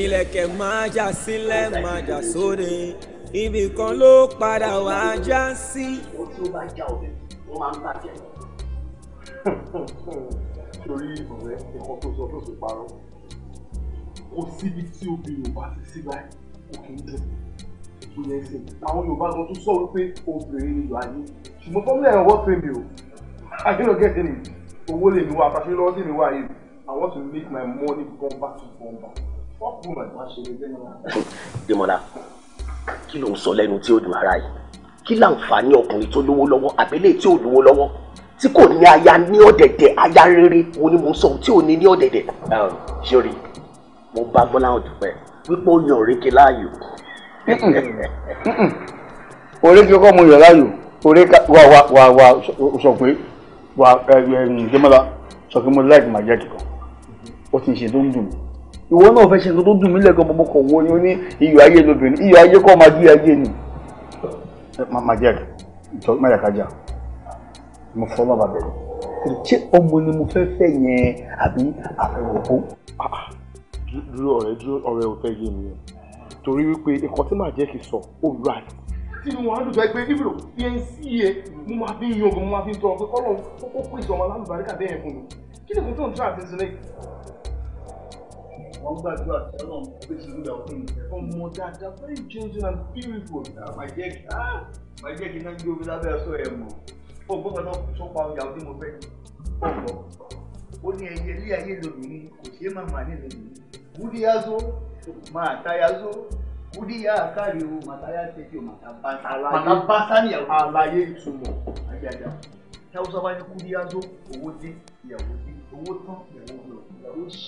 ilẹ̀kẹ̀ máa jà sílẹ̀ máa jà sóde ibì kan ló padà wá já sí. ó tí ó bá já ọbẹ̀ wọ́n máa ń bàjẹ́ torí ọ̀rẹ́ ẹ̀kọ́ tó sọ tó sì parọ́ kò síbi tí obìnrin ò bá ti sí kò kí ń dùn ìpínlẹ̀ ṣe àwọn Yorùbá gan tún sọ wípé obìnrin ni yọ̀ọ́ ayé ṣùgbọ́n fọ́nmílà ẹ̀ wọ́n pè mí o àdéhùn gẹ̀ẹ́sì ni owó lèmi wá àfàṣe lọ́wọ́ sí mi wá yìí I want to make my money bumper to bumper. Dèmọ́lá kí ló ń sọ lẹ́nu tí ó dùn ara yìí kí láǹfààní ọkùnrin tó lówó lọ́wọ́ àbẹ́lẹ̀ tí ò lówó lọ́wọ́ tí kò ní aya ní ọ̀dẹ̀dẹ̀ aya rere wo ni mo sọ tí ò ní ní ọ̀dẹ̀dẹ̀. ṣeré mo bá gbọ́n láwọn dùpẹ́ wípé ó yan òrékè láàyò. òrékè kọ́ mo yàn láàyò òrékà wà wà wà wà sọ pé wà ẹ̀ ẹ̀ ǹjẹ́ mọ́lá sọ pé mo láìpẹ́ màá jẹ́ kíkan ó ti ṣe tó ń dùn mí ìwọ náà fẹ́ ṣe nǹkan tó dùn mí lẹ́gàn mọ́ kàn wo yín ní iyọ̀ ayé lóbìnrin iyọ̀ ayé kọ́ máa gbé ayé ni. má jẹ́ ìjọ má yà kájà mo fọ́ lọ́ba bẹ̀rẹ̀ ṣé ọmọ ni mo fẹ́ fẹ́ yẹn àbí àfẹ́wọ̀kọ́. Ah, ah. dúró ọ̀rẹ́ dúró ọ̀rẹ́ ò fẹ́ yé mi o torí wípé nǹkan tí màá jẹ́ kí sọ ó rà á tí mo máa ń dùn fẹ́ pé bíbélò fi ń sí ẹ mo máa fi ń yan ogun mo máa fi ń tọrọ pé kọ́lọ́ ó pèsè ọmọ alálùbáríkà bẹ́ẹ̀ fún mi kí ni kò tó ń tún àti ń sinmi wọ́n gbàdúrà tí wọ́n gbé sínú ìyàwó fún mi. ọmọ dáadáa very gentle and beautiful. Ah, màá jẹ́ ah, kí màá jẹ́ kí iná gbé omi lábẹ́ ọ̀ṣọ́ ẹ̀ mọ̀. ó gbọ́dọ̀ náà sọ pa ìyàwó tí mo fẹ́ ní. ọ̀pọ̀ ó ní ẹyẹ ilé ayé lóbìnrin kò ṣeé má máa ní lóbìnrin. wúdí yázó máa ta yázó wúdí yá àkárí o màtáyà tẹ̀sí o màtàbátá níyàwó. àlàyé ìtumọ̀ ajájá táwọn sábà ní kúdí yázó owó dé ìyàwó dé owó tán ìyàwó lọ ìyàwó ṣì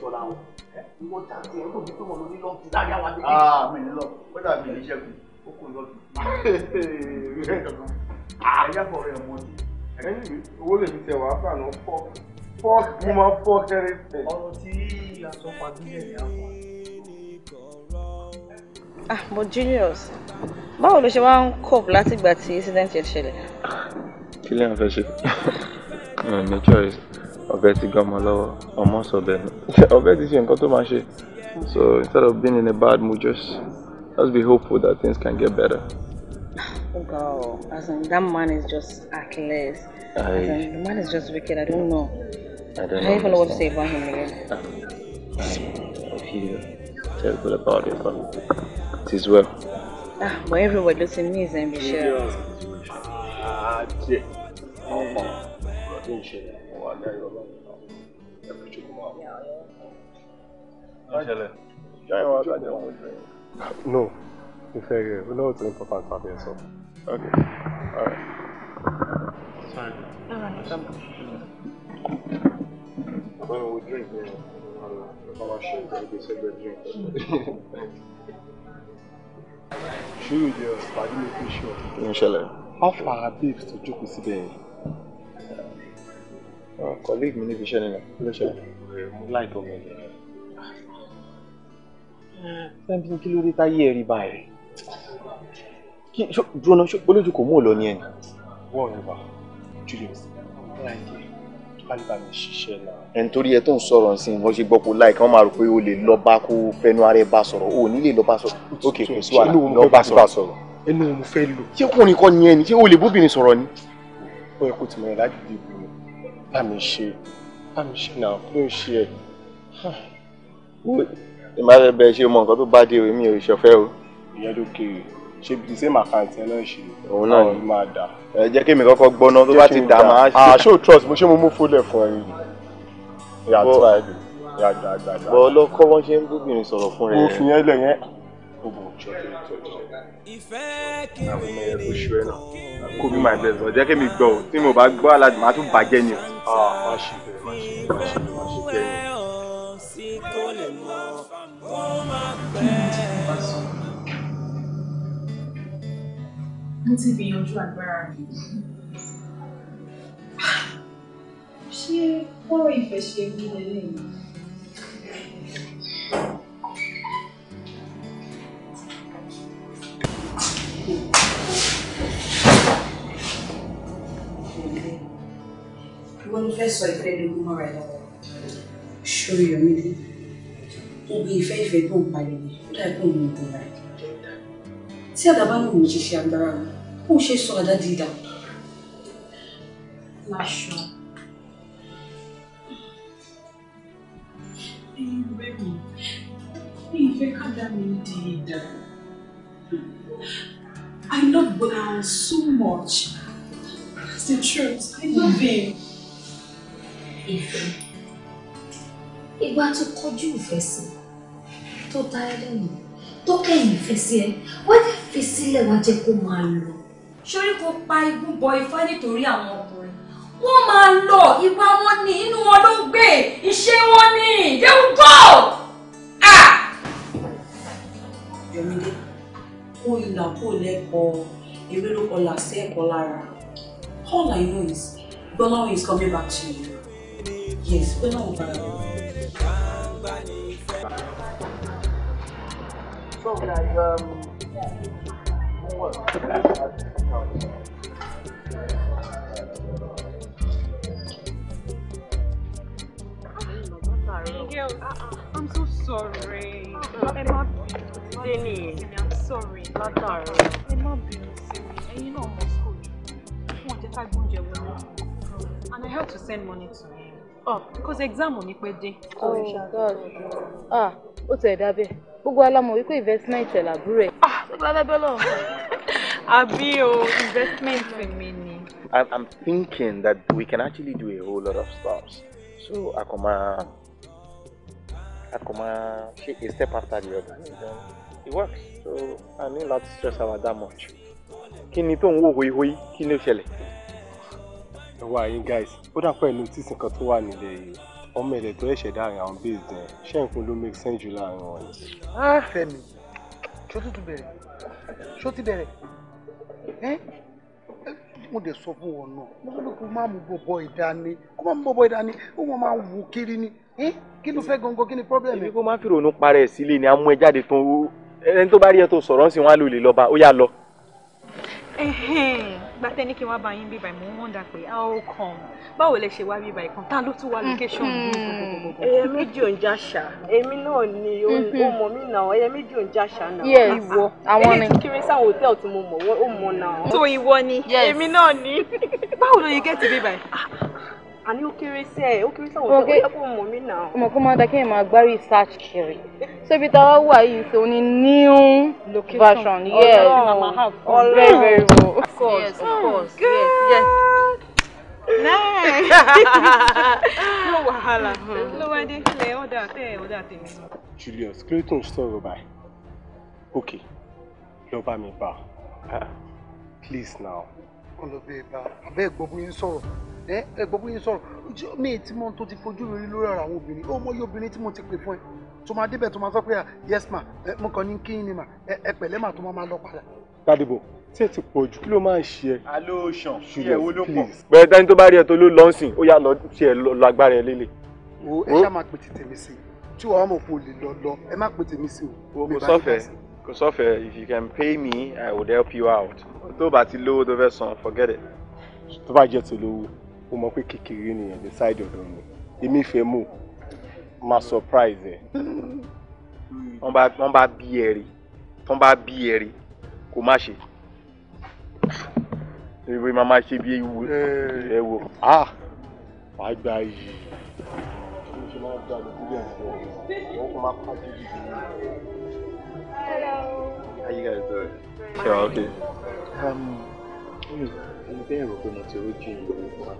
jọra wọn ìwọ ta ti ẹ kò ah, ní pé wọn ló ní lọ́ọ̀kì láàrin àwọn àgbẹ̀. aa mi ní lọ́ọ̀kì kódà mi ní ṣẹ́kù ó kò lọ́ọ̀kì. ẹ̀yà kọ̀ rẹ̀ mọ́ ni. ẹ̀yìn owó lè fi tẹ̀ wá fàánù fọ́ọ̀kì fọ́ọ̀kì mo máa fọ́ọ̀kì rẹ̀ tẹ̀. ọ̀rọ̀ tí ìyàsọ pàdúlẹ̀ ni a ah but genius báwo ló ṣe wá ń cope látìgbà tí incident yẹn ṣẹlẹ̀. kí lè ń fẹ́ ṣe? Uh, no choice. ọ̀gá ti gán ọmọ lọ́wọ́ ọmọ sọ bẹ́ẹ̀ ni ọ̀gá ti ṣe nǹkan tó máa ṣe so instead of being in a bad mood just just be hopeful that things can get better. ọ̀gá o oh as in that man is just achilles as in the man is just wicked I don't know I don't, I don't even know what to say about him again. I, I feel terrible about it but it is well. Ah, but everywhere ló ti ní ìzẹ̀ ń bí Ah, Àjẹ́ ọmọ ọdún ìṣẹ̀lẹ̀. wà ní ayọ̀ ọlọ́run náà ẹ fi ṣokùn mọ́ àwọn. ìṣẹ̀lẹ̀ ìyá ìwà àtàjà wọn ò jẹ́. no ìfẹ́ rẹ̀ ó náà tún important tàbí ẹ̀ sọ. ok all right. sorry. all right. ọ̀gbọ́n wo drink ni ọ̀gbọ́n máa ṣe ìgbàlódé sẹ́gbẹ̀ẹ́ drink. ṣé ìyẹn pàdé mi fi ṣe ìṣẹ̀lẹ̀. how far are babes to jókòó síbẹ̀ yẹn colleague mi níbi iṣẹ́ nínú ló ṣe mo láìpẹ́ ọmọ ẹ̀jẹ̀ rẹ̀. fẹ́mi kí ló dé táyé ẹ̀rí báyìí kí jóná olójú kò mú ò lọ ní ẹni. wọ́n ò ní wà Julius láìpẹ́ ẹ̀ ń torí ẹ tó ń sọ̀rọ̀ sí wọ́n ṣe gbọ́pọ̀ láìka wọ́n máa rò pé o lè lọ bá kó fẹnu ara ẹ bá sọ̀rọ̀ o ní lè lọ bá sọ̀rọ̀ ok kò sí wàhálà lọ bá sọ̀rọ̀ ẹnu òun fẹ́ lò. ṣé kùnrin kọ́ ni ẹni ṣé o lè bóbìnrin sọ̀rọ̀ ni. ó yẹ kó tìmọ̀ ẹ̀ láti dìbò. I'm mi I'm bá now. ṣe náà kí the ń ṣe ẹ. ìmọ̀lẹ́ bẹ́ẹ̀ ṣe mọ nǹkan tó bá dé o mi ò ṣọ̀fẹ́ o. ìyẹn ló kéré ṣe bí same account yẹn náà ṣe òun náà ni máa dà. ẹ jẹ́ kí èmi kọ́kọ́ gbọ́ná tó bá ti dà máa ṣe. àṣọ ah, trust mo she mo mú fúlẹ̀ fún ẹyin. ìyàtọ̀ àìdè ìyàtọ̀ àgbàdo. bọ́ ọlọ́kọ́ wọ́n ṣe ń bóbìnrin sọ̀rọ̀ fún rẹ̀. mo fi yẹn lẹ̀ yẹn gbogbo ọjọ́ tó ń ọmọ ẹ̀rọ oṣù bí my best ọ̀jẹ́ kí mi gbọ́ ọ tí mo bá gbọ́ aládì máa tún bàjẹ́ ni o. Ah, má ṣe bẹ́ẹ̀ má ṣe bẹ́ẹ̀ má ṣe bẹ́ẹ̀ má mo ti gbìyànjú agbára mi ṣé kọ́rọ̀ ìfẹ́ ṣe mí lélẹ́yìn. Ìwọ ló fẹ́ sọ ìfẹ́ lógún mọ́ra ẹ̀ lọ́wọ́. Ṣórí Yomi dé. Obi ìfẹ́ ìfẹ́ tó ń pariwo, ó dàbí pé òun ò dùn rà. Tí àdá bá lòun ṣiṣẹ́ agbára rẹ̀, ó ṣe sọ àdá di ìdà. Láṣọ. Bí ìwé mi, bí ìfẹ́ kádà mi di ìdà. I love Bolan so much. It's the truth. I love hmm. him. Ìfẹ́. Ìgbà to kọjú ìfẹ́ sí, To dá ẹ lẹ́nu, tó kẹ̀yìn ìfẹ́ sí ẹ, wọ́n ti fi sílẹ̀ wá jẹ́ kó máa lọ. Ṣorí kò pa igun bọ ifá nítorí àwọn ọkùnrin. Wọ́n máa lọ, ìwà wọn ni, inú wọn ló ń gbé, ìṣe ni, they will go! Ah! Yomide kó ìlà kó lẹ́kọ̀ọ́ ewé ló kọ là sí ẹ̀kọ́ lára all I know is Gbọ́láhùn is coming back to you yes Gbọ́láhùn bá yọ. So guys, um, what? Thank you. Uh-uh sorry. Ẹ Sorry, dé I'm sorry. Látàrọ. Ẹ má bínú sí mi. Ẹyin náà mọ school And I had to send money to him. Oh, because exam ò ní pẹ́ Oh, Oh God. Ah, ó tẹ̀ dá bẹ́ẹ̀. Gbogbo alámọ̀ wípé investment ẹ̀ làbúrò ẹ̀. Ah, ṣé kí ládá bẹ́ẹ̀ lọ? Àbí o, investment mi ni. I'm thinking that we can actually do a whole lot of stuff. So, Akoma. Akuma, she is step after the other. So I need not stress about that much. Kí ni tó ń wò hoihoi? Kí ni ó ṣẹlẹ̀? Ẹ wá yín guys, ó dàpọ̀ ẹnu tíìsì kan tó wà nílẹ̀ yìí. Ọmọ ẹ̀lẹ̀ tó ẹ̀ṣẹ̀ dáàrin àwọn bíi dẹ̀. Ṣé nǹkan ló make sense jù láàrin wọn yìí? Á Fẹ́mi, ṣó tuntun bẹ̀rẹ̀? Ṣó ti bẹ̀rẹ̀? Ẹ́ mo dẹ̀ sọ fún mo fẹ́ kó máa mú bọ̀bọ̀ ìdání, kó máa mú bọ̀bọ̀ ìdání, ó máa kiri ni. Hmm? kí ló fẹ́ gangan kí ni problem. ibi kó má fi ronú parẹ́ sílé ni a mú ẹ jáde tán o ẹni tó bá rí ẹ tó sọ̀rọ̀ ń sìn wọn á lò lè lọ́ba ó yá lọ. gbàtẹ́ ní kí wọ́n bá yín bíbá ìmọ̀ wọ́n dà pé a ó kàn báwo lẹ ṣe wá bíbá ìkan ta ló tún wá location yìí. Hmm, hmm. ẹyẹ méjì ò ń jàṣà èmi náà ni ó mọ mí nà ọ ẹyẹ méjì ò ń jàṣà nà ọ ìwọ àwọn ni èyí tí sáwọn hòtẹ́ẹ̀lì tí mo mọ̀ ó mọ̀ nà ọ. tó ìwọ ni èmi náà ni báwo ló yẹ gẹ́ẹ̀tì bíbá yìí. Ah, àní ó kéré sí ẹ ó kéré sí àwọn ọ̀dọ́ ó yẹ kó mọ̀ mí náà. ọmọ kó máa da kí ẹ máa gbá research kiri so ibi táwa wà yìí ṣe ní new version yes ọlọ́run very very well. of course yes, of course oh, yes yes. Nice. no wahala. Ló wá dé ilẹ̀ ọ̀dà tẹ̀ ọ̀dà tèmi. Julius, kí ló tó ń sọ̀rọ̀ báyìí? Okay, lọ bá mi bá. Please now ọlọ́bẹ̀ ìbá abẹ́ ìgbọ́bùyín sọ̀rọ̀ ẹ ẹgbọ́bùyín sọ̀rọ̀ ojú mi ti mọ tó ti fojú rere lórí ara àwọn obìnrin ó mọ iye obìnrin tí mo ti pè fún ẹ tó máa débẹ̀ tó máa sọ pé ah, yes ma ẹ mo kàn ní kí ni ma ẹ pẹ̀lẹ́ mà tó máa lọ padà. gbàdìbò tí ẹ ti pọ̀ jù kí ló máa ń ṣe ẹ. alo sàn kí ẹ wo ló pọ̀. bẹ́ẹ̀ dání tó bá rí ẹ tó ló lọ ń sìn ó yà lọ tí ẹ lọ agbára ẹ lélẹ̀. o ẹ ṣáà máa pè tètè sí i tí wàá mọ̀ pé o lọ lọ ẹ má pè tèmi sí i o. o kò sọfẹ̀ẹ́ kò eh, if you can pay me I would help you out tó bá ti lówó tó fẹ́ san forget it. tó bá jẹ́ tó lówó o mọ̀ pé kékeré nìyẹn the side ọ̀dọ̀ mi èmi fẹ́ mú ma surprise ẹ̀. wọ́n bá bí ẹ rí wọ́n bá bí ẹ rí kò má ṣe ìwé máa máa ṣe bí ewu ẹ wo. ah wàá gba yìí. kí ni ṣe máa ń dá lójú bẹ́ẹ̀ ni wọ́n kò máa pàdé ìdílé. Hello. How you guys doing? Sure, okay. Um, ẹni bẹ́ẹ̀ rò pé mo ti rójú ìlú wa.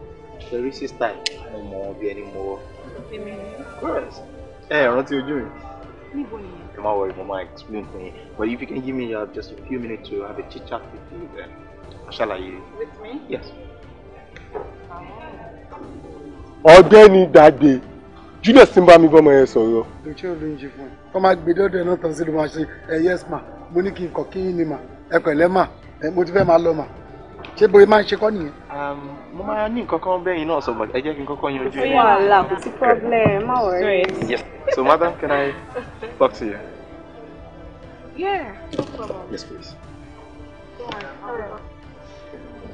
Lórí sísá ẹ̀, mo mọ ọ bí ẹni mo wọ. Ẹ rántí ojú mi. Níbo nìyẹn? Ẹ má worry, mo explain fún yín. But if you can give me uh, just a few minutes to have a chit chat with you then, shall aṣàlàyé. With me? Yes. Oh, Ọdẹ that day. Julius ti ń bá mi bọ́mọ yẹn sọ̀rọ̀. Dòjé ò ló ń ṣe fún ẹ. Wọ́n máa gbé dọ́dọ̀ ẹ̀ náà tán sí ló máa ṣe ẹ yes ma mo ní kí n kọ̀ kí n ní ma ẹ pẹ̀lẹ́ ma ẹ mo ti fẹ́ máa lọ ma. Ṣé bóyá máa ń ṣe kọ́ nìyẹn? Um, mo máa ní nǹkan kan bẹ́yìn náà sọ̀bọ̀ ẹ jẹ́ kí n kọ́kọ́ yan ojú yẹn. Wàhálà kò sí problem má worry. Yes. So madam can I talk to you? Yeah, no problem. Yes please.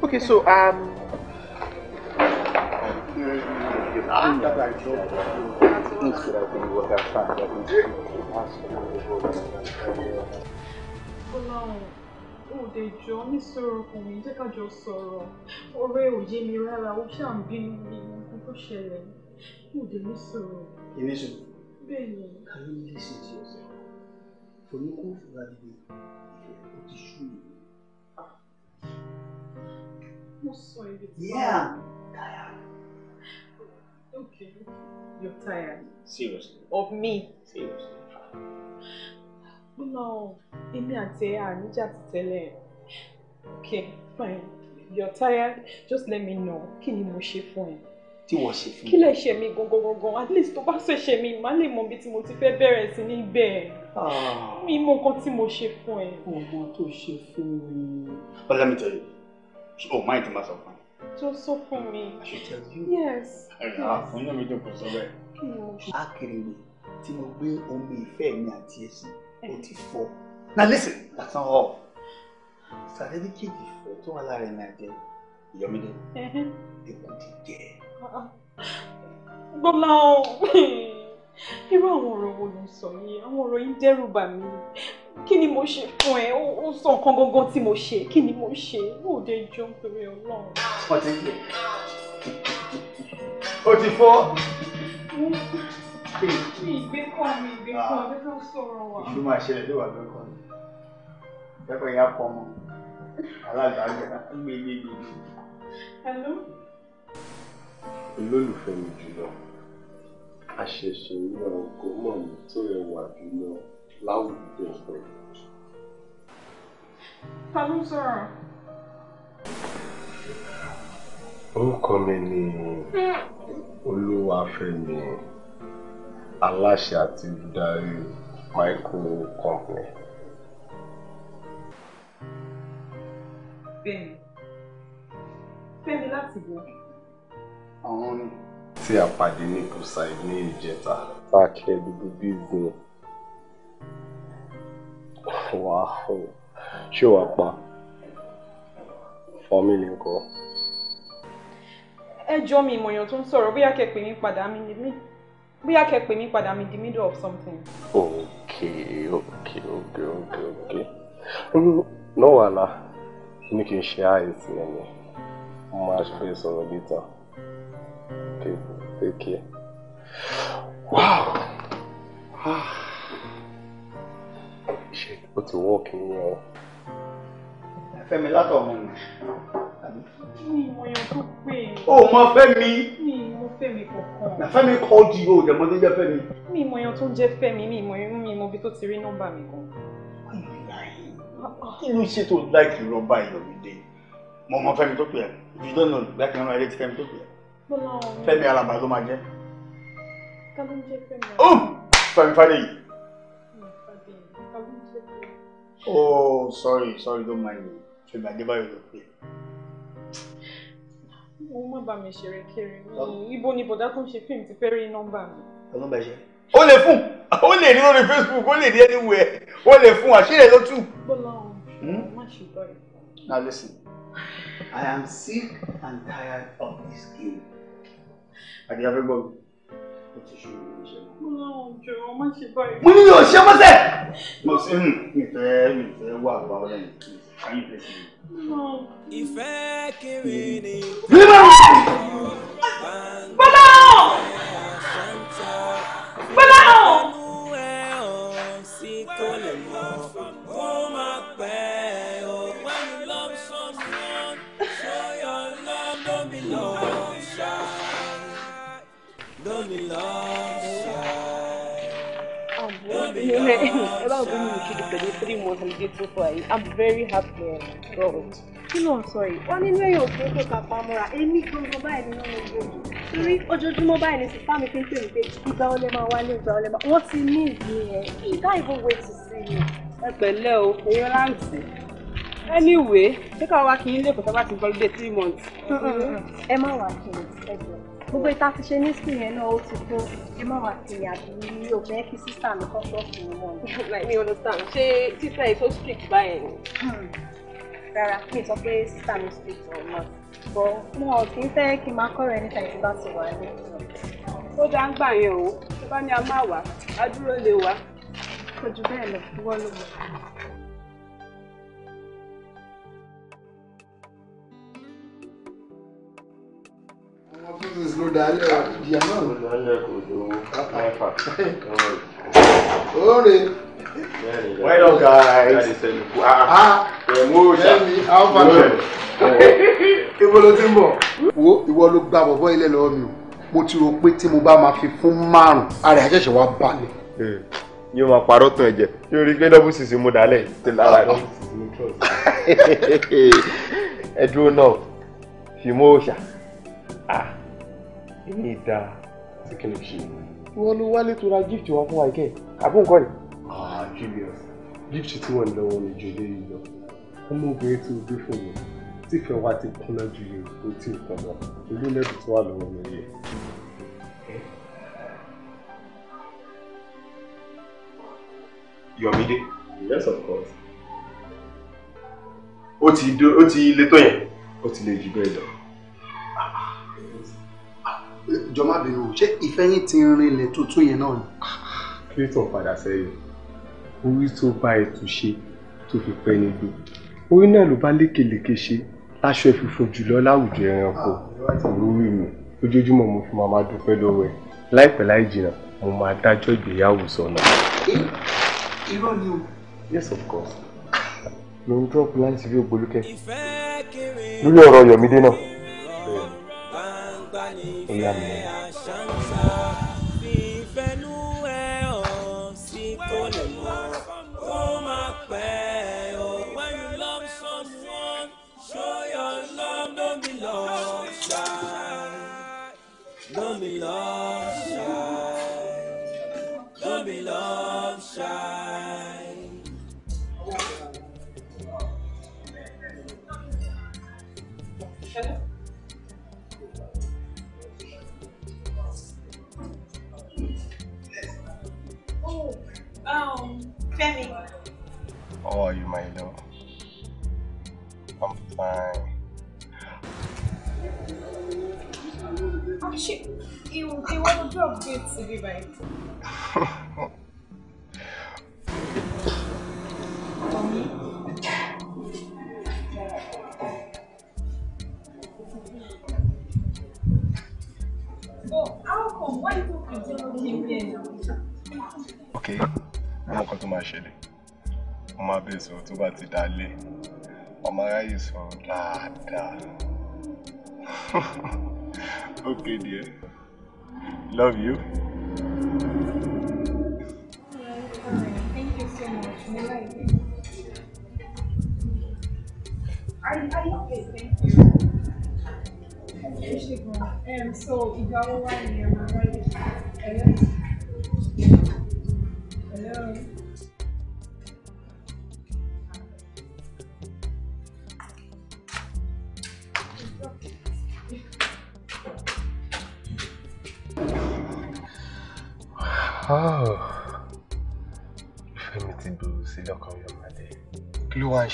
Okay so um, Ọlọ́run, òde jọ ní sọ̀rọ̀ kò ní jẹ́ ká jọ sọ̀rọ̀. mi rárá, ó ṣáà bí mi nǹkan tó ṣẹlẹ̀. Òde ní sọ̀rọ̀. Èmi sùn. Bẹ́ẹ̀ni. Kàló ní lè ṣe ti ọ̀sẹ̀. Fòlókó fúra dìde, ó ti ṣú mi. Mo sọ ibi tí. Yeah, tired. Okay. You're tired. Seriously. Of me. Seriously. No, èmi àti ẹ̀ àníjà ti tẹ́lẹ̀. Okay, fine. You're tired. Just let me know. Kí ni mo ṣe fún ẹ? Tí wọ́n ṣe fún mi. Kí lẹ ṣe mí gangan gangan? At least tó bá ṣẹ̀ṣẹ̀ mi, màá lè mọ ibi tí mo ti fẹ́ bẹ̀rẹ̀ sí ní bẹ́ẹ̀. Ah. Mi mọ nǹkan tí mo ṣe fún ẹ. Ọmọ tó ṣe fún mi. Ọlámítọ́yọ̀, o máa ń tún máa sọ fún mi jọ sọ fún mi. yes. àfúnná mi dùn kò sọ bẹ́ẹ̀. akèrèwé tí mo gbé omi ìfẹ́ mi àti ẹ̀sìn ó eh. ti fọ́. now listen that's not all. sàrẹ́díkèjì fẹ́ tó wà lára ẹ̀mí àjẹ ìyọmídé èkó ti jẹ. gbọ́dọ̀ uh-uh. irú àwọn ọ̀rọ̀ wo ló ń sọ yìí àwọn ọ̀rọ̀ yìí dẹ́rù bà mí kí ni mo ṣe fún ẹ ó sọ nǹkan gangan tí mo ṣe kí ni mo ṣe ó dé jọ nítorí Ọlọ́run. wọ́n ti ń pè ó ti fọ́. mi ìgbé mi ah. ló sọ̀rọ̀ wa. ìṣú máa ṣẹlẹ̀ ló wà lọ́kọ̀ mi pẹ́pẹ́ ya pọ̀ mọ́ alága àgbà gbégbégbé. hello. olólùfẹ́ mi jùlọ àṣẹ̀ṣẹ̀ ní ọgọ́ mọ̀ mi tó rẹwà jùlọ láwùjọ ìgbẹ́ ta ló ń sọ̀rọ̀. orúkọ mi ni olúwàfẹ́mi aláṣẹ àti olùdarí micro company. Fẹ́mi Fẹ́mi láti wo. àwọn ni. tí a pàdé ní busaid ní ìjẹta tá a kẹ́ dúdú bí gbò. wàá hàn. ṣé wàá pa family ńkọ́. ẹ jọ mi ìmọ̀yàn tó ń sọ̀rọ̀ bóyá kẹ́ mi ni mí bóyá the middle of something. ok ok ok ok ok no wahala. ní kí n ṣe àìsí ẹni máa fẹ́ sọ̀rọ̀ wow ah. ó ti wọ́ọ̀kì ní ẹ̀wọ̀n. Fẹ́mi látọ̀hún ni. Mi ìmọ̀ yẹn tó pè é. O mọ Fẹ́mi. Mi ìmọ̀ Fẹ́mi kankan. Na Fẹ́mi kọ́ di o dẹ̀ mọ tó jẹ́ Fẹ́mi. Mi ìmọ̀ yẹn tó jẹ́ Fẹ́mi mi ìmọ̀ yẹn mi ìmọ̀ bí tó ti rí nọ́mbà mi gan. Kí ló ṣe tó láìkì rọ́bà ìyọ̀mídé? Mo mọ Fẹ́mi tó pè é. If you don't know, láìkì rọ́bà ìyọ̀mídé ti Fẹ́mi tó pè é. Fẹ́mi alaba ló máa jẹ́. Ta ló ń jẹ́ Fẹ́mi alaba? Fẹ́mi Oh, sorry, sorry, don't mind me. Should Ṣègbà Adébáyọ̀ ló pè. Mo má bá mi ṣeré kiri. Ibo ni bọ̀dá tó She film fíìmù ti fẹ́ rí nọ́mbà mi. Ọlọ́mọba ṣe. Ó lè fún, ó lè rí lórí Facebook, ó lè rí anywhere, fun. lè fún àṣírí ló tù. Bọ́lá ọ̀hún, hmm? má ṣe báyìí. Now listen, I am sick and tired of this game. Àdìyà fẹ́ gbọ́ mi, ó ti ṣe mo ní yóò ṣe mọ́sẹ̀. mo ṣe ń ìfẹ́ ìfẹ́ wà bá ọ lẹ́yìn káyọ̀ fẹ́ sí ìfẹ́ kiri ni. bílíbà bọ́lá bọ́lá. you I'm very happy and proud. kí ló ń sọ yìí. wọ́n nínú èèyàn òkè tó kà pa mọ́ra èmi gangan báyìí nínú ọmọ ìgbòho torí ojoojúmọ́ báyìí ni sípà mi fi ń pè mí pé ìgbà ọlẹ́ máa wálé ìgbà ọlẹ́ máa wọ́n ti ní ìdí yẹn ìdá ìbòwò ti sí mi. ẹ pẹ̀lẹ́ o èèyàn láǹtì anyway ṣé káwọn wá kí n lè kó sábà ti gbọ́ gbé three months. ẹ má wá kí ẹ jọ gbogbo ìta ti ṣe ní sùn yẹn náà ó ti tó ẹ má wàá pè àbí o fẹ́ kí sísá mi kọ́ pọ̀ fún ọmọ mi. mi ò understand ṣé sísá yìí tó strict báyẹn ni. Hmm. rárá mi sọ pé sísá mi strict ọmọ bọ mo kì í fẹ́ kí n máa kọ́rọ̀ ẹni tàbí bá ti wà ní. ó dá ń gbà yẹn o tó bá ní a máa wà á dúró lè wà. kò jù bẹ́ẹ̀ lọ wọ́n ló mọ̀. ọmọ business ló dalẹ̀ ìyá náà. ó lọ ilé kò dòwó mẹ́fà. oore. wẹ́n lọ ga ẹ̀mú òòṣà lẹ́mi alfa bẹ́ẹ̀. ibo ló ti ń bọ̀. wo ìwọ ló gba bọ̀bọ̀ ilé lọ́wọ́ mi o mo ti rò pé tí mo bá máa fi fún márùn-ún ara ẹ̀ ṣẹ̀ṣẹ̀ wá balẹ̀. yóò máa parọ́ tán ẹ̀jẹ̀ yóò rí pé dọ́bù sísè mo dálẹ̀ tí lára rẹ̀. ẹ dúró náà fìmọ̀ òòṣà. Ah èmi ìdá tí kí ló ṣe. wọ́n ló wálé tó ra gift wá fún wa kẹ́ àbó nǹkan ni. ah Julius gift tí wọ́n lọ́wọ́ ni jòlè yìí lọ ọmọbìnrin tí o gbé fún mi tí ìfẹ́ wa ti kúnná ju èkó tí ì kàn lọ olólẹ́bù tó wà lọ́wọ́ mi yẹ. Eh? Yọ̀mídé. yes of course. ó ti le tó yẹn. ó ti le jù bẹ́ẹ̀ lọ. Ah, ah jọ má bínú o ṣé ìfẹ́ yín ti rinlẹ̀ tuntun yẹn náà ni. kí padà sẹ́yìn orí tó bá ètò ṣe tó fi pẹ́ nílùú orí náà ló bá lékeleke ṣe láṣọ ìfìfò jùlọ láwùjọ ẹranko òróró mi ojoojúmọ́ mo fi máa dúpẹ́ lọ́wọ́ ẹ láìpẹ́ láì jìnnà mo máa dájọ́ ìgbéyàwó sọ́nà. irọ́ ni o. yes of course. mo ń dúró pé láti fi ògbólúkẹ́ lórí ọ̀rọ̀ Yọ̀mídé náà ó yà mí. when you love someone show your love don't be lost shy don't be lost shy don't be lost shy. you, my I'm fine. Oh shit, you, you want to do a bit, Vivi, bá ti dalẹ̀ ọmọ aráyè sọ̀rọ̀ dáadáa okay dear love you. Thank so much. you. Um, so, Igawa and Yamara, I love you.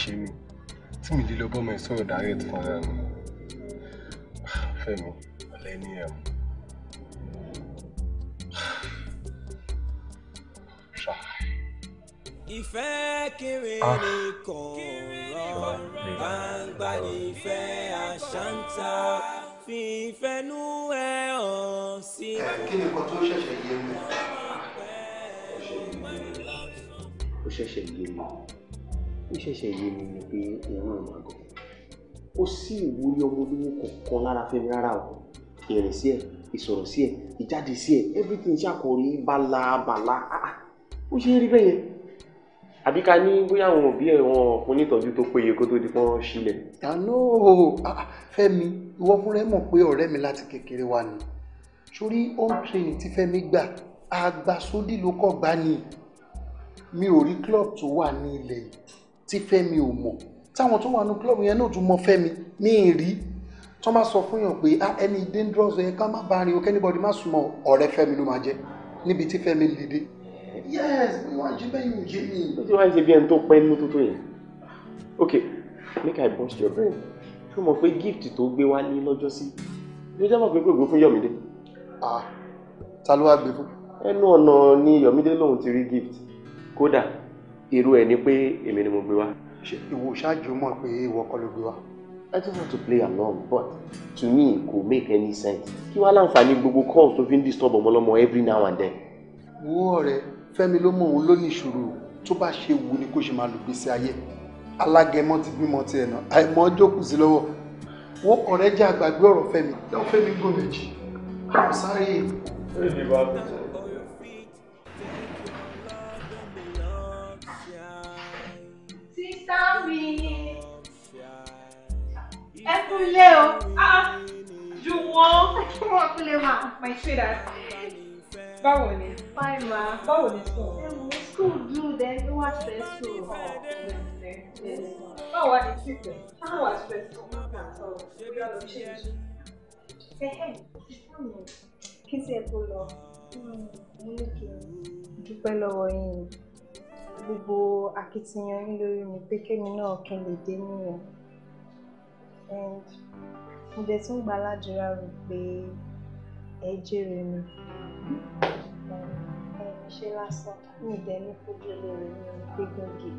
ṣe mí tí mi lè lọ bọ́mọ ẹ̀ sọ̀rọ̀ direct fúnra mi fẹ́mi ọ̀lẹ́ ní ẹ̀ ìfẹ́ kiri ah. ni kò rọrùn gbangba ìfẹ́ àṣàǹtà fífẹ́nu ẹ̀ hàn sí. kí ni nǹkan tó ṣẹ̀ṣẹ̀ yé mi? ó ṣẹ̀ṣẹ̀ yé mi ó ṣẹ̀ṣẹ̀ yé mi ni pé òun náà máa gọ̀ ó sì ìwúrí ọmọ olówó kọ̀ọ̀kan lára fẹ́mi rárá o ìrìn sí ẹ̀ ìsọ̀rọ̀ sí ẹ̀ ìjáde sí ẹ̀ everything ṣàkórí bálabàlá ó ṣe é ah, ah, rí bẹ́yẹn àbí ká ní bóyá àwọn òbí ẹ̀ wọn fún nítọ́jú tó péye kó tó di pọ́n sílẹ̀. àná ah, fẹ́mi ìwọ fúnra ẹ mọ̀ pé ọ̀rẹ́ mi láti kékeré wa ni sórí home training tí fẹ́mi gbà àgbàsódì ló kọ̀ gbá ni mi ò rí club tó wà ní ilẹ̀ yìí tí Fẹ́mi ò mọ̀ táwọn tó wà ní klọ́ọ̀bù yẹn náà tún mọ Fẹ́mi ní èrí tó máa sọ fún yàn pé ẹni dangerous ẹ ká má bá rin o kẹ́nìbọ̀dì má súnmọ́ ọ̀rẹ́ Fẹ́mi ló máa jẹ́ níbi tí Fẹ́mi lè dé. yes mi wá jí bẹ́ẹ̀ yóò yé mi. ó ti wá ń ṣe bí ẹni tó pẹ́ nínú tó tó yẹn ok make I burst your brain ṣé o mọ̀ pé gift tó gbé wá ní lọ́jọ́ sí ló jẹ́ mọ̀ pé gbogbo fún Yọ̀mídé. ah ta ló wá gbé fún. ẹnu ọ̀nà ni Yọ̀mídé lòun ti rí gift kódà irú ẹ pé èmi ni mo gbé wá. ṣe ṣáájú mọ̀ pé ìwọ kọ́ ló gbé wá. I just want to play along but to me it go make any sense. kí wàá láǹfààní gbogbo calls tó fi ń disturb ọmọlọmọ every now and then. wo ọ̀rẹ́ Fẹ́mi ló mọ òun ló ní ìṣòro tó bá ṣe wù ni kó ṣe máa lò gbèsè ayé alágẹmọ ti bímọ tiẹ̀ náà àìmọ jókòó sí lọ́wọ́ wo ọ̀rẹ́ jẹ́ àgbàgbé ọ̀rọ̀ Fẹ́mi. ẹ ò Fẹ́mi gómìnà jì. I'm sorry. kúnlẹ̀ o jùwọ́n ah, ah, wọ́n kúnlẹ̀ ma que sweetheart báwo ni. fine ma báwo ni school. ẹ mú school dùn then ó wà stressful. báwo wá ní títẹ̀ ó wà stressful. ṣé ẹ ẹ kí tí ẹ kó lọ hmm, lọ́wọ́ yín gbogbo akitiyan yín lórí mi pé kémi náà kí lè dé nìyẹn and mo dẹ̀ tún gbà ládùúrà rò pé ẹ jèrè mi ẹ̀yin ṣe lásán mi ìdẹ́ ní fojú olóore mi ò gbégbé gè.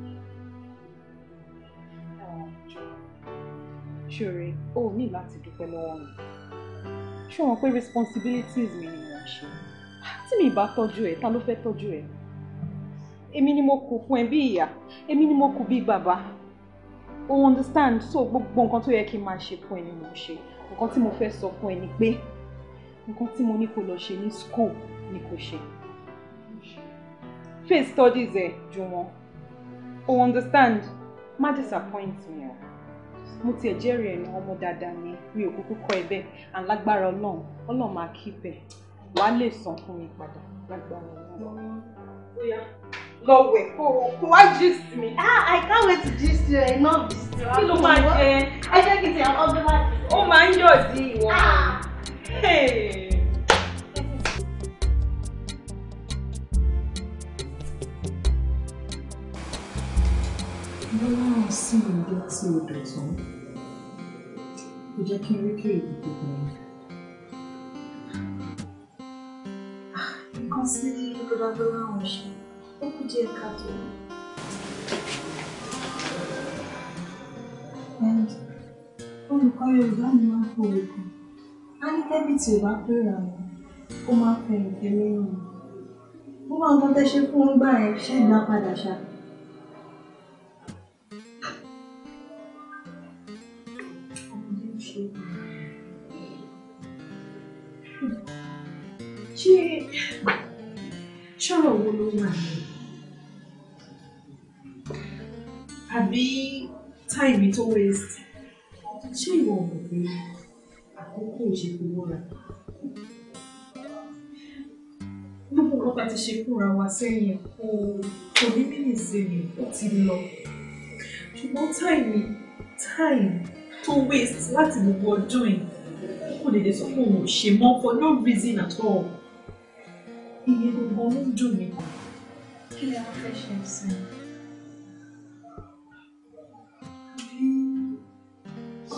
ṣòro o ní láti dúpẹ́ lọ́wọ́ mi ṣé wọn pé responsibilities mi ni wọ́n ṣe tí mi bá tọ́jú ẹ̀ ta ló fẹ́ tọ́jú ẹ̀ èmi ni mo kù fún ẹ bí ìyá èmi ni mo kù bí bàbá o understand so gbogbo nǹkan tó yẹ kí n máa ṣe fún ẹ ni mo ṣe nǹkan tí mo fẹ́ sọ fún ẹ ni pé nǹkan tí mo ní kó lọ ṣe ní school ni kò ṣe face studies ẹ jù wọn o understand má disappoint mi o mo tiẹ̀ jẹ́rìí ẹ̀nu ọmọ dáadáa ni mi ò kúkú kọ́ ẹ bẹ́ẹ̀ àlágbára ọlọ́run ọlọ́run máa kí bẹ́ẹ̀ wàá lè san fún mi padà lágbára ọlọ́run lọ wẹ̀ kó kó wá gist mi. ah i can't wait to gist you i love gist you. kí ló máa jẹ ẹ jẹ́ kí n ti àwọn ọgbẹ́ láti. ó máa ń yọ̀ sí ìwọ. Ah. Hey. lọ́wọ́ sí ìgbẹ́ tí o dọ̀tún kò jẹ́ kí n rí kí èyí gbogbo rẹ̀. Ah, nǹkan sí lọ́dọ̀ lọ́wọ́ ṣe ó kù díẹ̀ káàtó. olùkọ́ yorùbá mi máa ń fò òkun á ní débìtì ò bá pèrà wọn ó máa ń fẹ ìfẹ́ lẹ́yìn mo máa ń gbọ́ tẹ́ ṣe fún wọn gbà ẹ ṣé ìgbà padà ṣá. ṣé àbí táìmì tó waste ṣé ìwọ mọ̀ pé àkókò ṣe fi wọ́ra gbogbo nǹkan tá a ti ṣe fúnra wa sẹ́yìn kò kò ní mílì sẹ́yìn ó ti lọ ṣùgbọ́n táìmì táìmì tó waste láti gbogbo ọdún yìí kò lè lè sọ pé òun ò ṣe mọ́ for no reason at all ìyẹn gbogbo ló ń dùn mí. kí ni a fẹ́ ṣe sí i.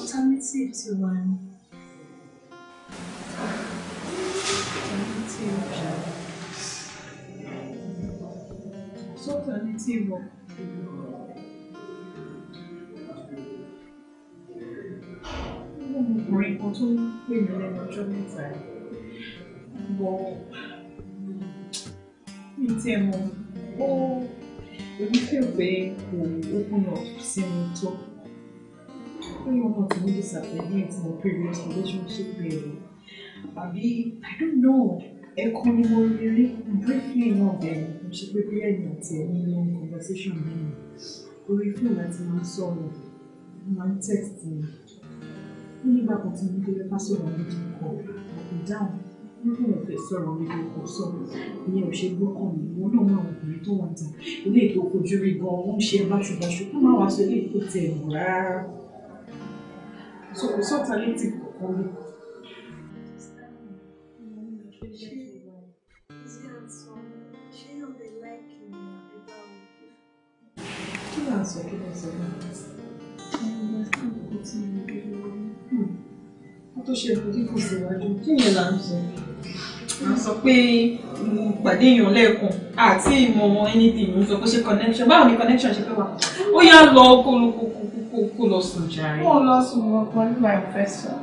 alternative ti wà ní. Sọ́tọ̀ ní tí ìbọn. Ọmọkùnrin kan tó ń pè mí lẹ́nu ọjọ́ mẹ́ta wọ ní tí ẹ mọ̀ ó èmi fẹ́ pé kò ó kùnà sí mi tó don't know what to do this affiliate in the previous relationship really. Àbí I don't know. Ẹ̀kọ́ ni mo rí briefly náà bẹ̀rẹ̀ mo ṣe pé bí ẹ̀yìn àti conversation mi. Orí fún láti máa ń sọ̀rọ̀, máa ń text mi. Ó ní ìgbà kan tí mo délé bá sọ̀rọ̀ méjì kọ̀, kò dáhùn. Nígbà mo fẹ́ sọ̀rọ̀ méjì kò sọ̀rọ̀, ìyẹn ò ṣe gbọ́kàn mi. Mo náà máa ọkùnrin tó wà ta. Ilé ìtòkojú rí gan-an, ó ń ṣe báṣubàṣu. Ó máa wá sọ ilé ìtòtẹ̀ ẹ̀wọ̀ rárá so hmm. kò sọ alternative kankan mi. kí ló ń sọ kí ló ń sọ náà. wọ́n tó ṣe kò kí kò à ń sọ pé mo pàdé èèyàn lẹ́ẹ̀kan àti ìmọ̀ anything mo sọ pé ṣe connection báwo ni connection ṣe fẹ́ wà ó yá lọ kó lọ kó kó kó lọ sùn jàre. mo lọ sùn mo kọ nígbà ìfẹ́ sọ.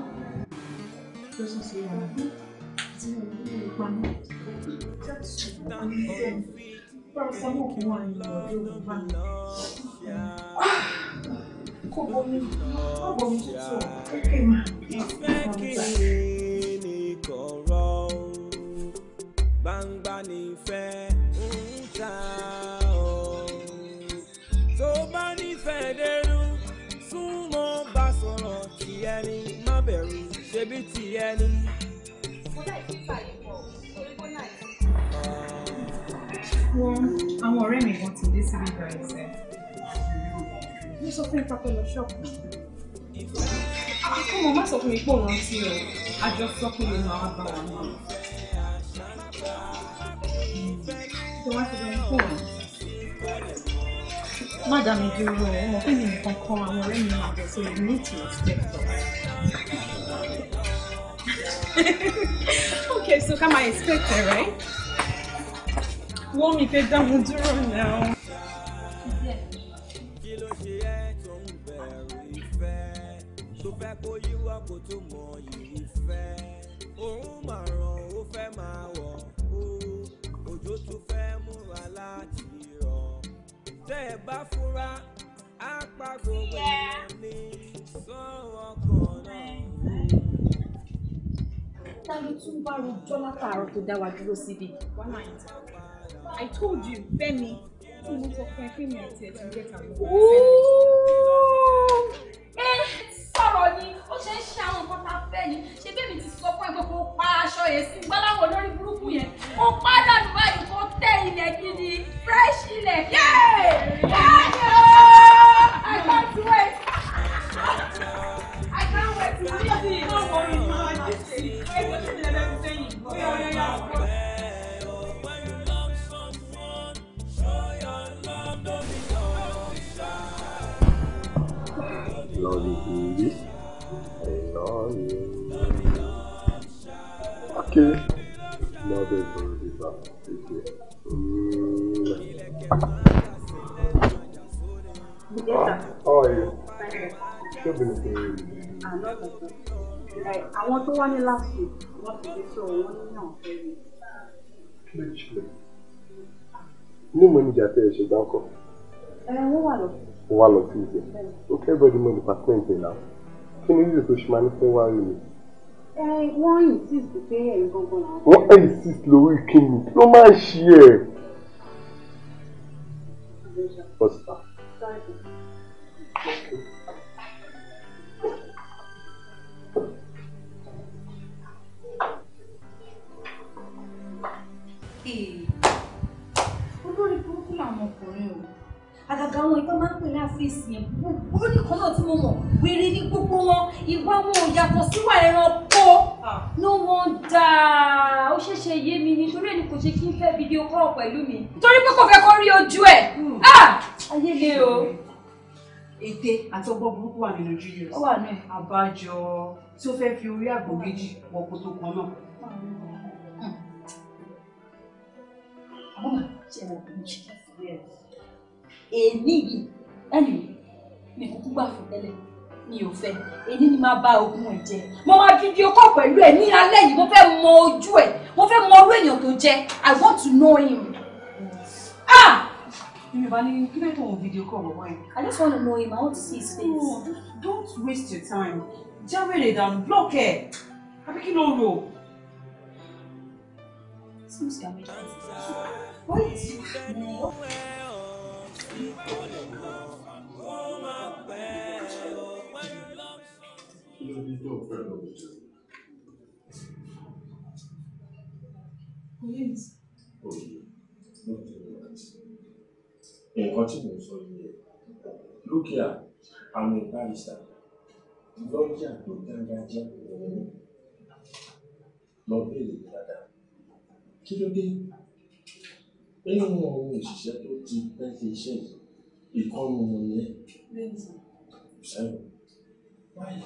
Kò bomi, gbangba nífẹ̀ ń ta ọ́ tó bá nífẹ̀ẹ́ dẹnu súnmọ́ bá sọ̀rọ̀ tí ẹni má bẹ̀rù ṣebí tí ẹni. àwọn ọ̀rẹ́ mi kan ti dé síbí báyìí sẹ́ mo sọ fún ipa pẹ̀lú ṣọ́ọ̀bù àkókò ah, mo má sọ fún ipò rántí o àjọ sọ pé mo máa bá wa náà. Você vai fazer um poema? Má dá mi dúró, ọmọ pé mi nǹkan kan àwọn ọ̀rẹ́ mi máa bọ̀ sí you need to respect us. okay, so come I expect it, right? Wọ́n mi fẹ́ dá mi dúró náà. tó fẹ́ kó yíwọ́ kó tó mọ ìfẹ́. Òun mà tẹ́ ẹ bá fura á pa gbogbo èèyàn ní sọ̀rọ̀ kan náà. Táyé tún bá rojọ́ látàárọ̀ tó dá wa dúró síbi wà náà I told you, Fẹ́mi, tí mo sọ fún ẹ pé mi àti ẹ̀ ti jẹ́ kàwé sọ̀rọ̀ ni ó ṣe ń ṣe àwọn nǹkan tá fẹ́ ni ṣe bẹ́ẹ̀ ti sọ fún ẹgbẹ́ kó pa aṣọ yẹn sí gbọ́láwọ̀ lórí burúkú yẹn kó pa dànù báyìí kó tẹ ilẹ̀ gidi fresh ilẹ̀ yéé I can't wait I can't wait Don't worry, ma. This is the way to let them yeah, yeah, yeah. Okay. Love is going to be Àwọn tó wá ní last week, wọ́n ti dé sọ wọ́n ní náà fẹ́ mi. Kí ló ṣe? Ní mo ní ìjà tẹ́ ẹ Ẹ wọ́n wà lọ. wà lọ sí ìjẹ. Okay, everybody mọ department ẹ̀ náà kí ni yíyọ tó ṣe máa ní fún wáyé mi. ẹ wọ́n insist pé ẹ̀yin gangan làwọn. wọ́n insist lórí kíni kí ló máa ń ṣe ẹ̀. ọ̀sán. àgàgà àwọn ìtọ́ máa ń pè ní àfẹ́sì yẹn gbogbo nìkan náà tí mo mọ̀ wèrè ní gbogbo wọn ìwà wọn ò yàtọ̀ síwà ẹranko ló wọn dà ó ṣẹ̀ṣẹ̀ yé mi nítorí ẹni kò ṣe kí n fẹ́ fídíò kọ́ pẹ̀lú mi torí pé kò fẹ́ kó rí ojú ẹ̀ hmm. ah! ayé le o. ète àti ọgbọ́n burúkú wà nínú Julius àbájọ tí ó fẹ́ fi orí àgbò méjì wọ kótó kan náà. Yes. Hmm. Hmm èyí yìí ẹnì mi kúkú gbà fún tẹ́lẹ̀ mi ò fẹ́ èyí ni máa bá ogun ẹ̀ jẹ mo máa fídíò kọ́ pẹ̀lú ẹ̀ ní alẹ́ yìí mo fẹ́ mọ ojú ẹ̀ mo fẹ́ mọ orú èèyàn tó jẹ́ I want to know him. ah Yumi Bali, give me one video call or why? I just want to know him. I want to see his face. No, don't, don't waste your time. Jared and block her. Àbí kí ló rò? Seems to be a mistake. What? nǹkan tí mò ń sọ yìí rẹ̀ lókè à àwọn ìbárisà lọ́jà tó dáńgájá lọ́bẹ̀rẹ̀ dáadáa kí ló dé nínú àwọn òṣìṣẹ́ tó ti pẹ́ ṣe iṣẹ́ wọn ni báyìí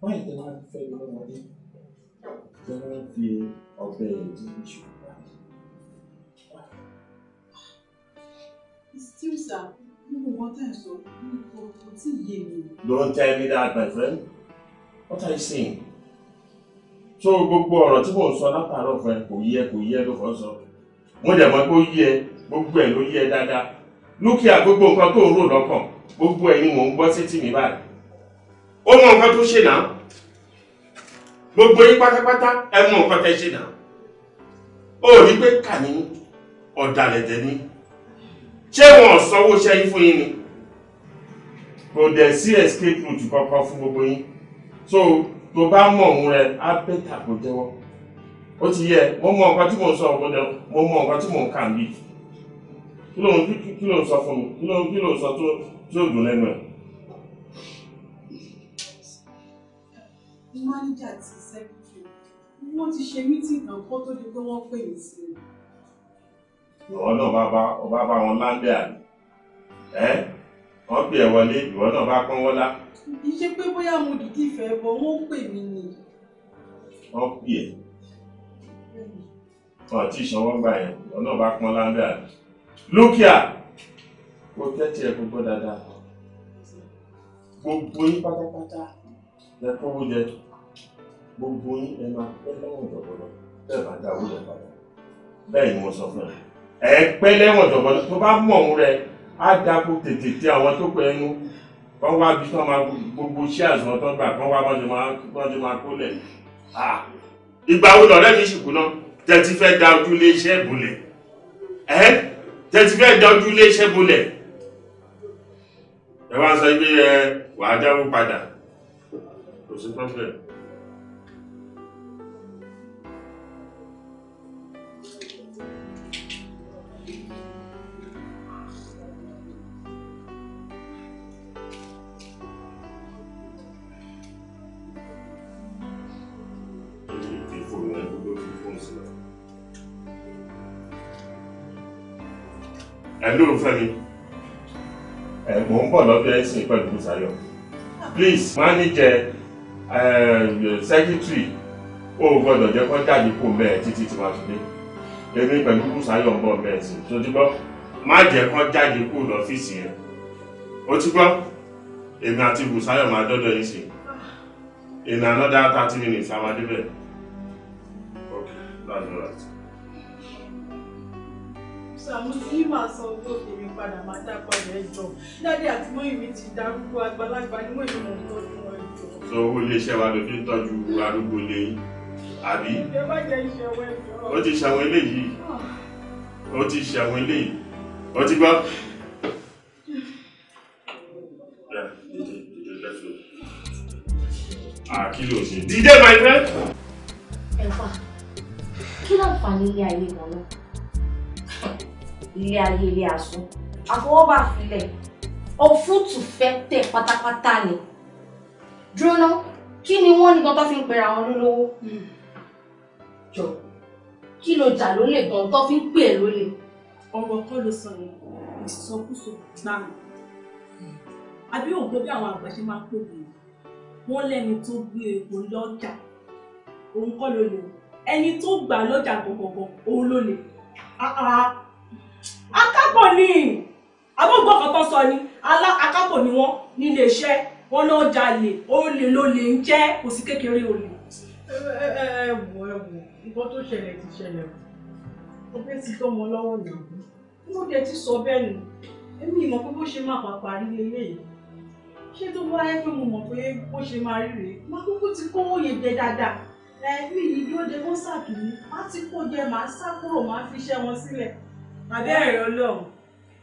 báyìí tẹ máa fẹ́ ní ọmọdé tẹ máa fi ọ̀bẹ ìdí iṣu don't tell me that my friend what are you saying so gbogbo ọ̀rọ̀ tí mò sọ látàárọ̀ fún ẹ kò yẹ kò yẹ ló mo dẹ̀ mọ́ pé ó yí ẹ gbogbo ẹ̀ ló yí ẹ dáadáa lúkìá gbogbo nǹkan tó rò lọ́kàn gbogbo ẹ̀ ni mò ń gbọ́ sétí mi báyìí ó mọ nǹkan tó ṣe náà gbogbo yín pátápátá ẹ mọ nǹkan tẹ́ ṣe náà ó rí pé kà ní ọ̀dàlẹ̀ tẹ̀ ní ṣé wọn sanwó ṣẹ́yìn fún yín ni kò dẹ̀ sí escape route kankan fún gbogbo yín so tó bá mọ̀ òun rẹ̀ á bẹ́tà kó jẹ́wọ́ ó ti yẹ mo mọ nǹkan tí mò ń sọ ọ̀gbọ́dọ̀ mo mọ nǹkan tí mò ń kà ń bí kí ló ń kí ló ń sọ fún mi kí ló kí ló ń sọ tó tó dùn lẹ́nu ẹ̀. máníjà ti sẹ́kítì wọ́n ti ṣe mítìn kan kó tó di pé wọ́n pè mí sí i. ìwọ náà bá bá ọba bá wọn láńdẹ àná ẹ wọn pè ẹ wọlé ìwọ náà bá pọn wọlá. kì pé bóyá mo dìdí ìfẹ́ bọ̀ wọ́n pè mí ni. wọ́n pè ẹ́ wọn ti sanwó gbà yẹn ọ̀nà bá pọn láńbẹ́ àná lókìá kó tẹ́tí ẹ̀ gbogbo dáadáa gbogbo yín pátápátá lẹ kówó jẹ gbogbo yín ẹ máa pẹ́ lẹ́wọ̀n jọ̀bọ̀lọ bẹ́ẹ̀ bá dá owó yẹn padà bẹ́ẹ̀ ni mo sọ fún ẹ ẹ pẹ́ lẹ́wọ̀n jọ̀bọ̀lọ tó bá mọ̀ ọ́n rẹ á dako tètè tí àwọn tó pẹ́ ẹnu kọ́ wá bí kọ́ máa gbogbo ṣé àzùmọ̀ tó gbà kọ́ wá bọ́n ti máa kó lẹ̀ ìgbà wo lọ̀rẹ́ mi sì kú náà tẹ́tí fẹ́ da ojú ilé iṣẹ́ bolẹ̀ ẹ́ tẹ́tí fẹ́ da ojú ilé iṣẹ́ bolẹ̀ ẹ wá sọ ibi ẹ wàá dáwó padà kò sí problem. lóru fẹ́ mi mò ń bọ̀ lọ́dọ̀ ẹ̀ sìn pẹ̀lú Bùsáyọ̀ please manager eh, secretary ó gbọ́dọ̀ jẹ́ kó jáde kó mẹ́ẹ̀ títí tí wàá tún dé èmi pẹ̀lú Bùsáyọ̀ ń bọ̀ mẹ́ẹ̀ sìn sódìgbọ́ má jẹ́ kó jáde kó lọ́fíìsì yẹn ó ti gbọ́ èmi àti Bùsáyọ̀ máa dọ́dọ̀ yìí sìn in another thirty minutes I'm at the bed. Okay, that's all right. sàmú sí màá san owó èmi padà máa dá padà ẹ jọ dáadé àti mọ́ ìwé ti darúgbó àgbàlagbà ni wọ́n èmi mọ̀ tọ́jú wọn jọ. sọ owó iléeṣẹ́ wa ló fi ń tọ́jú arúgbó lẹ́yìn àbí. ẹ má jẹ́ ìṣẹ̀wọ̀ ẹ̀jọ̀. ó ti ṣàwọn eléyìí ó ti ṣàwọn eléyìí ó ti gbọ́. kí ṣe dídé my friend. ẹ wá kí láǹfààní ilé ayé kan náà ilé ayé ilé asún àfọwọ́bà filẹ̀ òfútù fẹ́ tẹ̀ pátápátá ni dúró ná kí ni wọ́n ní tọ́tọ́ fi ń pera wọn lólówó hmm. jọ kí lo jà lólè gan tó fi ń pè é lólè. ọ̀rọ̀ kọ́ ló sọ yẹn ìsọkúsọ gbáà hmm. àbí òun tó bí àwọn àgbà ṣe máa ń pòbí wọn lẹ́ni tó gbé epo lọ́jà òun kọ́ ló lè ẹni tó gbà lọ́jà gbọ̀gbọ̀gbọ̀ òun ló lè akápò ni àbúgbò kan tó sọ ni akápò ni wọ́n nílé iṣẹ́ wọn náà jalè olè lólè ń jẹ́ kò sí kékeré olè. ẹ ẹ wò ẹ wò nǹkan tó ṣẹlẹ̀ ti ṣẹlẹ̀ o fẹ́ ti tọ́mọ lọ́wọ́ náà mo jẹ ti sọ bẹ́ẹ̀ nù èmi ìmọ̀ pé bó ṣe máa pàpà rí lélẹ́yìí ṣé tó bá yẹ pé mo mọ̀ pé bó ṣe máa rí rèé máa kúkú ti kówó yẹn jẹ dáadáa ẹ̀ẹ́dì yìí dúró de wọ́n sàkíní má ti kó jẹ màá sá kúrò màá fi iṣẹ́ wọn sílẹ̀ abẹ́rẹ́ ọlọ́run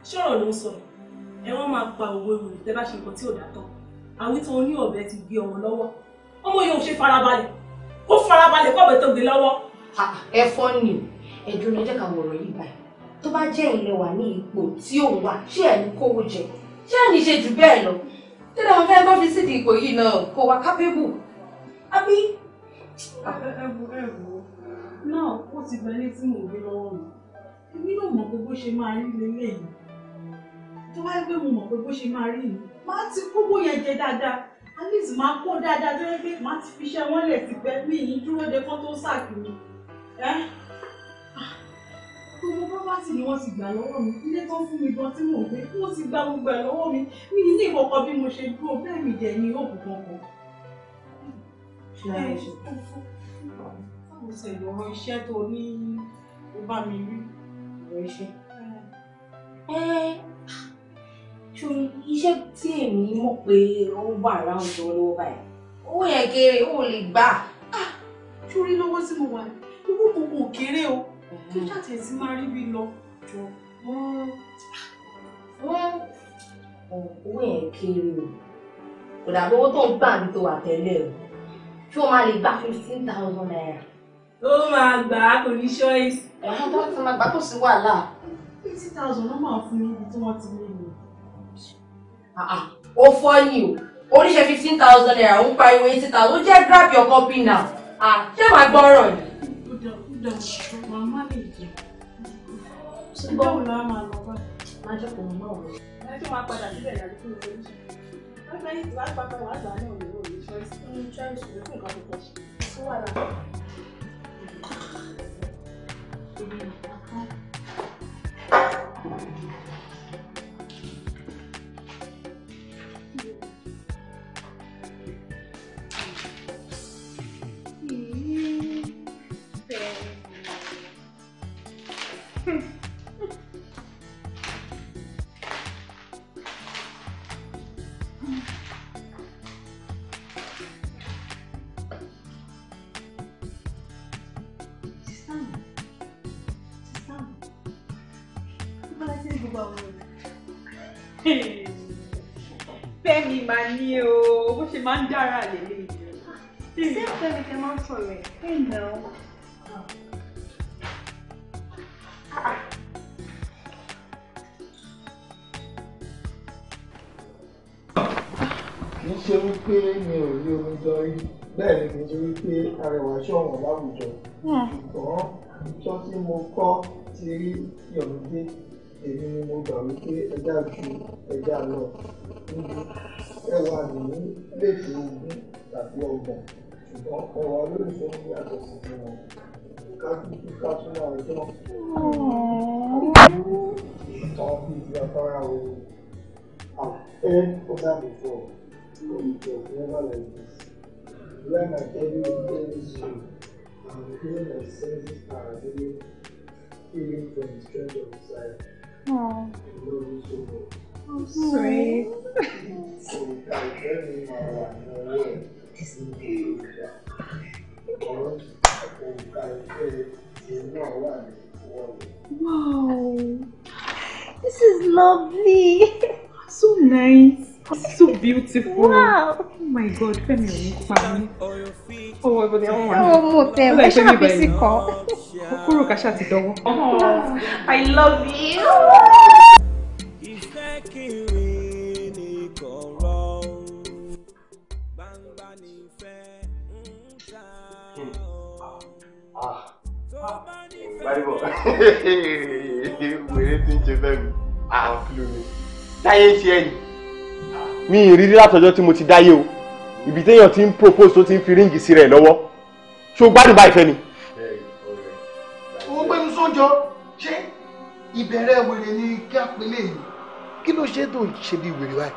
ṣọ̀rọ̀ ló ń sọ ẹ wọ́n máa pa òwe ìròyìn tẹ́ bá ṣe nǹkan tí ò dá tán àwọn tó ní ọ̀bẹ ti gbé ọmọ lọ́wọ́ ọmọ yóò ṣe farabalẹ̀ kó farabalẹ̀ kó ọ̀bẹ tó gbé lọ́wọ́. ẹ fọ́ ni ẹ̀dùn ní ẹjẹ́ ká wọ̀rọ̀ yìí báyìí tó bá jẹ́ ilẹ̀ wà ní ipò tí òun wà ṣé ẹ̀ ní kówó jẹ ṣé ẹ̀ ní ṣe jù bẹ́ẹ̀ lọ tẹ́lẹ̀ wọn fẹ́ẹ́ bá fi sídi ipò yìí náà kó wa kápẹ́bù àbí. ẹ ẹ wo ẹ wo náà ó ti gba ilé tí mò ń gbé lọ́wọ́ mi èmi náà mọ̀ pé bó ṣe máa rí leléyìí tó wáyé pé mo mọ̀ pé bó ṣe máa rí yìí máa ti kówó yẹn jẹ dáadáa at least máa kó dáadáa tó yẹ pé máa ti fi iṣẹ́ wọn lẹ̀ tipẹ́ mí ní dúró de kán tó sàkí mi gbogbo pọ́pátì ni wọ́n ti gbà lọ́wọ́ mi ilé tó fún mi gan tí mò ń gbé wọ́n ti gba gbogbo ẹ̀ lọ́wọ́ mi mi ní ìkọ̀kọ̀ bí mo ṣe dúró bẹ́ẹ̀ mi jẹ́ ní òkú kankan. ṣe àìsàn fún fún fún àwọn ìṣẹ̀lẹ̀ ọ̀rọ̀ iṣẹ́ tó ní ó bá mi rí ọ̀rẹ́ ṣe. ṣòro iṣẹ́ tí èmi mọ̀ pé ó wà ráùndì olówó báyìí owó yẹn kéré ó lè gbà. torí ah, lọ́wọ́ tí mo wà owó kòkò kéré o tó jáde sí máa rí bí lọ. owó yẹn kéré o kò dàbí owó tó ń gbà nítorí àtẹ̀lé o ṣé o máa lè gbà fifteen thousand naira ó máa gbà á kò ní ṣọ́ọ̀ṣì. ẹ̀wọ̀n tó ti máa gbà kò sí wàhálà. eighty thousand ló máa fún níbi tí wọ́n ti lé mi. Ah, ah, ó fọ́ ni o oníṣẹ́ fifteen thousand naira ń pariwo eighty thousand ó jẹ́ grab your copy now ah, ṣé màá gbọ́ ọ̀rọ̀ yìí. ó dà ó dà màmá lè jẹ. báwo la máa lọ bá. má jẹ́ kó mọ̀ ọ́. ẹ tó máa padà síbẹ̀ yàrá kí n ṣe é ṣe. wọ́n fẹ́ẹ́ lápapọ̀ wàá gbà náà lè wọ́n ní ṣọ́ọ̀ṣì. ní ṣọ́ọ̀ṣì ló fún nǹkan tó pọ̀ sí. ó wà láàbọ̀. Thank you. arẹwà ṣọ̀wọ́n láwùjọ hmm. ṣùgbọ́n ìjọ tí mo kọ́ ti rí yọ̀mídé èmi ni mo gbà wípé ẹja ju ẹja lọ níbi ẹwà nìyí lè fi ogún tàbí ọgbọ̀n ṣùgbọ́n ẹwà olólùfẹ́ ah, ní yàtọ̀ sí ti wọn kájúkú kásúnà ọjọ́ àbúrò ìtàn ìlú afárá ooru àfẹ́ ọ̀dà bìfọ̀ olùjọ̀gbọ́n wà lẹ́yìn. When I gave you things to um, heal my senses, are really feeling from the strength of desire. Aww. And no issue. Oh, sweet. so, I was telling my wife, no way, this is the Or, I said, you know what? Wow. This is lovely. so nice. so beautiful. Wow. Oh my God, Femi ò ní pa mí. Ọwọ́ ibo ni ọmọ rẹ̀. Ọmọ mo tẹ̀ ọ́, ẹ ṣàbí sí kan. Kúkúrú kàṣà ti dánwó. I love you. Hmm. Ah! Ah! Ah! Ah! Ah! Ah! Ah! Ah! Ah! Ah! Ah! Ah! Ah! Ah! Ah! Ah! Ah! Ah! Ah! Ah mi ìrírí látọjọ́ tí mo ti dáyé o ibi téèyàn ti ń propose tó ti ń fi ríǹgì sí rẹ̀ lọ́wọ́ ṣó gbádùn báyìí fẹ́ mi. òun gbẹ́nu sọ́jọ́ ṣé ìbẹ̀rẹ̀ wèrè ni kí á pélé yìí kí ló ṣe tó ń ṣe bí wèrè wáyé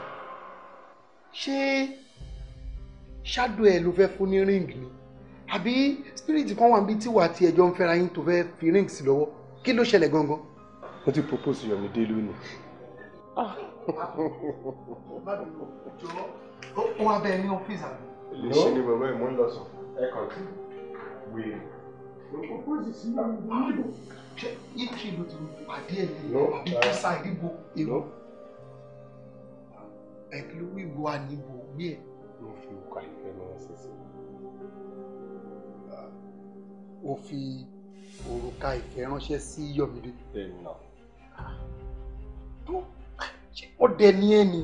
ṣé ṣáàdù ẹ̀ ló fẹ́ fún ní ríǹgì ni àbí spirit kan wà níbi tí wà á ti ẹjọ́ ń fẹ́ra yín tó fẹ́ fi ríǹgì sí lọ́wọ́ kí ló ṣẹlẹ̀ gangan. wọ́n ti propose Yọ̀mídé lónìí. Ah ó wá bẹ́ẹ̀ ní ọ́fíìsì àná. lè ṣe ni bàbá ẹ̀ mọ́ ń lọ sùn ẹ kàn tí wèrè. ṣé ìtì ìlú tó pàdé ẹ̀ ní àbí kíṣà ìdìbò ìlú ẹ̀dùn wíwo àníbò wí ẹ̀. mo fi òkà ìfẹ́ lọ́wọ́ sísè. ó fi òrùka ìfẹ́ ránṣẹ́ sí Yọ̀mídé. bẹ́ẹ̀ ni ṣé ọdẹ ni ẹ ah, ni.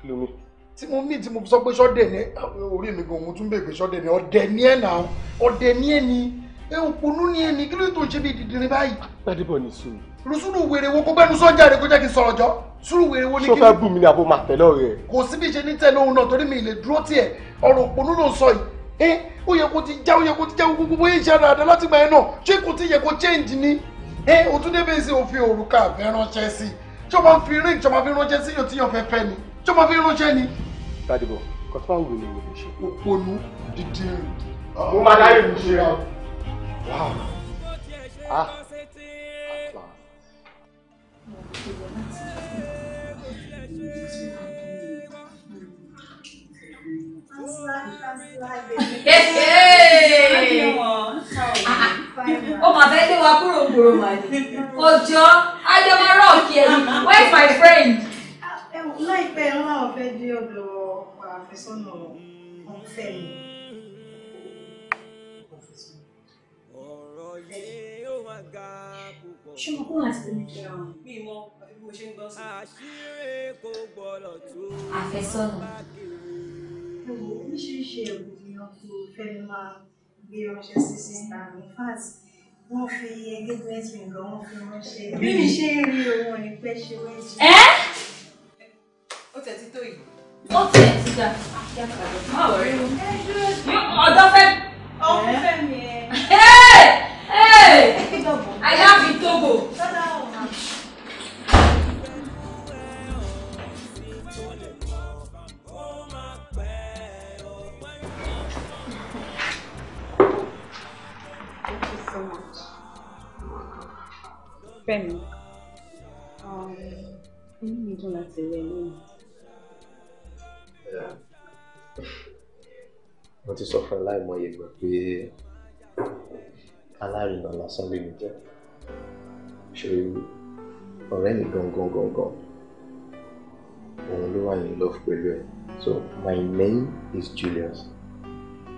kí ló ní. tí mo mí tí mo sọ pé sọdẹ ni orí mi gan mo tún bèbè sọdẹ ni ọdẹ ni ẹ nà ọdẹ ni ẹ ni ẹ òpònú ni ẹ ni kí ló tó ń ṣe bí dídìrín báyìí. gbadebo ni sùn. rùsùlù wèrè wo kó gbẹnu sọjà rẹ kó jẹ́ kí n sọ̀rọ̀ jọ sùúrù wèrè wo ni kí. sọfẹ bù mí ni àbò máa tẹ̀lé ọ̀rẹ́. kò síbi ṣe ní tẹ̀lé òun náà torí mi lè dúró tiẹ̀ ọ̀rọ̀ òpònú ló ń sọ yìí ẹ ó yẹ kó ti já ó yẹ kó ti já gbogbo bóyá ìṣe àdáadáa láti gbà òfin òrùka fẹ́ ránṣẹ́ sí i ṣé máa fi ring ṣé máa fi ránṣẹ́ sí yàn tí yàn fẹ́ fẹ́ ni ṣé máa fi ránṣẹ́ ni. tàdébọ̀ kọ́tà wù mí wò lè ṣe. òpònú dídí rìn. Ah. mo máa dáyé mi ṣe ọ. ah. ó mà fẹ́ lé wa kúrò gbòòrò mà ní ọjọ́ ajọmọ́rọ́ òkè ẹni where is my friend. láìpẹ́ ẹ̀ ńlá ọ̀fẹ́ dé ọ̀dọ̀ àfẹ́sọ́nà ọ̀fẹ́ mi. ṣé mo kó àti tèmi kíra àfẹ́sọ́nà oríṣiríṣi ẹ̀bùn mi ṣe ń rí ohun ọ̀nì pẹ́ ṣe wẹ́ẹ̀jì. ẹ́ ó tẹ̀ tí tó yìí. ó tẹ̀ tí dá má wọrí o ọ̀dọ́ fẹ́. ọ̀hún fẹ́ mi ẹ̀. ẹ̀ dùn láti rí ẹ lónìí. mo ti sọ fún ẹ láìmọye ìgbà pé alárinà lásán lè mi jẹ ṣe ọ̀rẹ́ mi gangan gangan òun ló wà in love pẹ̀lú ẹ so my name is Julius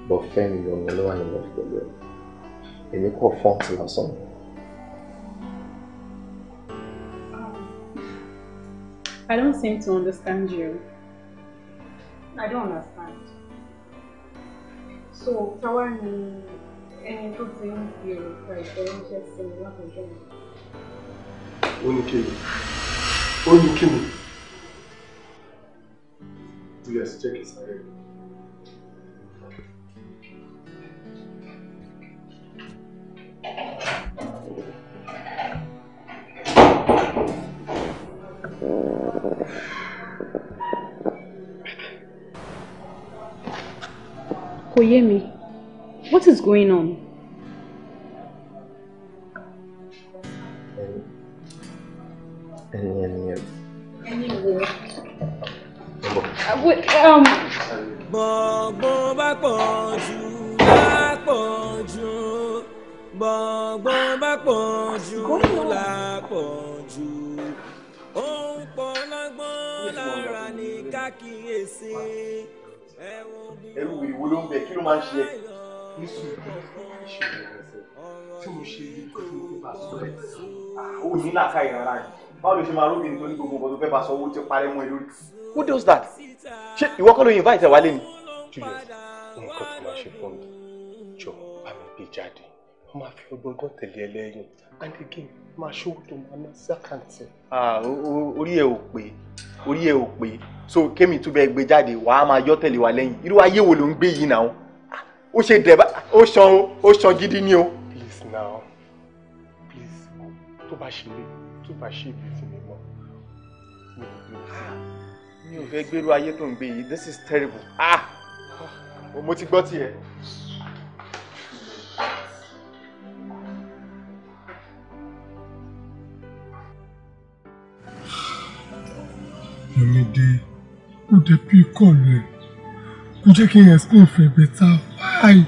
but Fẹ́mi gangan ló one in love pẹ̀lú ẹ èmi kò fọ́ǹtì lásán mi. I don't seem to understand you. I don't understand. So, Tawani, ẹni tó ti you fi òkúta ìfẹ́ránṣẹ́ sí mi látọjọ́ mi. Ó ní kí ni? Ó ní You ni? Julius, check his hair. Thank you. Koyemi, what is going on. Any, any, any, any. wo. gbọ̀ngbọ̀n bá pọ̀ jù bá pọ̀ jù gbọ̀ngbọ̀n bá pọ̀ ẹrú ìwo ló ń bẹ kí ló máa ń ṣe ẹ. tí mo ṣe ń bá ah, báwo ló ṣe máa róbìnrin tó gbogbo nǹkan fẹ́ bá sọ owó tí ó parẹ́ mọ́ ẹ lórí. who does that? ṣé ìwọ kọ́ ló invite ẹ wálé ni. julius nǹkan tó máa ṣe fún mi jọ bá mi gbé máa fi ọgbọ́n tẹ̀lé ẹ and again máa ṣòótọ́ máa ná sákàǹtì. orí ẹ ò pé orí ẹ ò pé so kémi tún bẹ gbé jáde wàá máa yọ tẹ̀lé wa lẹ́yìn irú ayé wo ló ń gbé yìí náà ó ṣe dẹ̀bá ó ṣan ó ṣan gidi ni o. please now please tó bá ṣe lè tó bá ṣe ibi tí mi mọ mi ò gbé ah, mi ò fẹ́ gbérú ayé tó ń gbé yìí this is terrible. ah mo ti gbọ́ tiẹ̀. Yomide ó dé bí kọ̀lù ẹ̀ kò jẹ́ kí n explain fún ẹ bẹ́tà why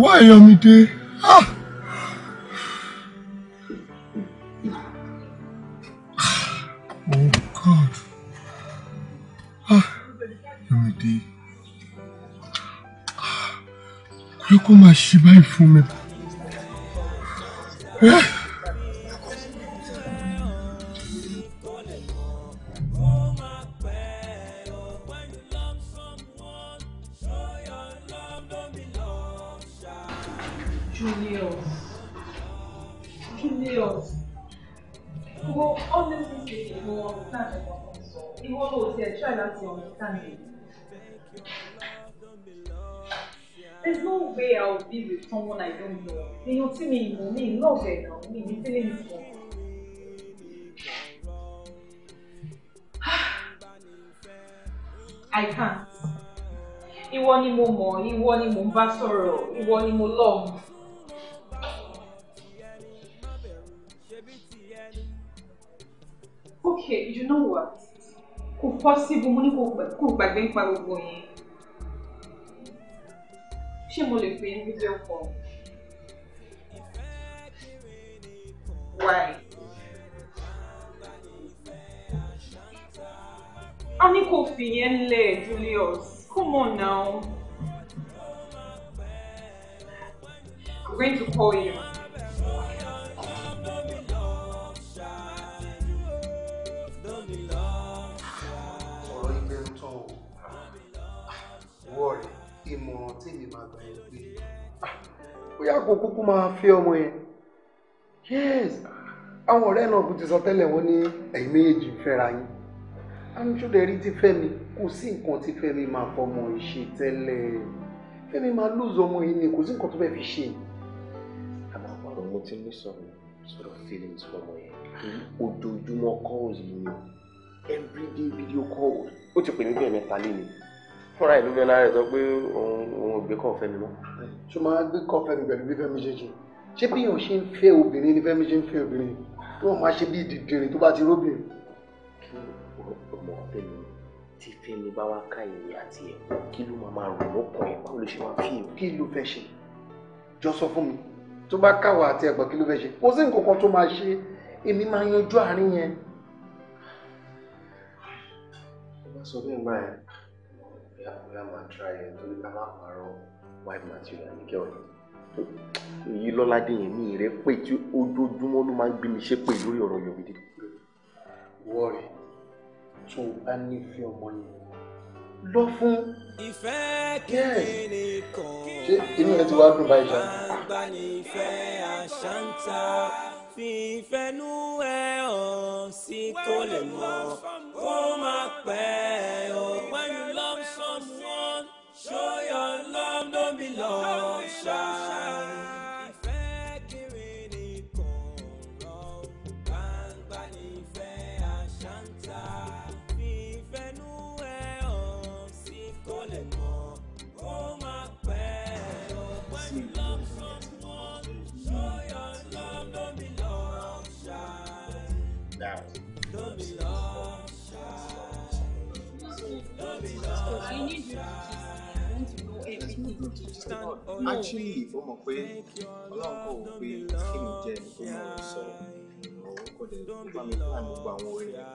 why Yomide ah. oh God ah Yomide kò yẹ kó máa ṣe báyìí fún mi. Eh! Julius. Julius. Well, honestly speaking, you go understand the concept. Even though it's try not to understand it. There's no way I'll be with someone I don't know. You know, see me, you me, love her now, me, me feeling this one. I can't. Ìwọ ni mo mọ̀, ìwọ ni mo bá sọ̀rọ̀, ìwọ ni mo love. okay you know what kò possible mo ní kò gbàgbé nípa gbogbo yẹn ṣé mo lè pè é fídíò kan why a ní kò fìyẹn lẹ̀ Julius come on now I'm going to call you. tí mi máa gbà yẹn pé ah, bóyá ọmọ yẹn yes àwọn ọ̀rẹ́ náà kò ti sọ tẹ́lẹ̀ wọ́n ní ẹ̀yin méjèèjì fẹ́ra yín amúṣúdẹ̀rí ti fẹ́ mi kò sí nǹkan tí Fẹ́mi máa fọmọ ìṣe tẹ́lẹ̀ Fẹ́mi máa lóòzọ ọmọ yìí ni kò sí nǹkan tó fẹ́ fi ṣe. àmọ́ àpárọ̀ mo ti ní sọ̀rọ̀ sort of feelings fọmọ yẹn ojoojúmọ́ calls mi everyday video calls ó ti pè mí bẹ́ẹ̀ mẹ́ta lé fúnra ẹ̀ ló fẹ́ lára ẹ̀ sọ pé òun òun gbé kọ́ fẹ́ mi mọ́. ṣé máa gbé kọ́ fẹ́ mi pẹ̀lú bí fẹ́ mi ṣe ṣe ṣé bí èèyàn ṣe ń fẹ́ obìnrin ni fẹ́ mi ṣe ń fẹ́ obìnrin tó wọ́n máa ṣe bí ìdìdìrín tó bá ti róbìnrin. kí ọmọ fẹ́mi tí fẹ́mi bá wá ká ìwé àti ẹ̀kọ́ kí ló máa máa rò lọ́kàn ẹ̀ báwo ló ṣe máa fi ìwé. kí ló fẹ́ ṣe jọ sọ fún mi tó bá káwọ àti ẹ̀kọ́ kí ló fẹ́ ṣe kò sí nǹkan tó máa ṣe èmi máa yanjú àárín yẹn. ó sọ bẹ́ẹ̀ máa bóyá bóyá máa try ẹ̀ eh, torí ká má parọ́ wife material ní kẹ́ ọ̀yọ́. èyí lọ́ládé yẹn mi rẹ̀ pé tí ojoojúmọ́ ló máa ń gbé mi ṣépè lórí ọ̀rọ̀ Yomide. wọ́ọ̀rì tó o bá nífẹ̀ẹ́ ọmọ yẹn lọ fún. ìfẹ́ kìíní nìkan. ṣé inú ẹ ti wá dùn báyìí ṣá. àgbà ní àṣà ń ta fi ìfẹ́nú ẹ hàn sí tó lè mọ̀ kó má pẹ́ o. When you love someone, show your love, don't be love shy. Oh, Actually, ó mọ̀ pé ọlọ́run kò wò pé kí ni jẹ́ ẹni tó mọ̀ ọ́ sọ ọ̀rọ̀ kò dé tó bá mi kó àmì gbogbo àwọn orin rẹ̀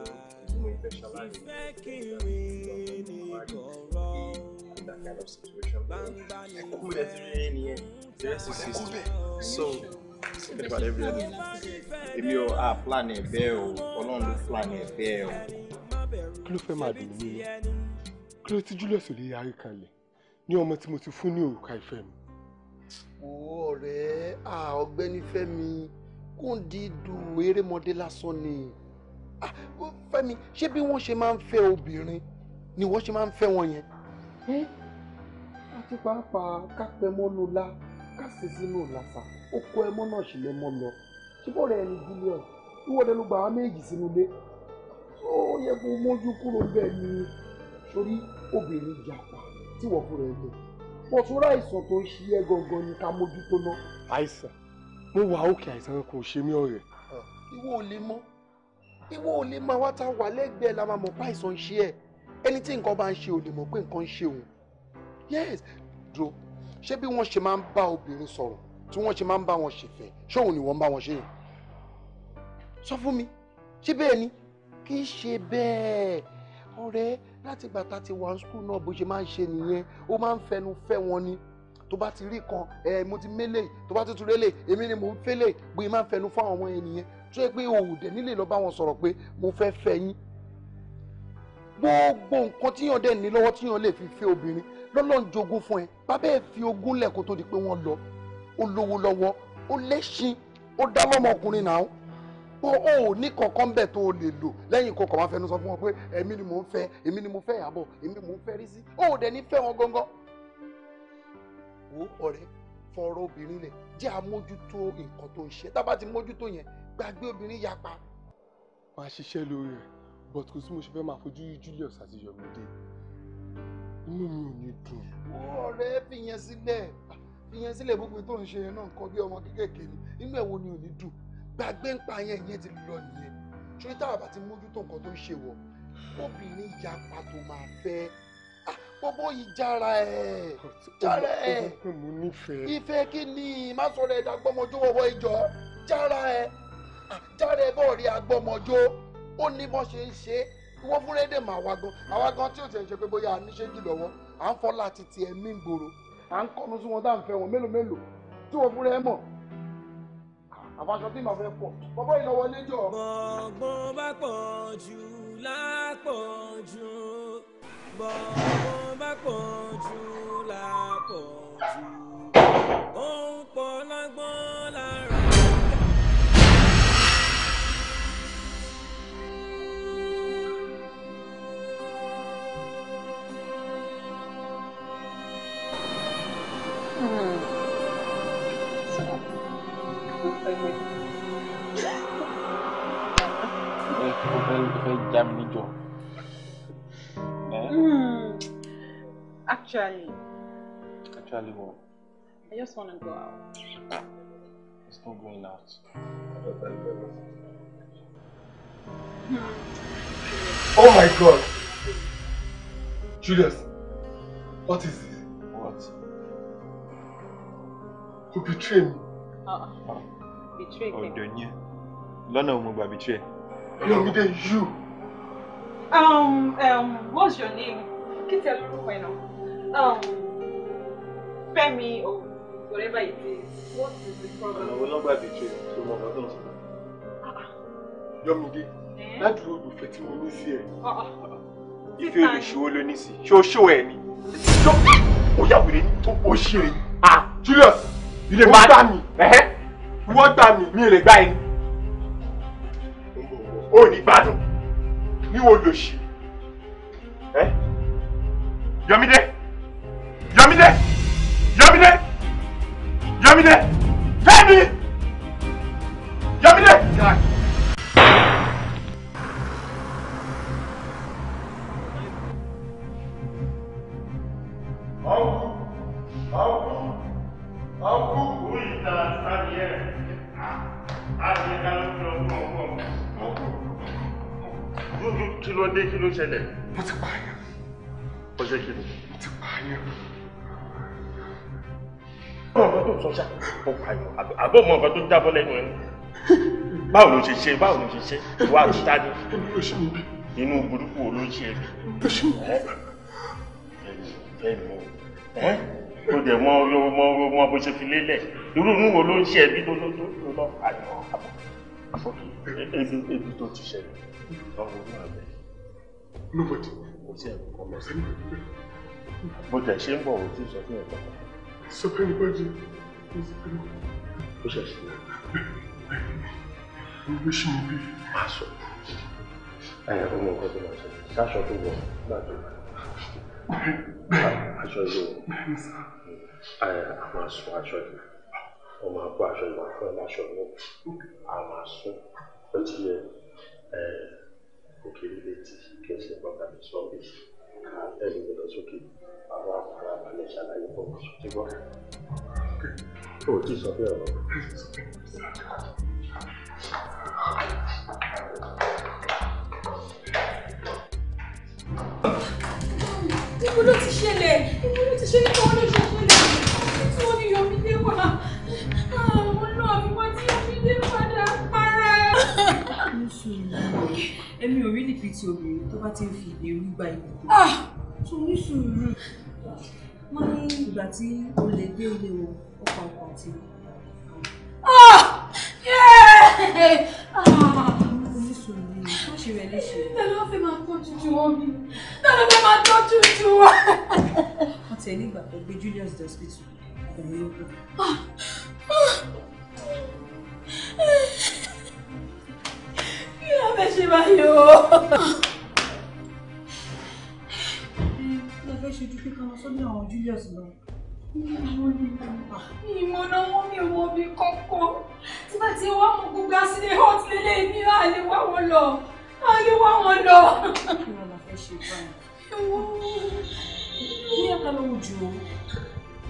tó mú ìfẹ́ ṣàlàyé that kind of situation. Ẹ̀kọ́ so forget about everything. Èmi ò plan ẹ̀ bẹ́ẹ̀ o, ọlọ́run ló plan ẹ̀ bẹ́ẹ̀ o. Kí ló fẹ́ máa dùn mí? kí ló ti Julius ò lè yarí kanlẹ̀ ní ọmọ tí mo ti fún ní òrùka ìfẹ́ mi. wo ọ̀rẹ́ ọ̀gbẹ́ni Fẹ́mi kò ń di du erémọdé lásán ni Fẹ́mi ṣé bí wọ́n ṣe máa ń fẹ́ obìnrin ni wọ́n ṣe máa ń fẹ́ wọn yẹn. àti pàápàá ká pẹ mọ́nu la ká sì sínú làṣà ó kọ ẹmọ́ náà sì lẹ́mọ́ lọ ṣùgbọ́n rẹ̀ ni Julius ìwọ́de ló gba àwọn méjì sínú ilé ó yẹ kó mójú kúrò bẹ́ẹ̀ ni sórí obìnrin jàpá tí wọ́n fúnra ẹ̀ lọ wọ́n tún ráìsàn tó ń ṣí ẹ́ gangan ni ká mójútó ná. àìsàn mo wà òkè àìsàn kò ṣe mí ọ̀rẹ́. ìwọ ò lè mọ̀ ìwọ ò lè máa wá tá a wà lẹ́gbẹ̀ẹ́ la máa mọ̀ pé àìsàn ń ṣe ẹ́ ẹni tí nǹkan bá ń ṣe ò lè mọ̀ pé nǹkan ń ṣe òun. yes dúró ṣé bí wọ́n ṣe máa ń bá obìnrin sọ̀rọ̀ tí wọ́n ṣe máa ń bá wọn ṣèfẹ́ ṣé òun ni wọ́n ń bá wọn ṣe yẹn. sọ fún mi ṣé bẹ́ẹ̀ ni kì í ṣe bẹ́ẹ̀ ọ̀rẹ́ láti ìgbà tá a ti wà ní skul náà bó ṣe máa ń ṣe nìyẹn ó máa ń fẹnu fẹ́ wọn ni tó bá ti rí kan ẹ mo ti mélè tó bá tuntun rélè èmi ni mo ń fẹ́lè gbé máa ń fẹnu fún àwọn ènìyàn tó yẹ pé òun dẹ̀ nílè lọ bá wọn sọ̀rọ̀ pé mo fẹ́ fẹ́ yín gbogbo nǹkan tíyàn dẹ̀ ní lọ́wọ́ tíyàn lè fi fẹ́ obìnrin lọ́lọ́run jogún fún ẹ bàbá fi ogún lẹ̀ tó di pé wọ́n lọ ó lówó lọ́wọ́ ó lẹ́ṣin ó dá lọ́mọkùnrin náà pé o ò ní kankan bẹ̀ tó o lè lò lẹ́yìn kó kàn máa fẹnu sọ fún wọn pé èmi ni mò ń fẹ́ èmi ni mo fẹ́ ìyàbọ̀ èmi ni mò ń fẹ́ rí sí o ò dẹ̀ ní fẹ́ wọn gangan. wo ọ̀rẹ́ fọ̀rọ̀ obìnrin lẹ̀ jẹ́ àmójútó nǹkan tó ń ṣe tá a bá ti mójútó yẹn gbàgbé obìnrin yapa. máa ṣiṣẹ́ lórí rẹ̀ but kò sí mo ṣe fẹ́ máa fojú Julius àti Yomide inú mi ò ní dùn. ọ̀rẹ́ fìyẹn sílẹ̀ fìyẹn sílẹ̀ gbogbo tó ń ṣe náà nǹkan bí ọmọ kékèké ni inú ẹ̀ wo ni ò ní dùn gbàgbé ń pa yẹn ìyẹn ti lọ nìyẹn ṣùgbọ́n táwọn bá ti mójútó nǹkan tó ń ṣe wọ̀ obìnrin yapa tó máa fẹ́ ah, gbogbo ìjára ẹ̀ jára ẹ̀ ìfẹ́ kí ni má sọ̀rọ̀ ẹ̀dá gbọ́mọjó wọ́wọ́ ìjọ jára ẹ̀ ah, jára ẹ̀ bọ́ọ̀rí agbọ́mọjó ó ní bọ́n ṣe ń ṣe wọ́n fún rédè mà wá gan àwa gan tí ò tiẹ̀ ṣe pé bóyá a níṣẹ́ jù lọ́wọ́ à ń fọ́ láti tiẹ̀ mí gbòòrò à ń kọ́nu sí wọn tá à ń fẹ́ wọn mélòó mélòó tí wọ́n fúnra ẹ̀ mọ̀ àwọn aṣọ tí màá fẹ́ pọ̀ bọ́bọ́ ìnáwó níjọ. bọ̀gbọ́n bá pọ̀ jù lápọ̀ jù bọ̀gbọ́n bá pọ̀ jù lápọ̀ jù ó ń pọ̀ lọ́gbọ́n Actually. Actually what? I just want to go out. Ah. It's not going out. Oh my god! Julius, what is this? What? You betrayed me. Uh, oh. betrayed me. Oh, Donye. Lọ́nà mo gbà betray. Yomide, you! Um, um, what's your name? Kí tẹ lórúkọ ẹ náà? Um, Fẹ́mi or whatever it is, what is the problem? Àwọn ọlọ́gbà ti ṣe ṣe mọ̀ lọ́dún sí. Ah. Eh? that. láti wo ìbùfẹ́ you mo ní sí ẹ̀. Ife olùṣòwò ló ní sí. Ṣé o ṣó ẹ ni? Ṣọ́ ó yà wèrè ní tó o ṣe rè. Ah Julius, ilé máa gbà me eh? Wọ́n gbà mí, mi ò lè gbà ẹni. O ò ní gbádùn. Níwọ̀n lòṣì. Eh? Yọ́mídé. Cemile! Cemile! Cemile! Ferdi! Cemile! Gel. Kilo ne kilo sene? Mutlu bayım. O şekilde. Mutlu bayım. ọmọ tó sọ ṣá ó payọ àbọ̀ mọ nǹkan tó jábọ́ lẹ́nu ẹ̀ báwo ló ṣe ṣe báwo ló ṣe ṣe ìwà àtúntà ni inú burúkú wo ló ṣe ẹbí ẹnu ó dẹ̀ mọ mọ mọ bó ṣe fi lélẹ̀ irú inú wo ló ń ṣe ẹbí tó lọ àná ebi ebi tó ti ṣẹlẹ̀ ọwọ́ inú abẹ nobody kò sí ẹ̀kọ́ lọ sí bó tẹ̀ ṣe ń bọ̀ wò tí sọ fún ẹ̀kọ́ kan. Supreme Court ní Supreme Court. Ó ṣẹ̀ṣẹ̀ náà. Bẹ́ẹ̀ni, gbogbo ṣì ń bí. Má sọ. Ẹ̀yà ọmọ nǹkan tó máa sọ. Sáṣọ tó wọ̀ nígbà tó wà. Aṣọ yóò. Bẹ́ẹ̀ni sá. Ẹ̀yà a máa sun aṣọ yìí. Wọ́n máa bọ́ aṣọ yìí, máa fún ẹ láṣọ náà. A máa sun. Ó ti yẹ òkè ilé tí kẹsì bàbá mi sọ bí ẹni gbọ́dọ̀ sókè àwọn afarabalẹ̀ ṣàlàyé bọ sókè bọ o ti sọ bẹ́ẹ̀ ọ̀rọ̀. ibo ló ti ṣẹlẹ̀ ibo ló ti ṣẹlẹ̀ kí wọ́n lè ṣe ṣẹlẹ̀ tí wọ́n ní yọmí dé wá àwọn náà ni wọ́n ti yọmí dé wá èmi ò rí níbi tí obìnrin tó bá ti ń fi èrú gba ìbùkún. tó ah! ní sùúrù wọ́n ní ìgbà tí olè dé olè wọ ọkọ̀ ọkọ̀ àti. Tẹ́lẹ̀ wọ́n fẹ́ máa tọ́jú ju wọn bí. Tẹ́lẹ̀ fẹ́ máa tọ́jú ju wọn. Wọ́n tẹ̀ nígbà tó gbé Julius the hospital. Ọ̀rẹ́ ló kù kí ló fẹ́ ṣe báyìí o. mo fẹ́ ṣe ju kíkan lọ sọ́dọ̀ àwọn Julius lọ. Ìmọ̀ náà wọ́n mi wọ bí kọ́kọ́. Tí bá ti wá mú gbogbo sílé hot lélẹ̀ mi á lè wá wọn lọ. a lè wá wọn lọ. Kí ló la fẹ́ ṣe báyìí? Ìwọ́n mi. Ní ẹ̀ka ló wù jù ú.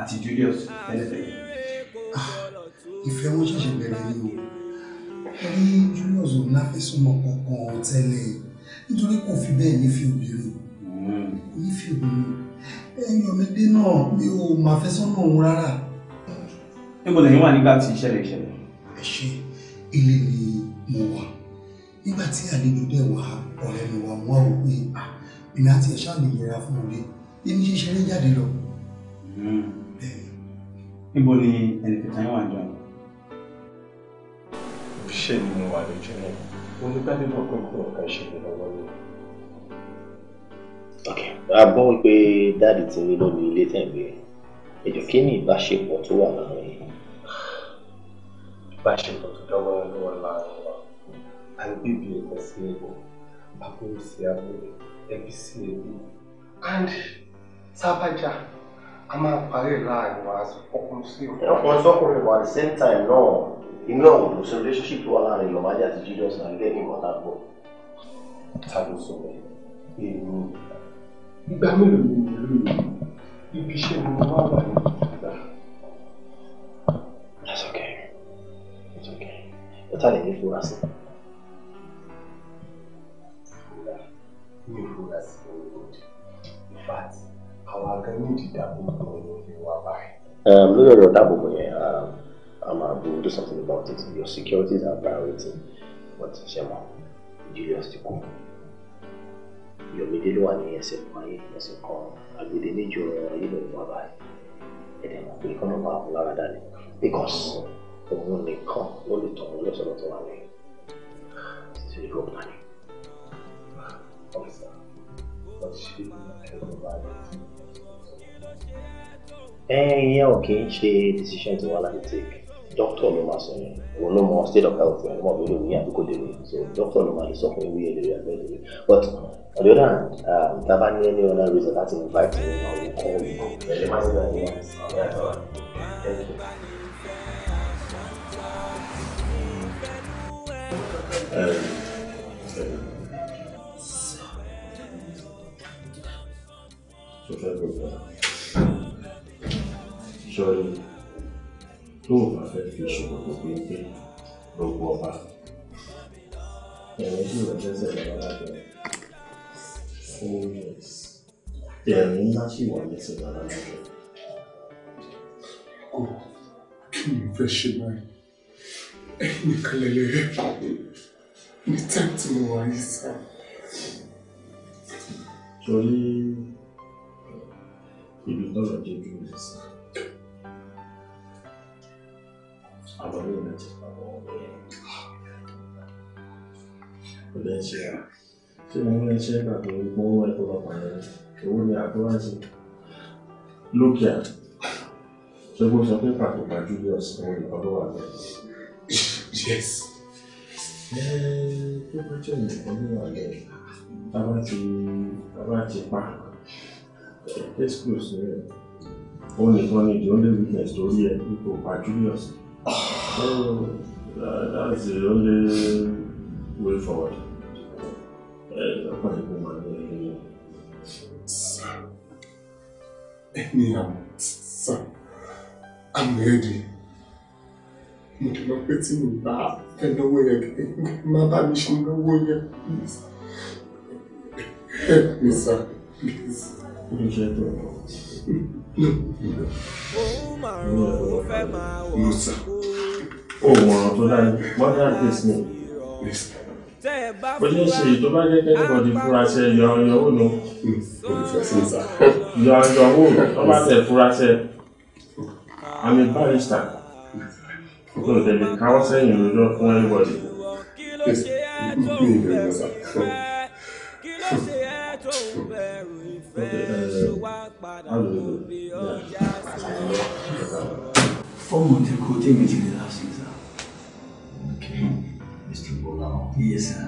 àti Julius Ẹlẹ́fẹ̀ẹ́. Ah, ìfẹ́ wọn ṣẹ̀ṣẹ̀ bẹ̀rẹ̀ ni o rí Julius ò láfẹ́sùnmọ́ kankan tẹ́lẹ̀ nítorí kò fi bẹ́ẹ̀ ní fi obìnrin ní fi obìnrin ẹ̀yìn ọ̀mẹ́dé náà mi ò máa fẹ́ sọ́nà òun rárá. níbo lẹ́yìn wà nígbà tí ìṣẹ̀lẹ̀ ìṣẹ̀lẹ̀. ẹ ṣe ilé ni mo wà nígbà tí àlejò dẹ̀ wá ọ̀rẹ́ mi wà wọ́n rò pé ah, èmi àti ẹ̀ṣá lè yẹra fún òde èmi ṣe ṣeré jáde lọ. Hmm níbo ni ẹnì kẹta yín wà jọ. ṣé ni mo wà lójú náà mo ní bá nínú ọkọ ìgbọ ọkọ ìṣẹ̀lẹ̀ lọ́wọ́ ni. ok a gbọ́ wípé dáàdì ti rí lónìí ilé tẹ̀gbẹ́ ẹ̀jọ̀ kí ni ìbáṣepọ̀ tó wà láàrin yìí. ìbáṣepọ̀ tó dánwọ́ ló wà láàrin wa à ń bèbè ẹ̀kọ́ sí ẹ̀kọ́ àbúrò sí àbúrò ẹbí sí ẹbí and sábàjá a máa parí láàrin wa ọkùnrin sí ọkùnrin. ọkùnrin sọkùnrin wa at the same time náà inú àwọn olùsọ relationship wà láàrin Yorùbá àti Jesus náà gẹ́gẹ́ bí nǹkan tá a gbọ́. ta ló sọ bẹ́ẹ̀ èmi ìgbà mélòó ni mo lóye ibi iṣẹ́ ni mo wà ní ìgbà. that's okay that's okay ó tà lè ní fura sí. mi ò fura sí ọ̀rọ̀ ìfàtí àwọn akẹ́ ní ìdìdàbòbò ìròyìn wa báyìí. Um, lórí ọ̀rọ̀ dáàbòbò yẹn um, a máa bó do something about it your security is our priority but ṣe mọ Julius ti kú Yomide ló wà ní ẹsẹ̀ kan ayé ẹsẹ̀ kan agbede méjì ọ̀rọ̀ ayé lòun wà báyìí ẹ̀dẹ̀ mọ̀ pé kọ́nà máa mú lára dání because òun nìkan ló lè tọ̀ ọ́ lọ́sọ̀rọ̀ tó wà ní ìlú ọ̀gbani. ọ̀sán ọ̀ṣẹ́ ẹ̀rọ bá yẹ sí i ìyẹn ò kì í ṣe decision tí wọn láti take doctor ló máa sọ yẹn òun ló mọ state of health yẹn ló mọ bí olóògùn yẹn àbíkó lè rí so doctor ló máa lè sọ fún ewúrẹ́ lè rí abẹ́ lè rí but on the other hand um, tá a bá ní any other reason láti invite me na we call you ẹ má sí láti thank you. Um, um, sọ́rí tu o bá fẹ́ fi ṣòro tó pé pé gbogbo ọba ẹ̀rín sì rẹ̀ lẹ́sẹ̀ lọ́wọ́ lábẹ́ omi ẹ̀rín ńlá sì wà lẹ́sẹ̀ lọ́wọ́ lábẹ́. kò kí n fẹ́ ṣe báyìí nìkan lẹ́lẹ́rẹ́ ní táìmù tí mo wà yìí sá. torí ìlú náà lọ Alonso kò lè ṣe à tí mo ń ṣe pàtó gbowó ẹ̀kọ́ lọ́pàá yẹn owó ni àdúrà sí lókè à ṣé kó sọ pé pàtó pa Julius òun nìkan ló wà lẹ. yes. ẹ ẹ tó bá jẹ́ nìkan ló wà lẹ tábà ti tábà ti ni òun ni the only witness tó rí ẹ So that, uh, that is the only way forward. Uh, sir, anyhow, sir, I'm ready. Mo ti lọ I'm tí mo bá ẹ lọ́wọ́ yẹn kí ẹ má bá mi ṣe lọ́wọ́ yẹn, please. Help me, sir, please. Mo ṣe tó lọ. No, no, no, sir òmòràn tó dájú mọ́tà disney ó ní ṣe tó bá jẹ́ kẹ́kọ̀ọ́ di fúraṣẹ́ yọ̀ọ̀yọ̀ ó lọ hmm, yọ̀ọ̀yọ̀ ó lọ tó bá tẹ̀ fúraṣẹ́ àmì barista kò tẹ̀lé káwọ́ sẹ́yìn lójọ́ fún everybody. ọmọ tí kò tí mi ti rí la. Yes, sir.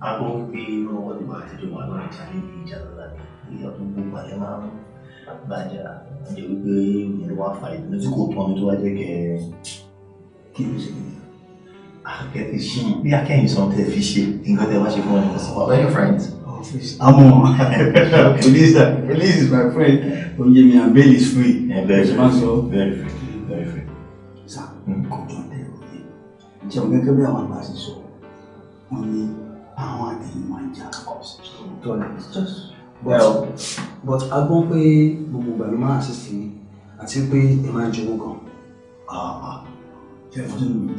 Aago ń gbé inú ọwọ́ nígbà àtijọ́ wà lọ́rọ̀ ìjà níbi ìjà lọ́la ni. Ilé ọdún gbogbo àlẹ́ máa ń bàjá. Ẹ̀jẹ̀ wípé ìyẹn ló wá fa ìdùnnú tí kò tán mi tó wá jẹ́ kẹ́ kí ló ṣe ní. Akẹ́kẹ́ ṣí mi bí akẹ́yìn sọ tẹ́ fi ṣe nǹkan tẹ́ wá ṣe fún ọ̀nà ìsìn. Ọ̀rẹ́ your friend. Àmọ́ police police is my friend. Oyemi and bail is free. Ẹ bẹ́ẹ̀ Very free. Very free. Sir, kò mm jẹun gẹ́gẹ́ bí àwọn àgbà ṣe sọ wọ́n ní àwọn àtẹ̀yìn máa ń jà well but a gbọ́ pé gbogbo ìgbà ló máa ṣe sí àti pé ẹ máa ń jowó gan. ṣe é fọ́tò mi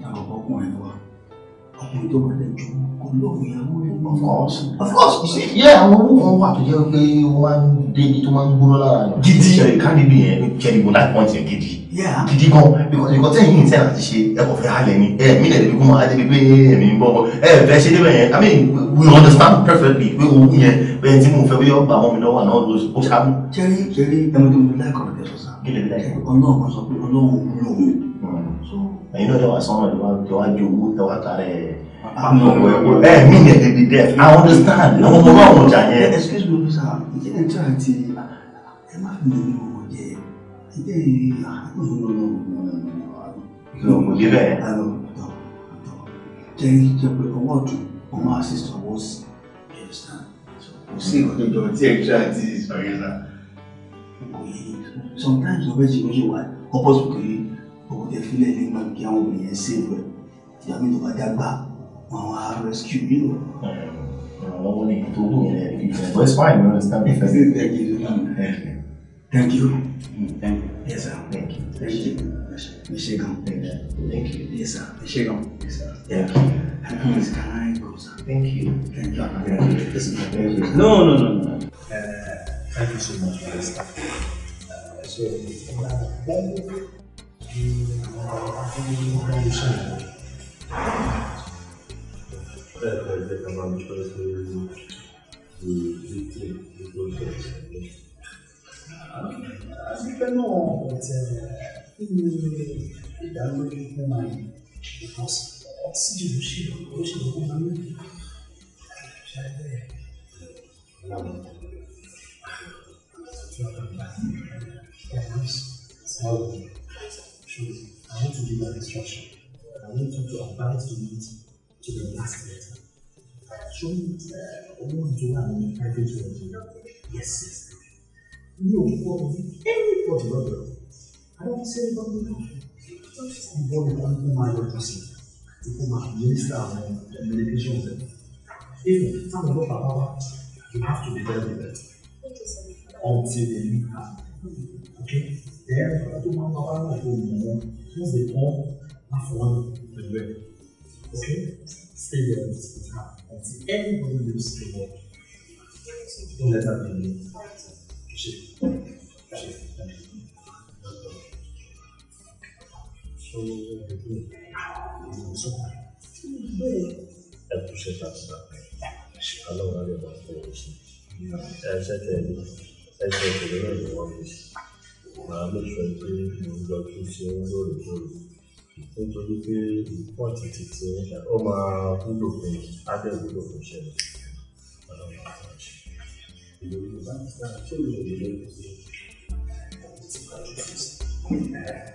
táwọn hmm. ọkùnrin wa ọkùnrin tó wọlé ju kó lóòrùn ìyàwó rẹ. of course of course you see yeah àwọn owó kan wà tó jẹ́ pé wọ́n á débi tó máa ń gbóná lára rẹ̀. gidi ṣe ìkádìbí yẹn kẹ́rìbó láti pọ́ǹtì yẹn gidi gidi gan because nǹkan tẹ́yìn yìí ń sẹ́yìn àti ṣe ẹ̀kọ́ fẹ́ halẹ̀ ni ẹ̀ mílẹ̀ lè kó máa dé pé ẹ̀mí ń bọ̀ ẹ̀ fẹ́ ṣe débẹ̀ yẹn i mean we understand perfectly pé owó yẹn bẹ́ẹ̀ tí mo fẹ́ bí ọgbà ọmọ mi lọ́wọ́ àná ló ó ṣáájú. jẹ́rí jẹ́rí ẹmu tó ń lọ láìkọ̀ lọ́dẹ sọ́sà ọlọ́run kan sọ pé ọlọ́run ló mi. Hmm. ẹ̀yin náà tẹwàá sọ́nà tẹwàá ju owó tẹwàá tarẹ̀ ẹ̀ mílẹ̀ lè dé dẹ́ i understand àwọn ọmọ ọlọ́run ọjà yẹn. excuse me sir ǹjẹ́ ẹ̀ tí a ti ẹ má fi ilé ìlú kí o kò dé bẹ́ẹ̀. alo tọ tọ jẹ́rí jẹ́ pé ọwọ́ ọ̀tún ọmọ assist ọwọ́ òsì kò sí ìkọ́jọ́ jọ tí extra ti sọ̀rọ̀ náà. kò yé sometimes ọbẹ̀ tí o ṣe wà opposite pé ọkọ̀ tẹ fílẹ̀ ní gbà kí àwọn obìnrin yẹn save rẹ̀ ìyá mi tó bá dàgbà wọn àwọn á rescue yìí lọ. àwọn ọmọ ní ìtò owó yẹn lè fi fẹ́ west fine you understand me. thank you. thank you. Mm, Thank you. Ẹ ṣé gan. Thank you. Yes, sir. Ẹ ṣé gan. Yes, sir. thank you. can I go, sir? Thank you. Thank you. Thank you. No, no, no, no. Uh, thank you so much for this. Uh, so, Así que no, kí ni ìdánilójú fún wa yìí because oxygen ló ṣe ló ṣe ló máa ń lò ṣe àgbẹ̀ rẹ̀ lọ́wọ́ àti ọ̀dọ̀ ìgbà ẹ̀rọ̀s sọ́ọ̀dù so I want to do my instruction I want you to abide to it to the last letter so owó ìjọba mi private world yes yes mi ò gbọ́ anybody lọ́dọ̀. Alábísẹ́ lọ́dún ìwọ ni wọ́n kó máa yọjú sí i kó máa mínísítà àwọn communication rẹ̀. Ewu táwọn ọlọ́pàá bá wá, you have to be very very until they meet her. Okay? Ẹ̀yà ìfọ̀rọ̀ tó máa ń bá náà tó mọ̀ wọ́n, wọ́n sì tán àfọwọ́n pẹ̀lú ẹ̀. Okay? Stay there with her until everybody leaves the world. Don't let her be alone. Ṣé? Ṣé? Thank you. Hep bu şeytanlar. Şıkalı var ya bak olsun. Erse teyli. Erse teyli var ya bak olsun. Màálù sọ pé mo lọ kí n ṣe lóòrèkóòrè. Nítorí pé wọ́n ti ti ti ó máa wúlò fún mi, á dẹ̀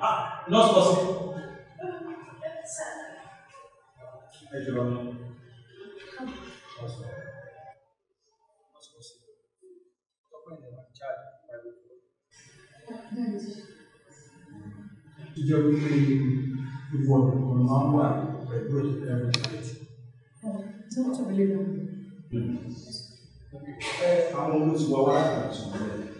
Ah, not possible. Thank you, Lord. wípé ìwọ ọ̀nà máa ń wà pẹ̀lú ẹ̀rọ ìrètí. Tí wọ́n tún lè lọ. Àwọn olùsùwà wà láti ṣùgbọ́n.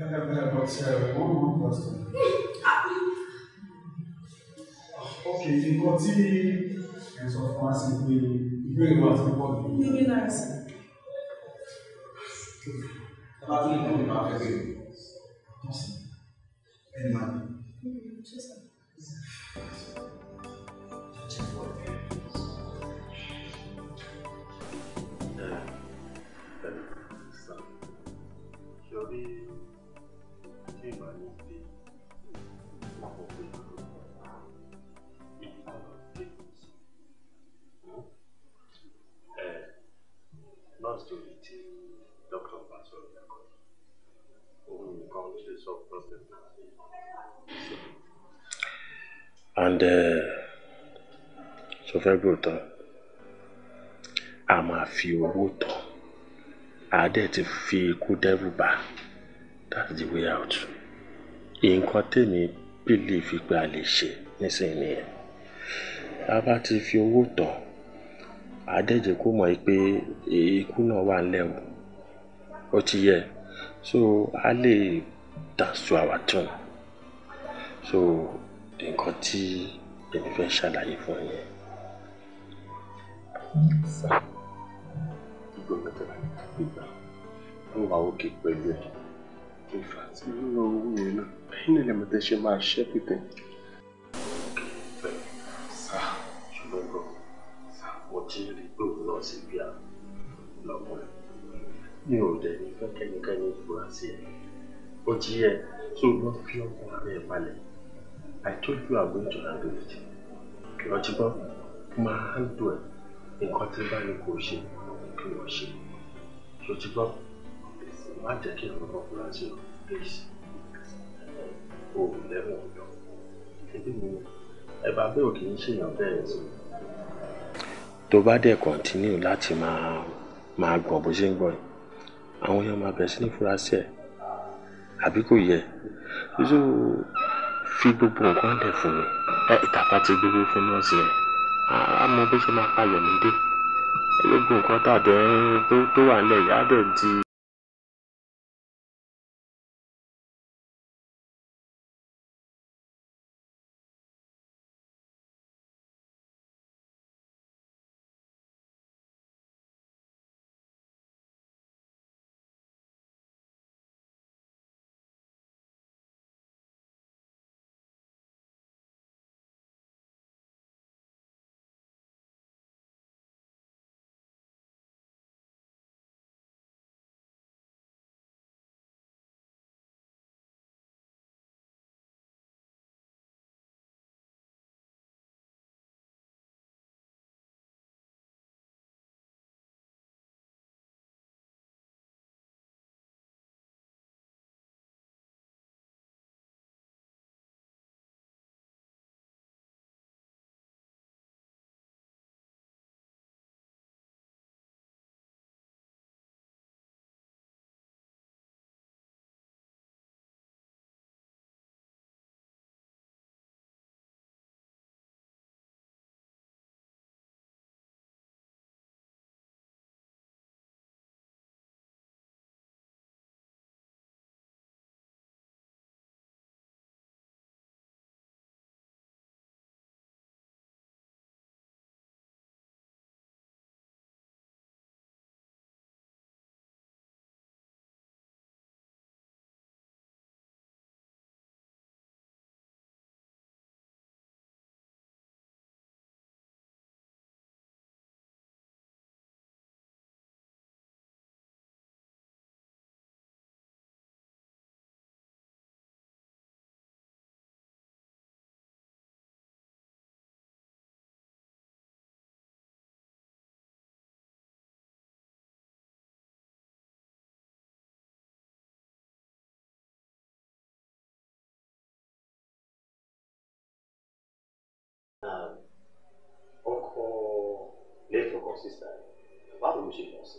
Then the man got said, one good person. Okay, nǹkan tí ẹ sọ fún wa sí pé ìbéèrè wa ti pọ̀ jù. Níbi náà sí. Tábà tún ìkọ́ni máa fẹ́ Foundations of Prophet and tó uh, fẹ́ gbò tán a máa fi owó tán a ti fi ikú dẹ́rù bá that's the way out nǹkan tèmi bílíìfì pé a lè ṣe nísìnyí nìyẹn a bá ti fi owó tán a dẹ̀ jẹ́ kó mọ̀ pé ikú náà wà ńlẹ̀ ó ti yẹ so a lè dance to our tune so nǹkan tí èmi fẹ́ ṣàlàyé fún ẹ yẹn. sá gbogbo ọ̀gá tó bá ní ká fi gbà wọ́n wà òkè pẹ̀lú ẹ̀ ìfà tí nínú owó yẹn náà bẹ́ẹ̀ ni lẹ́mọ̀ tẹ́ ṣe máa ṣẹ́ pìtẹ́. sá ṣùgbọ́n bọ̀ sá mo ti rí i pé òun náà sì bí a dẹ̀ ní fẹ́ kẹ́nikẹ́ni sí ẹ ó ti so not fi ọkùnrin rẹ i told you I'm going to handle it ìrántí gbọ́ my hand, ẹ nǹkan tí bá ní kò ṣe kí wọ́n ṣe ìrántí gbọ́ má jẹ́ kí ẹ̀rọ ọkùnrin ṣe please o lẹ́wọ̀n ọ̀dọ́ ẹbí mi ẹ bá bẹ́ẹ̀ ò kì í ṣèyàn bẹ́ẹ̀ sí. tó bá dẹ̀ kọ́ntínú láti máa máa gbọ̀n bó ṣe ń gbọ̀n yìí àwọn èèyàn máa bẹ̀rẹ̀ sí ní fura sí ẹ àbí kò yẹ ṣíṣú fi gbogbo nǹkan lẹ̀ fún mi ẹ ìtàpá ti gbogbo fún nọ́ọ̀sì yẹn a mọ bó ṣe máa pa yọ̀mí dé gbogbo nǹkan tàdé tó wà nílẹ̀ yìí á dẹ̀ di. sister rẹ̀ báwo ló ṣe mọ̀ sí.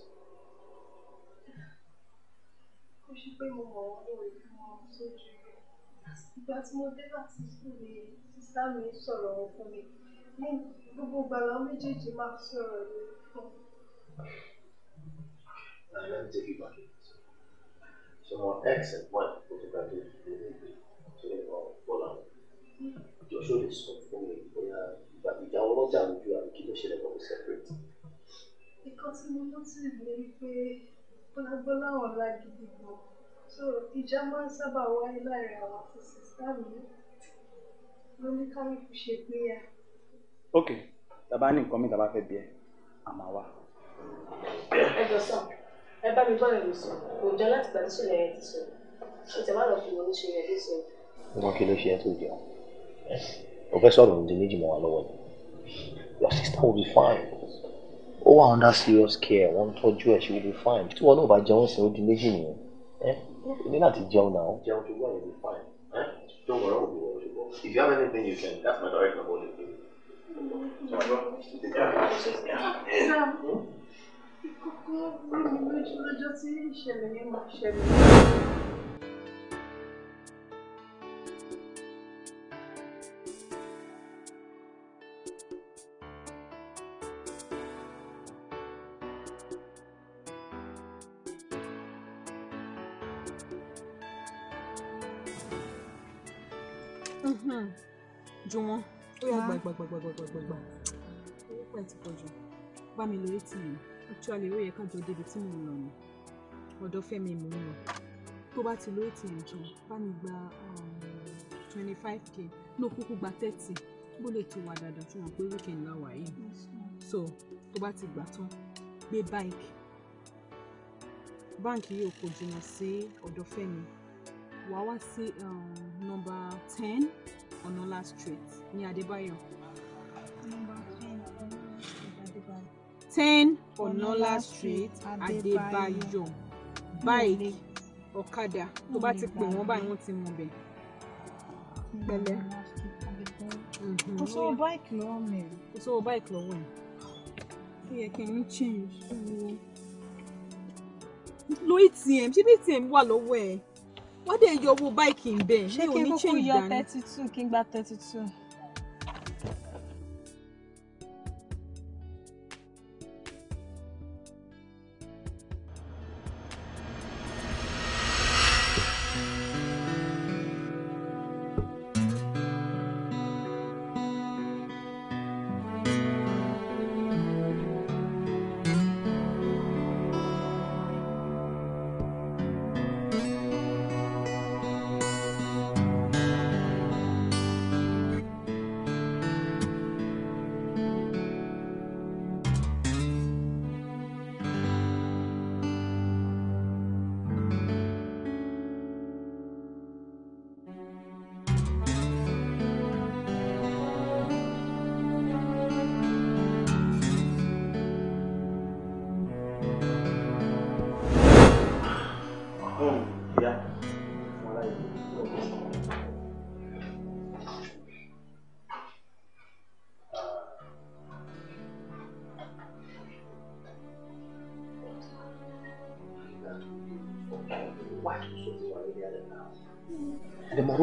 kò ṣe pé mo mọ̀ ọ́ lórí fún ọ sójú ìgbà tí mo dé láti sùn ni sísá mi sọ̀rọ̀ wọn fún mi ní gbogbo gbàlá méjèèjì máa sọ̀rọ̀ lórí fún mi. Now let me take you back. So my ex and wife go to graduate school in Italy. So they were all out. Joshua is so funny. Ìgbàgbé ìjà ọlọ́jà lójú àbí kí ló ṣẹlẹ̀ lọ́wọ́ separate nǹkan tí mo notice ni wípé bọ́lábọ́lá ọ̀la gidi gan. So ìjà máa ń sábà wáyé láàárín àwọn àti sìstá mi ló ní kálukú ṣe pínyà. Ok, tá a bá ní nǹkan mi tá a bá fẹ́ bí ẹ, a máa wá. Ẹ jọ sàn, ẹ bá mi bọ́ọ̀lù mi sùn, kò jọ láti gbà tí ṣẹlẹ̀ yẹn ti sọ. Ṣé tẹ̀wá lọ fún mi ní ṣe yẹn ti sọ? Wọ́n kí ló ṣe ẹ́ tó jẹun. O fẹ́ sọ̀rọ̀ ní méjì mọ́ wa lọ́wọ́ ni. Your sister will be fine ó wà under serious care wọ́n ń tọ́jú she will be fine tí wọn náà bá jẹun sí ó di méjì nìyẹn ẹ ní láti jẹun náà. jẹun tó gbọ́ yẹn will be fine ẹ tó wọ̀rọ̀ òbí wọ̀ ṣùgbọ́n if you have anything you can that's my direct number only for you. ìkọ̀kọ̀ mi lójú lọ́jọ́ tí ìṣẹ̀lẹ̀ yẹn máa ṣẹlẹ̀. gbàgbàgbàgbàgbàgbà owó pẹ̀ ti pọ̀ jù bá mi lórí tì yìí actually ó yẹ ká jọ débi tí mò lọ ni ọ̀dọ̀ fẹ́mi mò ń lọ tó bá ti lórí tì yìí jọ bá mi gba um, twenty five k ló kúkú gba thirty bó lè ti wà dáadáa fún wọn pé weekend la wà yìí so tó bá ti gbà tán gbé báńkì báńkì yìí kò jìnnà sí ọ̀dọ̀ fẹ́mi wàá wá sí um, nọ́mbà ten ọ̀nàlá street ní adébáyọ̀ ten Ọ̀nàlá street Adébáyọ̀ bike ọ̀kadà tó bá ti pè wọ́n báyìí wọ́n ti mọ̀ bẹ́ẹ̀ pẹ̀lẹ́. Mhm. kò sówó bike lọ́wọ́ mi. kò sówó bike lọ́wọ́ mi. ó yẹ kí n ní change. lo atm ṣé bí atm wà lọ́wọ́ ẹ̀ wọ́n dẹ̀ yọ owó báìkì ń bẹ̀ ṣé kí n kúkú yọ thirty two kí n gba thirty two.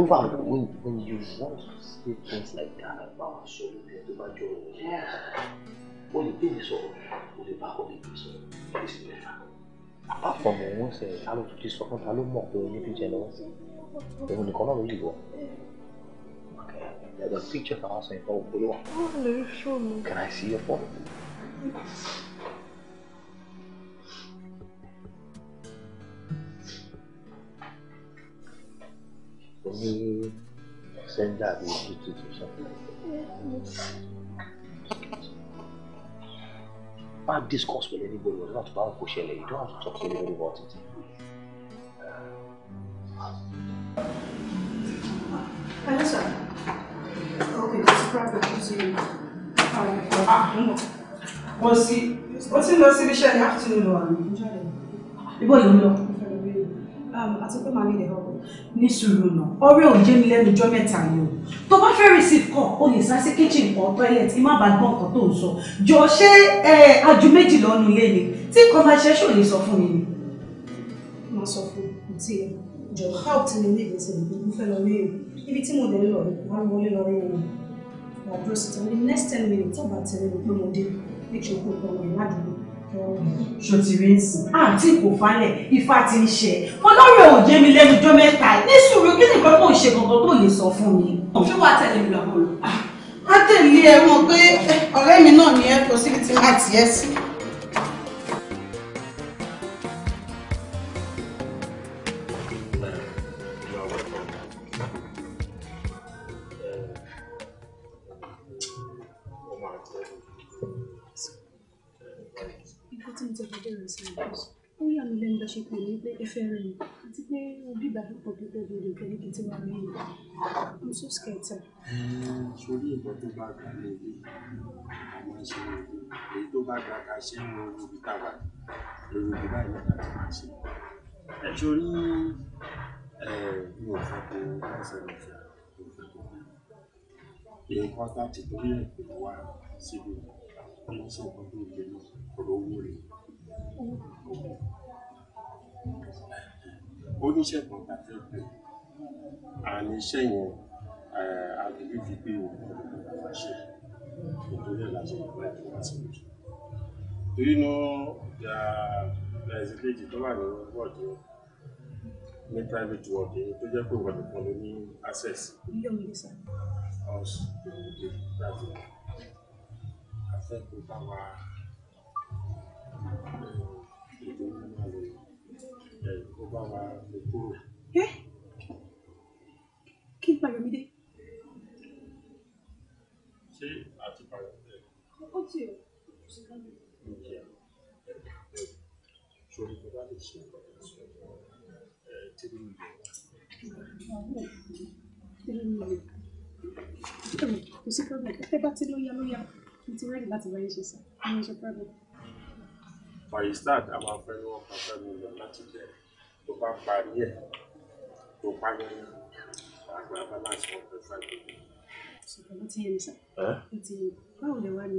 But when, when you want to say things like that about Sholu Pia tó bá jọ ọ̀rọ̀ yẹn, o lè bẹ́ẹ̀ sọ̀rọ̀, o lè bá ọ̀rẹ́ mi sọ̀rọ̀, o sì lè fà. Apapọ̀ mọ̀ wọ́n sẹ̀, a lọ tún ti sọ fún ta ló mọ̀ pé oníbi jẹ lọ́wọ́. Èmi nìkan náà There's a picture of us in Paul oh, Can I see your phone? ó ní sẹ́ńdà bíi títí tó sọ. Má with anybody ọ̀dọ́ àti báwọn kò you don't have to talk to anybody about it. Hello sir. Okay, what's the problem? What's the problem? Ah, no. Mo sì, ó ti lọ síbi iṣẹ́ ní afternoon You Ibo ìlú lọ àti um, pé màá nílẹ̀ ọkọ̀ ní sùúrù náà ọ̀rẹ́ ò jẹ́ mi lẹ́nu ọjọ́ mẹ́ta yìí o tó bá fẹ́ receive call o lè sá sí kitchen or toilet ìmọ̀ àbá gbọ́n nǹkan tó ń sọ jọ ṣé aju méjì lọ́nu ilé mi tí nǹkan bá ṣe ṣé ò lè sọ fún mi ni. má sọ fún mi tí ìjọba káwọ tí mo ní ìgbésẹ̀ mi mo fẹ́ lọ rí o ibi tí mo lè lọ rí wàá wọlé lọ rí o wà dúró síta ní next ten minutes tó bá tẹ̀lé mi pé mo dé make sure pé mo ṣòtìrí ń sìn àǹtí kò falẹ̀ ifá ti ń ṣe ọlọ́run ò jẹ́ mi lẹ́nu ọjọ́ mẹ́ta ní sùúrù kí nìkan tó ń ṣe kankan tó lè sọ fún mi. ṣé wàá tẹ̀lé mi lọ́kọ̀ọ́ lọ. Ah, á tẹ̀lé ẹ mọ̀ pé ọ̀rẹ́ mi náà ni ẹ kò síbi tí máa tiẹ̀ sí. ṣe pè mí pé ẹ fẹ́ rẹ̀ mí àti pé òbí ìbàdàn pọ̀ tó tẹ̀lé rẹ̀ pẹ̀lú kí tí wàá lẹ́yìn i'm so scared sir. sórí ìbọn tó bá gbà ní ibi àwọn ẹṣẹ wọn èyí tó bá gbà ká ṣe ń wọn ibi táwa lórí ibi báyìí lọ́dà tó máa ṣe. ẹ sórí mi ò fẹ́ kó ẹsẹ̀ rẹ̀ fẹ́ kó fẹ́ kó bẹ́ẹ̀ nǹkan tá ti torí ẹ̀ pè wá síbi ọmọ sọ̀kan tó gbé náà ọ̀rọ̀ owó rẹ̀ oníṣègùn tàbí ọ̀pẹ àní iṣẹ́ yẹn àgbègbè fi pé òògùn ọ̀pẹ máa ṣe nítorí ẹ̀ láti ìgbà tó wá sí ojú. torí náà ẹ̀sìn kejì tó wà ní wọ́ọ̀dù ní private ward èyí tó jẹ́ pé wọ́ọ̀dù kan ló ní access. ilé òun sọ. house to the private. I fẹ́ kó bá wa kó bá wa lè kúrò. kí n pààyàn mi dé. ṣé àti pààyàn mi dé. ó ti o. sori tó bá lè ṣe ẹ tíri mi lè. tíri mi lè. kò sí problem ẹ bá ti lóya lóya mo ti rẹ́ẹ̀dì láti bá yín ṣe sá mo ní ṣe problem. for a start àwọn afẹ́rẹ́ wọn kan fẹ́ mi lọ láti jẹ́ ẹ̀ tó bá parí ẹ̀ tó pa yẹn àgbà bàbá sí wọn pẹ̀lú àgbà. ṣùgbọ́n ti yé mi sá. ó ti báwo lè wá ní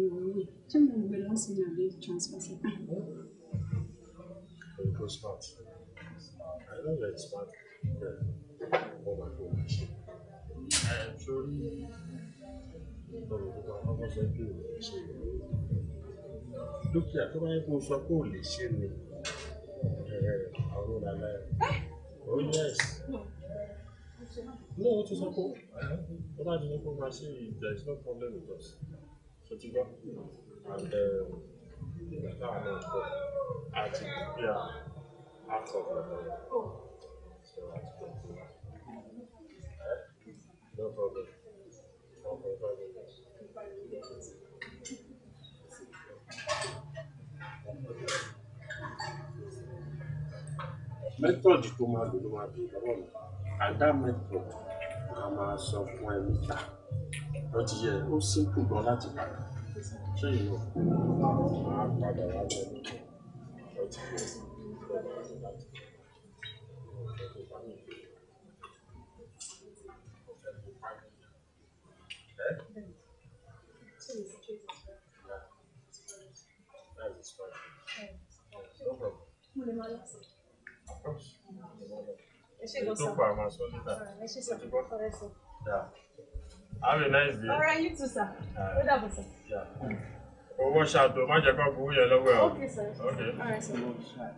Oh my gosh. Sori ọ̀rọ̀ tó bá wọ́n sọ pé ò lè ṣe. Dókítà tó bá yẹ kó sọ pé lè ṣe ni. Oh yes. No. No, what a Opo? What are the Opo machine? There is no problem with us. So you got and um, now I know but I had to prepare No problem. Thank you method tó máa lò ló máa bèrè lọ́wọ́ mi and that method a máa sọ fún ẹ níta ó ti yẹ ó simple gan láti padà ṣé ìlú máa padà láti That is fine. Have a nice day. All right, you too, sir. All right. Yeah. Oh, watch out, though. Mind your Okay, sir. Okay. All sir.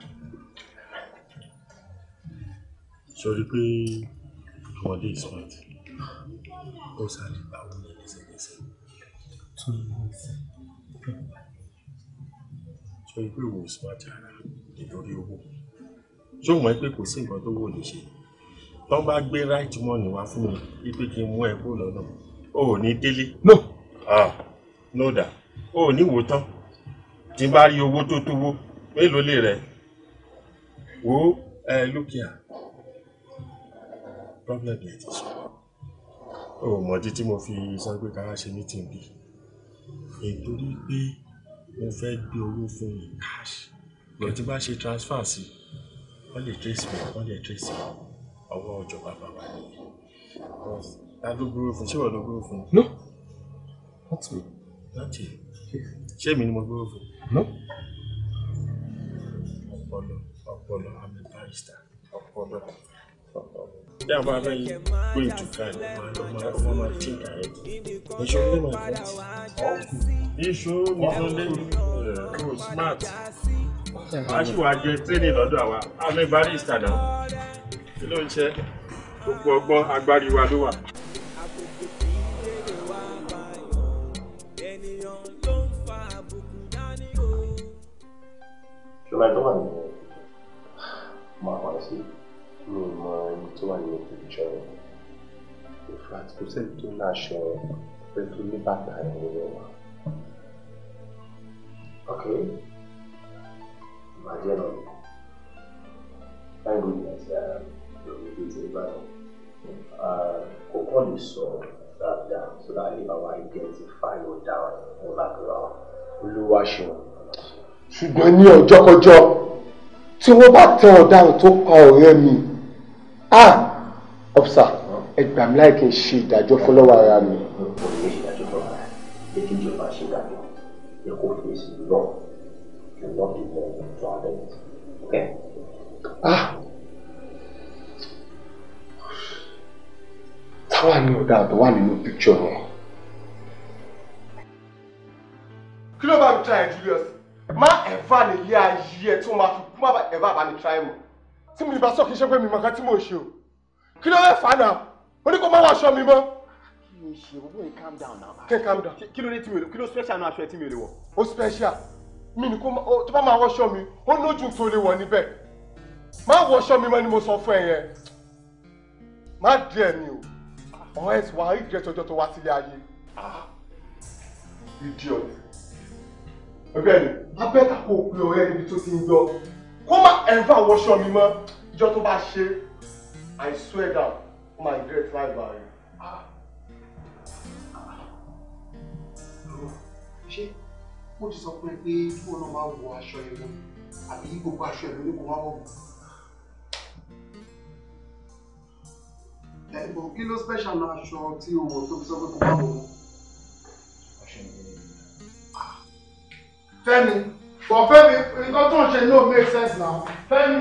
Sorry, pé àwọn dé smart. Ó sáré gba owó yẹn lẹ́sẹ̀kẹsẹ̀. Two months. Sorry pé wo smart yàrá ìdórí owó ṣó mọ̀ pé kò sí nǹkan tó wò lè ṣe tó bá gbé right money wá fún mi wípé kí n mú ẹ kó lọ́nà o ò ní délé. no ah no da o ò ní wò tán tí n bá rí owó tó tówó mélòó lè rẹ wo ẹ lókìá problem yẹn ti sọ o mọ̀ títí mo fi sọ pé ká ṣe meeting bí nítorí pé mo fẹ́ gbé owó fún yín cash lọ́ọ́ tí bá ṣe transfer sí i. Only trace me. Only lè trace mi ọwọ́ ọjọ́ bàbá wa ni ta ló gbúrò fún ṣé wọ́n ló fún. no not me. not you. ṣé èmi ni mo gbúrò fún. no. ọpọlọ ọpọlọ I'm a barrister ọpọlọ ọpọlọ tí a bá fẹ́ gbé ìtùkà ẹ̀ ọmọ máa my, ìkà ẹ̀ ẹ̀ṣọ́ ilé máa fẹ́ tì iṣu nítorí kò smart aṣíwájú tíní lọ́dọ̀ àwa àmì barista náà kí ló ń ṣe gbogbo ọgbọ́n agbárí wa ló wà. Should I go and uh, my wife see? mi mọ ẹni tó wà ní ìjọ rẹ̀ ìfrat kò sẹ́ni tó ní aṣọ rẹ̀ tó ní bàtà ẹ̀yìn rẹ̀ wá. ok ìbàjẹ́ lọ láìpẹ́ ìgbà tí a lòdì tó ti bá kò kọ́ lè sọ dáadáa so that lè bá wa identify down your background olúwa ṣeun. ṣùgbọ́n ní ọjọ́kọjọ́ tí wọ́n bá tẹ ọ̀daràn tó pa ọ̀rẹ́ mi ah ọ̀físà ẹ gbà mí láì kí n ṣe ìdájọ́ fún lọ́wọ́ ara mi. ah táwa ni ọ̀dà àbẹ̀ wà nínú píkṣọ̀ yẹn. kí ló bá mi tra ẹ Julius má ẹ̀fà nílé ayé ẹ tó máa fi kú má ẹ̀fà bá mi tra ẹ mọ́ tí mi ìbá sọ kì í ṣe pé mi mọ̀ kan tí mo ṣe o kí ló fẹ́ fà á náà ó ní kó má wàá aṣọ mi mọ́. kí ni ṣe owó yìí calm down náà. kí calm down. kí ló ní tí mi ò kí ló special náà aṣọ ẹ tí mi ò lè wọ. ó special mi ni kó tó bá máa wọṣọ mi ó lójú tó lè wọ níbẹ̀ má wọṣọ mi mọ́ ni mo sọ fún ẹ yẹn má dì ẹ̀ mi o ọ̀hún ẹ̀sìn wàá rí ìdírẹ́tọ̀jọ́ tó wá sílé ayé. Ah. idiot ẹgbẹ́ mi abẹ́ta kò pe ọ̀rẹ́ níbi tó ti ń gbọ́ kó má ẹ̀fà wọṣọ mi mọ́ ìjọ tó bá ṣe I swear down ó máa regret life by you. Ah. ṣé mo ti sọ fún ẹ pé kí wọn náà máa wọ aṣọ ẹ̀rọ àbí gbogbo aṣọ ẹ̀rọ ní kò máa wọ̀ ẹ̀bùn kí ló special náà aṣọ tí o wọ̀ tó fi sọ pé kò máa wọ̀ ah. Fẹ́mi for Fẹ́mi nǹkan tó ń ṣe no make sense now Fẹ́mi.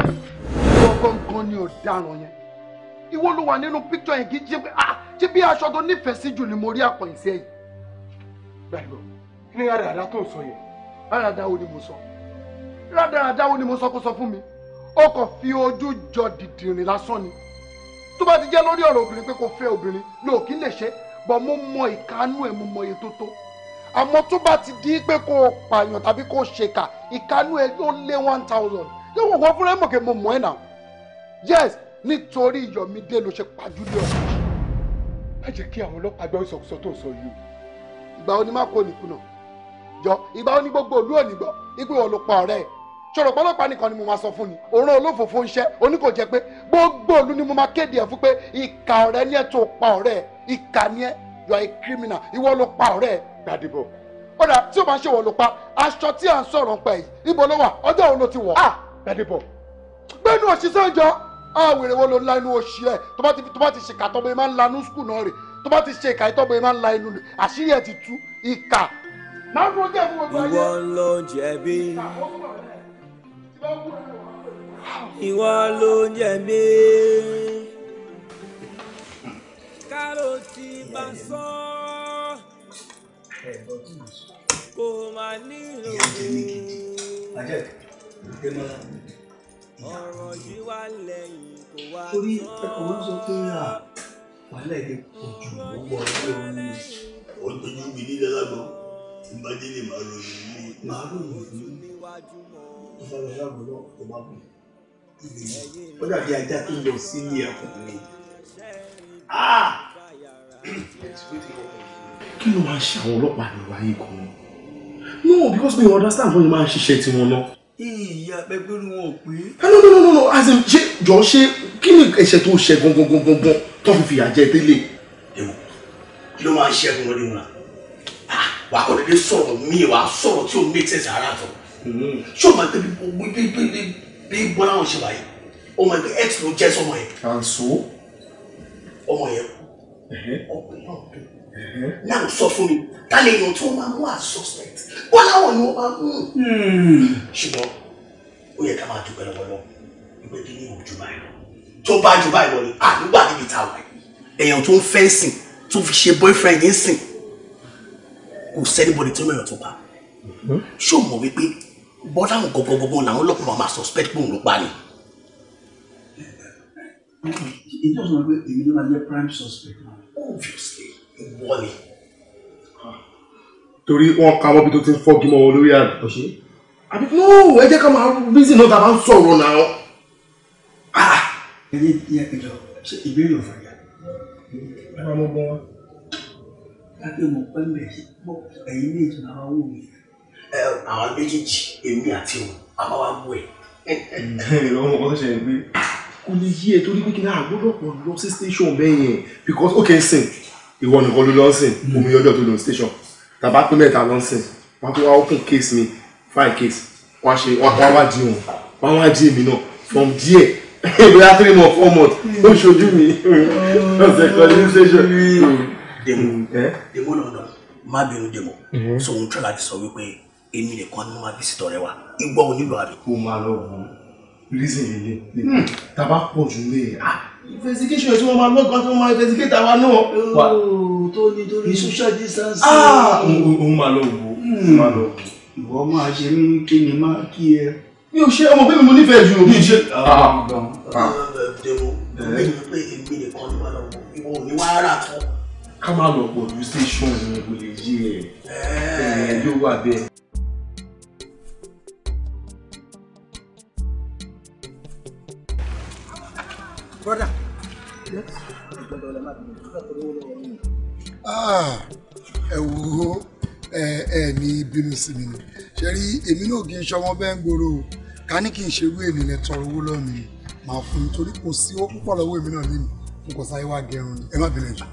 gbọ̀ngàn ni ọ̀daràn yẹn ìwọ ló wà nínú píktọ̀ yẹn kì í ṣe pé ah ṣé bí aṣọ tó nífẹ̀ẹ́ sí jù ni mo rí àpọ̀yìn sí ẹ̀yìn. gbàgbọ́ kí ni rádàrá tó ń sọ yẹn. rádàrá wo ni mo sọ rádàrá wo ni mo sọ kó sọ fún mi ó kàn fi ojú jọ dìdìrín lásán ni tó bá ti jẹ́ lórí ọ̀rọ̀ obìnrin pé kò fẹ́ obìnrin lóò kí lè ṣe bọ́ mo mọ ìkánú ẹ̀ mo mọ iye tó tó àmọ́ tó bá ti di pé kó o pààyàn tàbí kó o ṣèkà ìkánú ẹ yóò lé one thousand yóò wọ̀ wọ́n fúnra ẹ̀ mọ̀ kí mo mọ̀ ẹ́ nà yes nítorí Yọ̀mídé ló ṣe pàjùlé ọ̀sán. má jẹ́ kí àwọn ọlọ́pàá gbọ́ ìsọkúsọ tó ń sọ yìí o. ìgbà wo ni má kó nìkùnà jọ ìgbà wo ni gbogbo òlú òní gbọ́ igbó wọn ló pa ọ̀rẹ́ ẹ̀ ṣòro pọlọpàá nìkan ni mo máa sọ fún ni òórùn olófòfò ń ṣe oní kò jẹ́ pé gbogbo òlu ni mo máa kéde ẹ fún pé ìkà ọ̀rẹ́ ni ẹ tó pa ọ̀rẹ́ ẹ ni ẹ you are a criminal ìwọ ló pa ọ̀rẹ́ ẹ Gbàdébọ̀ ọ̀dà tí o máa ń ṣe wọ̀ ló pa aṣọ tí à ń sọ̀rọ̀ pa yìí ibo ló wà ọjọ́ òun ló ti wọ̀ Gbàdébọ̀ gbẹ́nu òṣìṣẹ́ ìjọ àwèrè wo ló ń la inú oṣù ẹ̀ tó bá ti tó bá ti ṣèkà tó bẹ́ẹ̀ máa ń la skul náà rè tó bá ti ṣèkà tó bẹ́ẹ̀ máa ń la inú rè àṣírí ẹ̀ ti tú ìkà. ìwọ ló jẹ̀bi ìwọ ló jẹ̀bi hmm. kárò tí bá sọ kò má nílò ọ̀rọ̀ yìí wá lẹ́yìn kò wá tán. torí ẹ̀kọ́ wọn sọ pé à wàhálà èdè kò ju owó ọjọ́ orí. ó tọ́jú mi ní lálágbọ́ tí bá délé máa ròyìn mú. màá ròyìn fún mi. ìfọwọ́ lágbo náà kò má bọ̀. ó dàbí ajá tó lọ sí ilé ẹ̀kọ́ mi. ah! kí ló máa ń ṣe àwọn ọlọ́pàá nínú ayé kan náà no because mi ò understand wọ́n máa ń ṣiṣẹ́ tiwọn náà. ìyá pẹpẹrú wọn ò pé. Eh, no no no no as in ṣe jọ ṣe kí ni ẹ̀ṣẹ̀ tó ṣe gangan gangan gan tó fi fìyà jẹ tẹ́lẹ̀. ewu kí ló máa ń ṣe ẹkùn lórí wọn ah, wàá kọ́ dédé sọ̀rọ̀ míì wàá sọ̀rọ̀ tí o make sense ara tọ̀ hmm. ṣé o máa gbé bí bí bí bọ́lá wọn ṣe wáyé o máa gbé x ló jẹ́ sọmọ yẹn. and so. ọmọ yẹn ọkùnrin náà tó náà sọ fún mi ta lè yàn tí wọ́n máa mú as suspect bọ́lá wọn ni wọ́n máa mú. Hmm. ṣùgbọ́n ó yẹ ká máa dúpẹ́ lọ́wọ́lọ́wọ́ ìgbé kí ni ìwòjú báyìí lọ tó bá ju báyìí lọ ni àdúgbà níbi tá a wà èèyàn tó ń fẹ́ sìn tó fi ṣe boyfriend ń sìn kò sẹ́nibọ̀dì tó mẹ́rin tó pa hmm. ṣó mọ̀ wípé bọ́lá wọn gọ́gọ́gọ́gọ́ làwọn ọlọ́pàá máa suspect pé òun ló pa ni. ìjọba sọ pé èmi ló máa jẹ prime suspect. obviously wọlé. torí wọn ka mọ́bi tó ti ń fọ́gi mọ́ wọn lórí àná. ọ̀ṣẹ́ àbí no ẹ jẹ́ ká máa bísí náà tàbá ń sọ̀rọ̀ náà. ẹyẹ ìyá ìjọ ṣe ìbéèrè ò fàyà. ẹ máa mọ bọ́ wá. láti mọ̀ pẹ́ńbẹ̀ ẹ̀yìn ní ìtura wa wò mí. àwọn méjèèjì èmi àti òun àbá wa mú ẹ. ọmọ kan ṣe é gbé. kò ní yí ẹ torí pé kí n àgbọ̀dọ̀ pọ̀ lọ sí station bẹ́ẹ̀ yẹn because ó kẹ́ ń sìn ìwọ nìkan ló lọ ń sìn hmm. omi ọjọ́ tó lọ station tàbá pé mẹ́ta lọ ń sìn wọ́n á wá open case mi fine case wọ́n á ṣe wọ́n á wá di wọn wọ́n á wá di èmi náà from there bóyá three months four months ó ṣojú mi hmm. ọ̀sẹ̀ kan ní station. Hmm. demo demo lọ́dọ̀ má bínú demo so òun tọ́lá ti sọ wípé èmi nìkan ni mo máa fi sítọ̀ rẹ wá igbó onílù àbí. kó máa lọ wọ reason yìí ni tàbá pọ̀ jù ní à ah, investigation tí wọ́n máa lọ́gàn tí wọ́n máa investigate àwa náà. wà tó ní torí social distance. òun ah! hmm. máa lọ wò ó hmm. máa lọ wò ó. ìwọ máa ṣe mí kí ni máa kí ẹ. mi ò ṣe ọmọ bẹ́ẹ̀ mi mo nífẹ̀ẹ́ ju mi ṣe. Ah. Ah. Eh. ká máa lọ pọ̀ ju station yẹn kò lè yí ẹ̀ ẹ̀ yóò wà bẹ́ẹ̀. broda. ah, wo ẹ ẹ ní bínú sí mi ni ṣe rí èmi náà kì í ṣọmọ bẹ́ẹ̀ ń gbòòrò ká ní kí n ṣe wé ènìyàn tọrọ owó lọ́wọ́ mi màá fún un torí kò sí owó púpọ̀ lọ́wọ́ èmi náà nínú mo kò sáré wá gẹrun ni ẹ má bínú jù.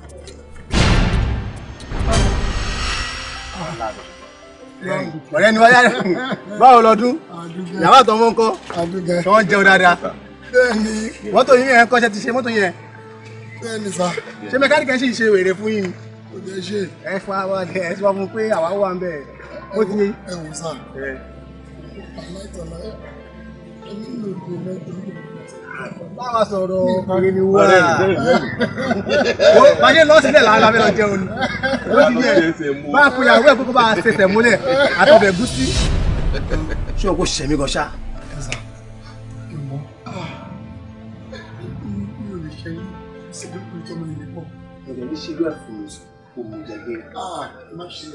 ọ̀rẹ́ ni wáyà báwo lọ́dún ìyàwó àtọmọ́ ń kọ́ tí wọ́n jẹun dáadáa bẹ́ẹ̀ni. mọ́tò yín yẹn kọ́ṣẹ́ ti ṣe mọ́tò yẹn. bẹ́ẹ̀ni sá. ṣé mẹkáníkì ẹ̀ sì ṣe wèrè fún yín. kò jẹ́ ṣe. ẹ fọ àwọn ẹ sọ fún pé àwa wà ń bẹ̀. ó ti. ẹ wò sá. aláìtọ́lá ẹni ló gbé mẹ́tò báwa sọ̀rọ̀ ọkùnrin ni wọ́n rà bàjẹ́ lọ́sílẹ̀ làálà fẹ́ lọ jẹun ó ti yẹ bá a kúnyàwó ẹ̀ kókó bá a ṣẹ̀ṣẹ̀ múlẹ̀ àtọ̀bẹ̀ gúsí. ṣé o kò ṣẹ̀mí gan ṣá. ṣerú àfòrúsọ òun ìjàgbé rẹ. má ṣe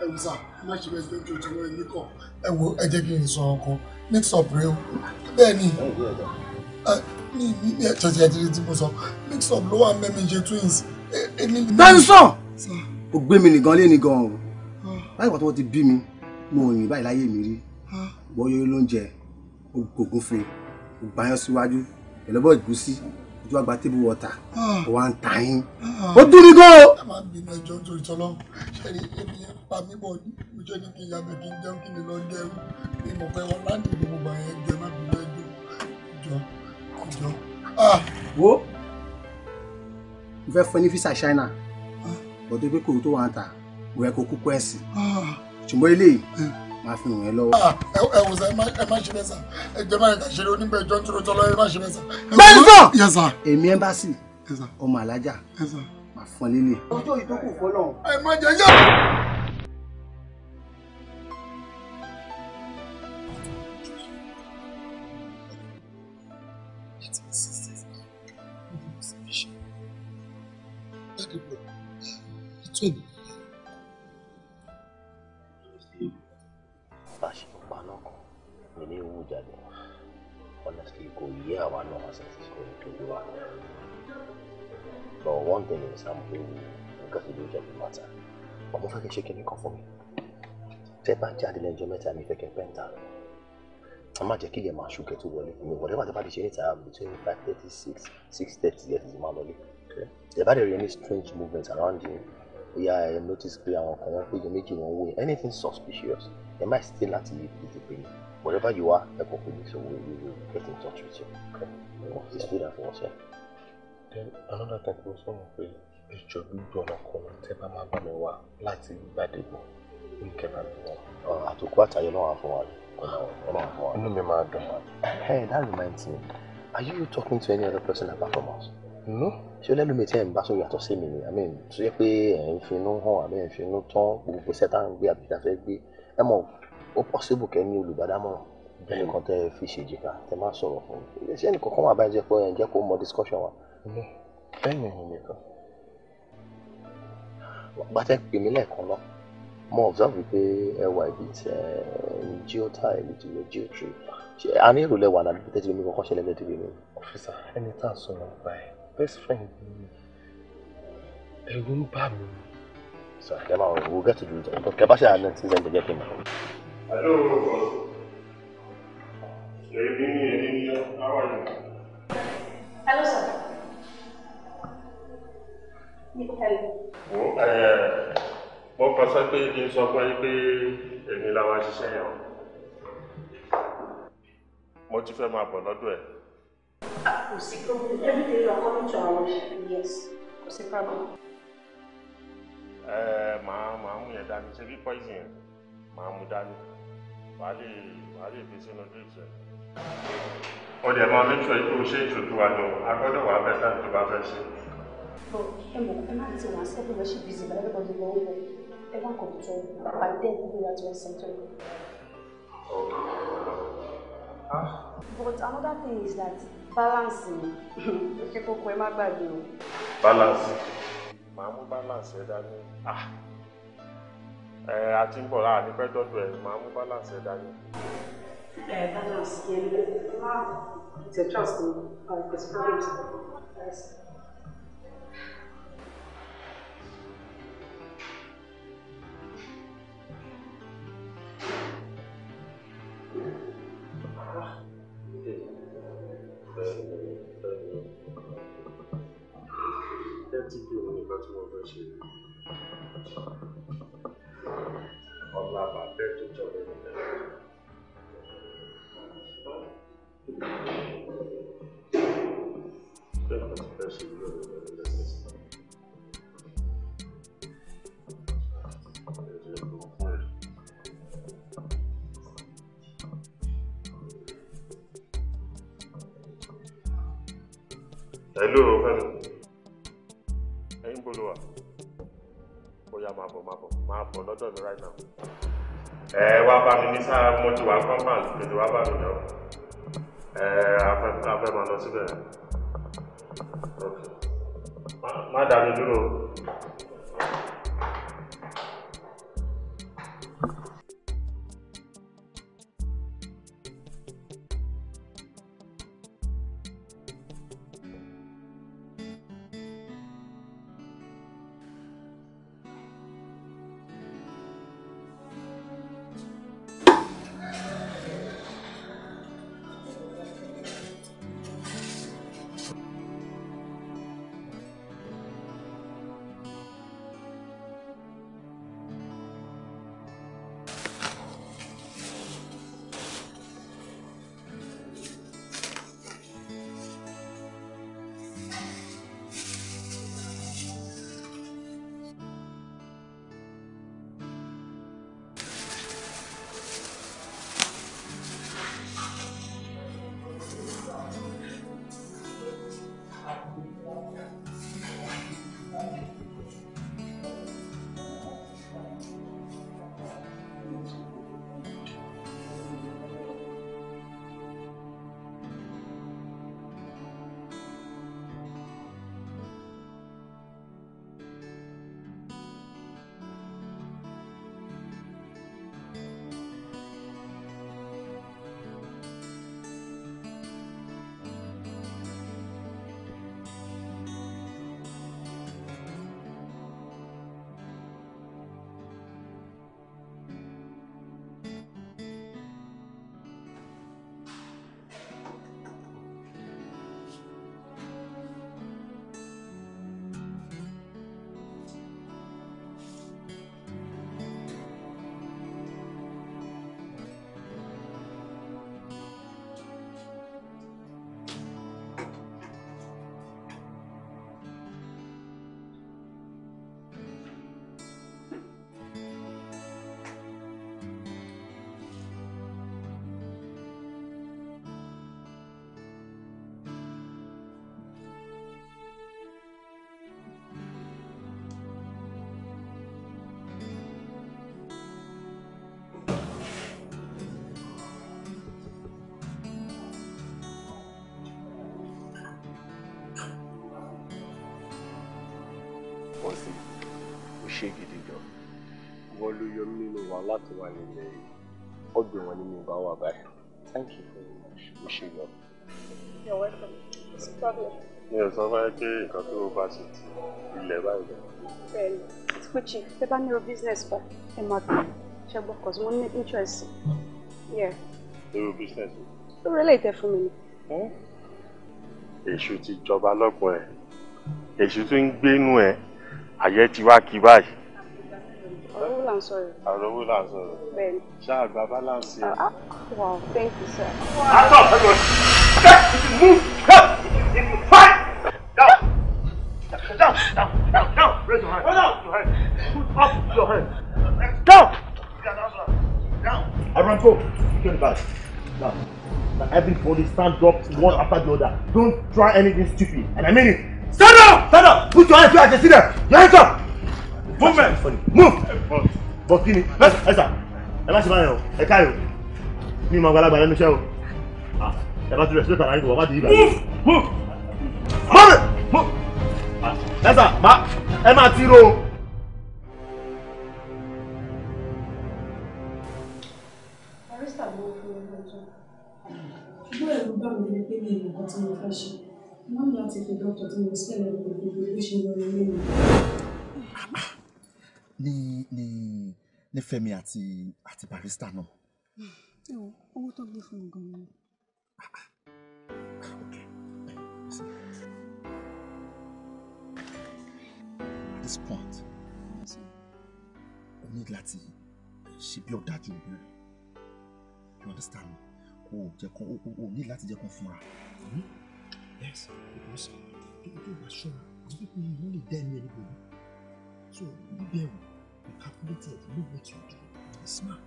ẹ wò sá má ṣe bẹ jọjọ tó lọ ẹni kọ ẹ wo ẹ jẹ́ kí n sọ ọkọ mix up rẹ o bẹ́ẹ̀ ni ní ní ní ẹ̀ṣẹ̀ṣẹ̀ ẹ̀jẹ̀ tí mo sọ mix up ló wà mẹ́mi ṣe twins. bẹ́ẹ̀ni sọ o gbé mi nìgan lé nìgan o láyé ah. pàtó wọ́n ti bí mi mo ò yìn báyìí láyé mi rí ah. wọ́n yọ lóúnjẹ o gbógun fún mi o gbàyàn síwájú ẹ̀lọ́bọ̀ ìgúsí ojú àgbà tébù wọ̀tà wà ń ta yín ah. ó dùn mí gan o. ẹ máa ń bínú ẹjọ́ nítorí tọ́lọ́ ṣẹ́ni èmi pa mí bọ̀ mo jẹ́ ní kí n yàgbé kí n jẹun kí n lọ jẹun ní mo fẹ́ wọn láti ìdìbò bá yẹn jẹ má bínú ẹjọ́ jọ jọ. wo mo fẹ́ fún ní fisa China bọ̀dọ̀ pé kòrò tó wà ń ta òun ẹ̀ kúkú ẹ̀ sí ṣùgbọ́n eléyìí. Eh máa fi ràn ẹ́ lọ́wọ́. Ah, ẹ wò sá ẹ má ṣe mẹ́sà ẹ jẹ́ máa ń tàṣírí onígbẹ̀jọ́ ń tóró tọ́lọ́ ẹ má ṣe mẹ́sà. bẹ́ẹ̀ni sọ. yes sir. èmi ẹ́mbásì ọmọ alájà máa fún ọ lílé. ọjọ́ ìdókòwò fọlọ́. ẹ má jẹ yá. Thank you. one thing is I'm really you, tó lójú ọ̀dọ̀ mọ́ta ọmọ fẹ́ kí ṣe kíni kan fún mi tẹ́ bá jáde lẹ́jọ́ mẹ́ta mi fẹ́ kí n pẹ́ńtà a máa jẹ́ kí ilẹ̀ máa ṣùkẹ́ tó wọlé mi wọlé wà tó bá ti ṣe between five thirty six six thirty yẹn ti máa lọlé tẹ́ bá dẹ̀ strange movements around you bóyá ẹ notice clear on kan wọn péjọ méjì wọn wò yẹn anything suspicious ẹ still not láti tètè pè mí wherever you are ẹ kò pè so we will get in touch with you okay? it's good and for us then another time mo sọ̀rọ̀ pé ẹjọ́ gbígbọ́ ọlọ́kùnrin tẹ́ bá máa bá mi wá láti gbàdégbò ní kẹfà mi wá. àtòkù àtàyè ọlọ́run àfọwọ́ rẹ̀ ọlọ́run àfọwọ́ rẹ̀. inú mi máa dùn. hey that reminds me are you talking to any other person apart from us. no. ṣé lẹ́nu mi tẹ́ ẹ̀ ń bá sórí àtọ̀ sí mi ni i mean tó yẹ pé ẹ̀ ń finú hàn àbí ẹ̀ ń finú tán gbogbo sẹ́tà ń gbé àbí ìdáfẹ́ gbé ẹ mọ̀ ó possible kẹ́ ní olùbádámọ̀ràn bẹ́ẹ̀ nìkan tẹ́ fi ṣèjìká tẹ́ má sọ̀rọ̀ fún mi ṣé ẹnì kọ̀ọ̀kan wà báyìí jẹ́ pé ẹ̀ ń jẹ́ kó mọ discussion wa ilé bẹ́ẹ̀ ni ìrìn nìkan gbàtẹ́ pè mí lẹ́ẹ̀kan lọ mo observe pé ẹ wà ibi tẹ geota ibi tí mo geotry ṣe a ní ìrọ̀lẹ́ wà lábẹ́ tẹ́tí mi kọ́kọ́ ṣẹlẹ̀ tẹ́tí mi. ọ̀fíìsà ẹni tá a sọ náà bá ẹ best friend mi ẹ̀rù ń bà mí. sọ ẹ máa wọ we'll get to do that kẹ bá ṣe àná tí sẹ́ńtẹ̀ jẹ́ kí n mọ̀. hello ṣèyí bí mi ẹ̀ ní ní àwọn àyè. hello sir. Eh, mo kàn sọ pé kí n sọ fún yín pé èmi la máa ṣiṣẹ́ yẹn o mo ti fẹ́ máa bọ̀ lọ́dọ̀ ẹ̀. Ah, kò sí problem everyday you are coming to our worship yes kò sí problem. ẹ eh, màá màá mú yẹn dání ṣe bí poison màá mú dání wàá lè wàá lè fi sínú drink yẹn ó dẹ̀ máa mẹ́tọ́ ikú ṣé ètò tó wà lọ agbọ́dọ̀ wà bẹ́ẹ̀ tó bá fẹ́ ṣe bọ ẹ mọ ẹ má ti wọn sí ẹgbẹ́ ṣì bísí bẹ́ẹ̀ lọ́pọ̀ tó lọ́wọ́ bẹ́ẹ̀ ẹ wá kàn tó by then we are to a center. but another thing is that balance ni ó ṣe kókó ẹ má gbàgbé o. balance màá mú balance ẹ dání ah. ẹ a ti ń bọ̀ láàrin pẹ́ dọ́dọ̀ ẹ màá mú balance ẹ dání. ẹ balance yẹn ló máa trust me for his problems. Chile. On la batté tout au Hello, hello. lọ́dọ̀ mi right now. ẹ wá bá mi ní sáà mo ti wà compound lèdè wá bá mi lọ ẹ afẹ́ afẹ́ máa lọ síbẹ̀ má dá dúró. bá wà thank you very much mo ṣe lọ. you're welcome it's a problem. mi ò sọ fún ẹ pé nǹkan tó bá ti ti ilẹ̀ báyìí lọ. bẹ́ẹ̀ni tìkúchì business pa ẹ máa tó ṣẹgbọn cause mo ní interest yeah. ero business. ó rẹ lẹ́yìn tẹ fún mi ni. èṣù ti jọba lọ́gbọ̀n ẹ̀ èṣù tún ń gbénú ẹ̀ àyẹ́ ti wá kí báyìí ń sọ̀rọ̀. ọ̀rọ̀ owó là ń sọ̀rọ̀. bẹ́ẹ̀ni. ṣáà gba balance ah, ah, wow thank you sir. látọ̀ ọ̀yọ́ step move step fight down down down down raise your hand oh, your hand put up your hand down down. everyone go get the bag now na everybody stand up one after the other don't try anything stupid and i mean it stand up stand up put your hands where i can see them your hands up. Movement. Move bọ̀ kí ni ẹ sà ẹ má ṣe báyọ̀ ẹ káyọ̀ mi máa gbalagbà lẹ́nu iṣẹ́ o ah, ẹ bá ti rẹ̀ sílẹ̀ tàbí wọ́n bá ti yí báyìí. mọ́mí ẹ sà ẹ má ti ro. ní Fẹ́mi àti àti barista náà. ẹ wo owó tó gbé fún mi gan-an. Ah, at this point o need láti ṣe bí ọ̀dájú obìnrin you understand me o jẹ kan o ní láti jẹ kan fúnra. Hmm? yes because tó tó bá ṣọ́ra àwọn pípé yìí wọ́n lè dá ẹni ẹni bò ó so bíbẹ̀ wò be calculated. Know what you do. Be smart.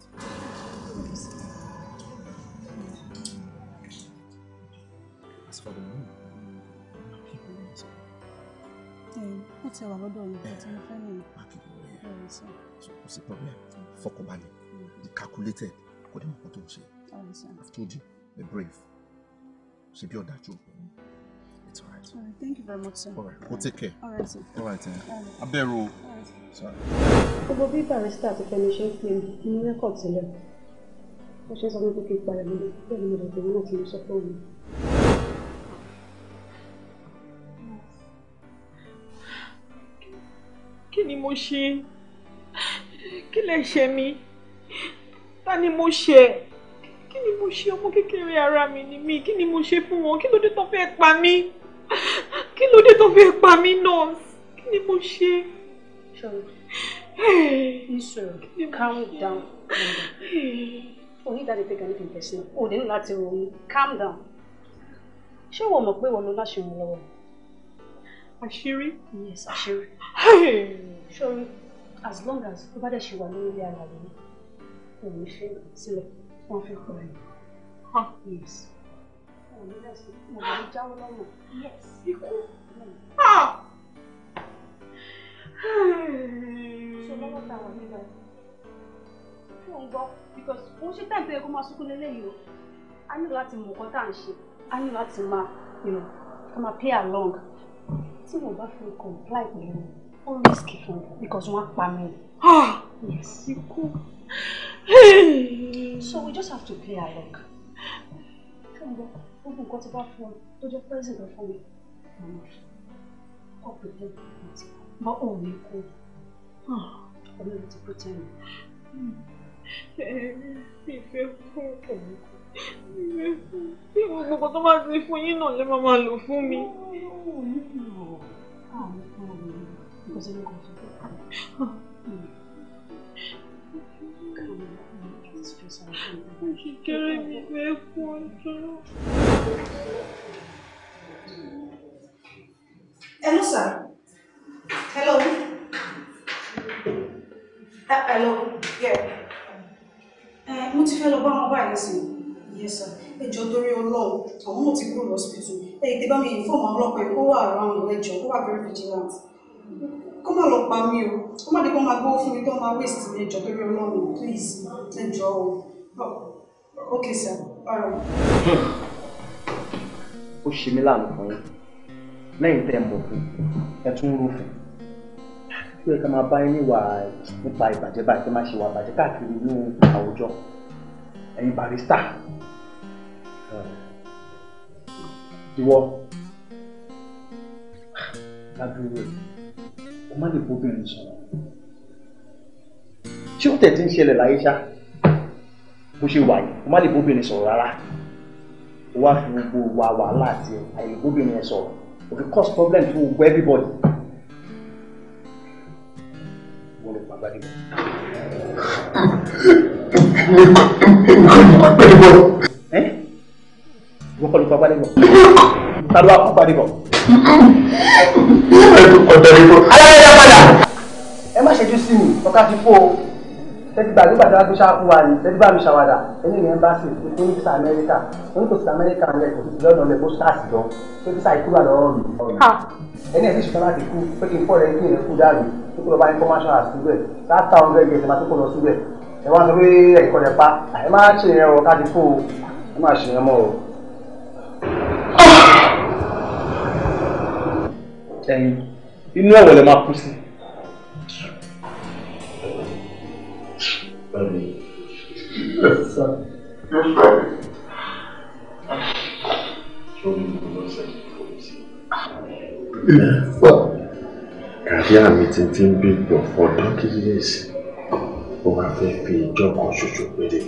As for the moon, my people want to. wọ́n ti wà lọ́dọ̀ yìí kí ẹ ti ń fẹ́ mi. má kí ló yẹ kò sí calculated kò ní mọ̀ kó tó ń I've told you be brave ṣe bí ọ̀dájú. It's all right. All right. Thank you very much, sir. All right. we'll take care. All right, sir. All right, then. All bear rule. All right. Sorry. Obobi, bí barista àti Fẹ́mi ṣe ń pè mí ní sir. sílẹ̀. Wọ́n ṣe sọ fún mi pé kí n padà nílé bẹ́ẹ̀ ni mo lè tẹ̀wé náà tí mo sọ fún òun. Kí ni mo ṣe? Kí ni mo ṣe? Kí ni ara mi ni mí? Kí ni mo ṣe fún wọn? Kí ló dé tán pa mí? kí ló dé tó fi pa mí nurse kí ni mo ṣe. ìṣòro calm down onídàáde tẹ̀gà níbi ìbẹ̀sìn ò nílò láti ronú calm down ṣé wọ́n mọ̀ pé wọ́n ló láṣẹ òun lọ́wọ́. àṣírí. yes àṣírí. sori as long as tó bá dẹ̀ ṣe wà lórí ilé ara rẹ̀ kò ní fẹ́ sílẹ̀ wọ́n fẹ́ pọ̀ ẹ̀. yes kò ní lẹ̀ sí mo lè jáwọ́ lọ́rùn. ikú ṣe lọ́wọ́ ta wà nígbà fún un gbọ́ because òun ṣe tẹ̀sí kó máa sunkún lélẹ́yìí o a nílò láti mọ nǹkan tá à ń ṣe a nílò láti along tí mo bá fi comply pẹ̀lú ó risk fún un because wọ́n á pa mí. ikú. So we just have to play along. Come on gbogbo nǹkan tí bá fún ọ tó jẹ́ pẹ́sìn lọ fún mi màmá rẹ̀ kọ́ pé bẹ́ẹ̀ àti bá òun ní kú ọlọ́run ti kú tẹ́lẹ̀. ìfẹ́ fún òun bí gbogbo tó bá ti fún yín náà lè máa máa lò fún mi. òun ní ìrọ̀ àwọn ọmọ mi kò sí ní kò sí. Òṣìkẹ́rẹ́ mi fẹ́ kú ọjọ́. Hello, sir. Hello. Ah, hello. Yeah. Eh, mo ti fẹ́ lọ bá wọn báyìí sí. Yes, sir. Ẹjọ́ torí Ọlọ́run, àwọn náà ti kúrò lọ́sibítù. Ẹ ìdí bá mi ìfọ̀mù àwọn ọlọ́pàá kó wà around ẹjọ́ kó wà very vigilant kó má lọ pa mí o kó má dé kó máa gbọ́ fún mi tó máa waste mi ẹjọ́ torí please ẹjọ́ o. Okay, sir. Ó ṣe mí láàánú fún yín. Lẹ́yìn tẹ́ ẹ mọ̀ fún ẹ tún ń rúfin. Kí ẹ ká máa bá yín níwà nípa ìbàjẹ́ báyìí, kí ẹ má ṣe wà bàjẹ́ káàkiri inú àwùjọ. Ẹ̀yin barista. Ìwọ. Dábìrì kò má lè bóbìnrin sọ̀rọ̀. Ṣé ó tẹ̀ ti ń ṣẹlẹ̀ láyé ṣáá? bó ṣe wà yìí o má lè bóbìnrin sọ̀rọ̀ rárá o wá fi gbogbo wa wàhálà àti àyè bóbìnrin yẹn sọ̀rọ̀ o fi cause problem to gbogbo everybody. wọ́n lè gbàgbá dìbò. wọ́n kọ́ ló gbàgbá dìbò. ta ló wá kó gbàgbá dìbò. ẹ má ṣe jú sí mi ọkà ti fò ó tẹ́tí gbà nígbà tí wọ́n fi ṣáàpù wa ni tẹ́tí bá mi ṣàwádà ẹni yẹn bá sì fún ní sísá amẹ́ríkà wọ́n tó sísá amẹ́ríkà ń lẹ́kọ̀ọ́ sí lọ́dọ̀ lẹ́kọ̀ọ́ sáàsì lọ tó sísá ikú wà lọ́wọ́ mi. ẹni ẹ̀ ti ṣùgbọ́n láti kú pé kí n fọ́ rẹ̀ kí n kú dáàbì tó kọ́ lọ bá information àti síbẹ̀ láta ọ̀rẹ́ gẹ̀ẹ́sì máa tó kọ́ lọ síbẹ̀ ẹ wá sọ pé ẹ̀kọ́ rẹ̀ pa Sorry. Yes, sir. You're sorry. me the nonsense before you see. Yes, sir. Kàríà mi ti ti ń gbégbọ̀ fọdún kíyèsí. Ó wá fẹ́ fi ìjọ kan ṣoṣo péré.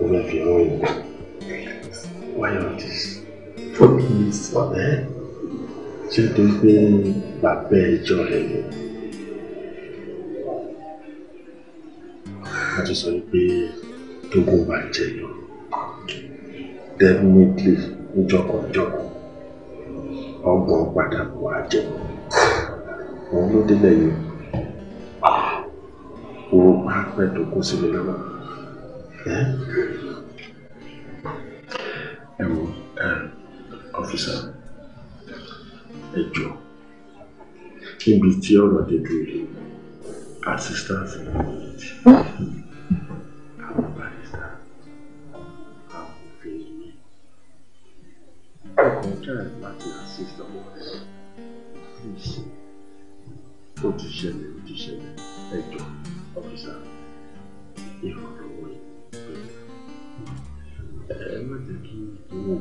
Ó fẹ́ fi rán ìlú. Why all this? Fọ́ọ̀kì mi sọ̀rọ̀ ẹ́. Ṣé torí bàbá ẹjọ́ rẹ̀ ni? láti sọ pé tógun bá jẹyọ definitely níjọkànjọkàn ọgbọ̀n padà wà jẹ òun ló délẹ̀ yìí òun ah! pápẹ́ tó kó sí mi lọ́wọ́ ẹ wo ọ́fíìsà ẹ jọ níbi tí ọ̀rọ̀ dé yìí assistance. Àwọn barista àwọn òfin mi. Àwọn try láti assist ọmọ rẹ̀. Please, ó ti ṣẹlẹ̀ ó ti ṣẹlẹ̀ ẹjọ́ ọ̀fíìsà ìrànlọ́wọ́ yìí. Ẹ má jẹ́ kí owó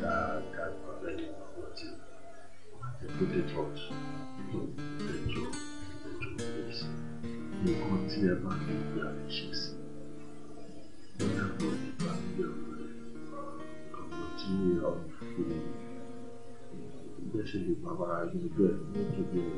dáadáa lọ lẹ́yìn ọ̀gbọ́n tí wọ́n nǹkan tí ẹ bá fi ìgbà rẹ ṣe sí ìyàtọ̀ ìgbà ìgbà rẹ ọ̀gbọ́n tí a ò fi bẹ́ẹ̀ ṣe lè bàbá plan nípa ìdílé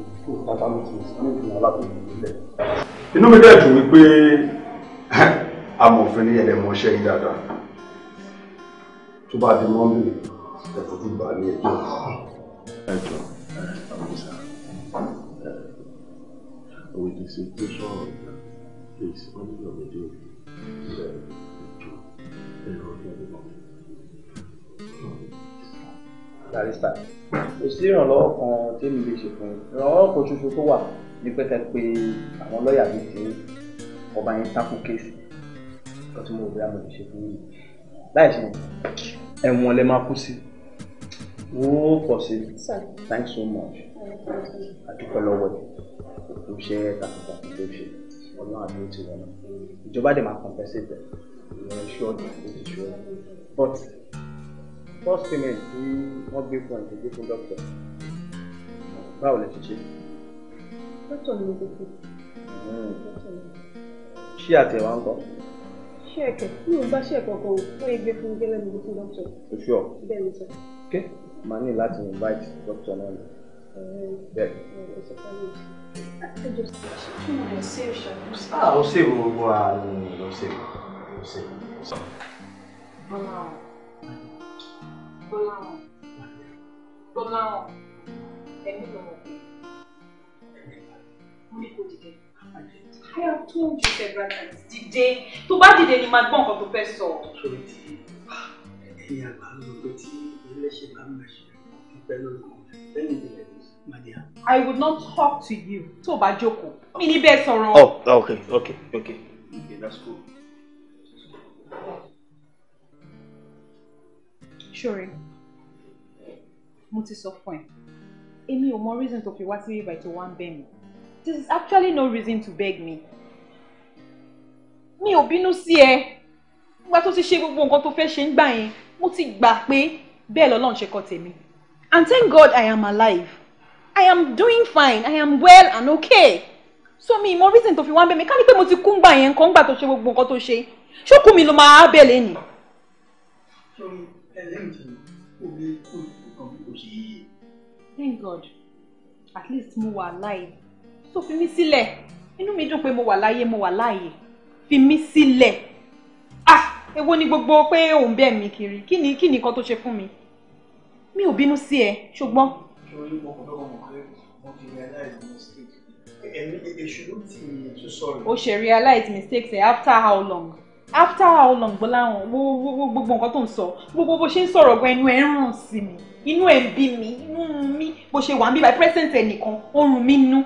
òkú pátá ló ti sílé ìgbìmọ̀ alákòóso nílẹ̀. inú mi dẹ̀ dùn wípé amòfin ní ẹ̀dẹ̀mọṣẹ́ yìí dáadáa tó bá di mọ́mí ẹ̀fọ́jú gbà ní ẹjọ́. ẹjọ́ àbúsà with the situation of the place only on the day ẹjọ́ ẹ̀rọ ẹ̀rọ. barista kò sí ìrànlọ́wọ́ kan tèmi lè ṣe fún yín ìrànlọ́wọ́ kan ṣoṣo tó wà ní pẹ́kẹ́ pé àwọn lọ́ọ̀yà bíi ti ọba yẹn tako kéèsì ọtí mo bẹ àmọ̀ ìṣe fún yìí láì sí ẹ̀wọ̀n lẹ máa kú sí wó pọ̀ sí thanks so much àdúpẹ́ lọ́wọ́ ẹ̀ tó ṣe takuntakun tó ṣe ọlọ́run àbí ó ti wọ̀ náà ìjọba dẹ̀ máa compensate ẹ̀ ìyẹn ṣọ́ ọ̀dọ̀ ó ti ṣọ́ ẹ̀ but first payment tí wọ́n gbé fún ẹ̀ gbé fún doctor báwo lẹ ti ṣe. doctor ni mo ti fi. Hmm. ṣé àtẹ̀wá ń kọ́ ṣẹ́ẹ̀kẹ̀ tí mo bá ṣẹ́ẹ̀kẹ̀ ọkọ̀ fún ẹgbẹ́ fún gẹ́lẹ́ mi fún dọ́kítọ̀. for sure. bẹ́ẹ̀ ni sir. ok màá ní láti invite dọ́kítọ̀ náà ah, ni. bẹ́ẹ̀. ah o ṣe gbogbo ààrùn ni o ṣe o ṣe. Bọ́láwọ̀n Bọ́láwọ̀n Bọ́láwọ̀n ẹ̀mí lọ́wọ́ pé mo ní kò dìde. I have told you several times. Dìde tó bá dìde ni máa gbọ́ nǹkan tó fẹ́ sọ. Sori ti ẹ̀yin àgbà ń lọ tí ẹlẹ́ṣẹ̀ bá ń bẹ̀ ṣe ìpẹ́ lórúkọ lẹ́yìn ìdílé Madia. I would not talk to you tó o bá Mi ní bẹ́ẹ̀ sọ̀rọ̀. Oh, oh, okay, okay, okay. Okay, that's cool. Sure. mo ti sọ fún ẹ, èmi ò reason to fi wá sí ibà tó wá ń there's actually no reason to beg me mi ò bínú sí ẹ nígbà tó ti ṣe gbogbo nǹkan tó fẹ́ ṣe ń gbà yẹn mo ti gbà pé bẹ́ẹ̀ lọ́lọ́run ṣe kọ́ tèmi and thank God I am alive I am doing fine I am well and okay so mi ìmọ̀ reason to fi wá ń bẹ̀ mi ká ní pé mo ti kú ngbà yẹn nǹkan ngbà tó ṣe gbogbo nǹkan tó ṣe ṣókùn mi ló máa bẹ̀ lẹ́nu. thank God at least mo wà alive tó fi mí sílẹ̀ inú mi dùn pé mo wà láyé mo wà láàyè fi mí sílẹ̀ ah èwo ni gbogbo pé òun bẹ̀ mí kiri kí ni kí ni nǹkan tó ṣe fún mi mi ò bínú sí ẹ ṣùgbọ́n. torí mo kò lọ́wọ́ mọ̀ pé mo ti realize mistake ẹ̀mí èṣù ló ti tún sọ̀rọ̀. o ṣe realize mistakes ẹ after how long after how long gbọ́láhùn gbogbo nǹkan tó ń sọ gbogbo bó ṣe ń sọ̀rọ̀ gan ẹnu ẹ̀ ń rùn sí mi inú ẹ̀ ń bí mi inú mi bó ṣe wà ń bí by present ẹnìkan ó rùn mí nú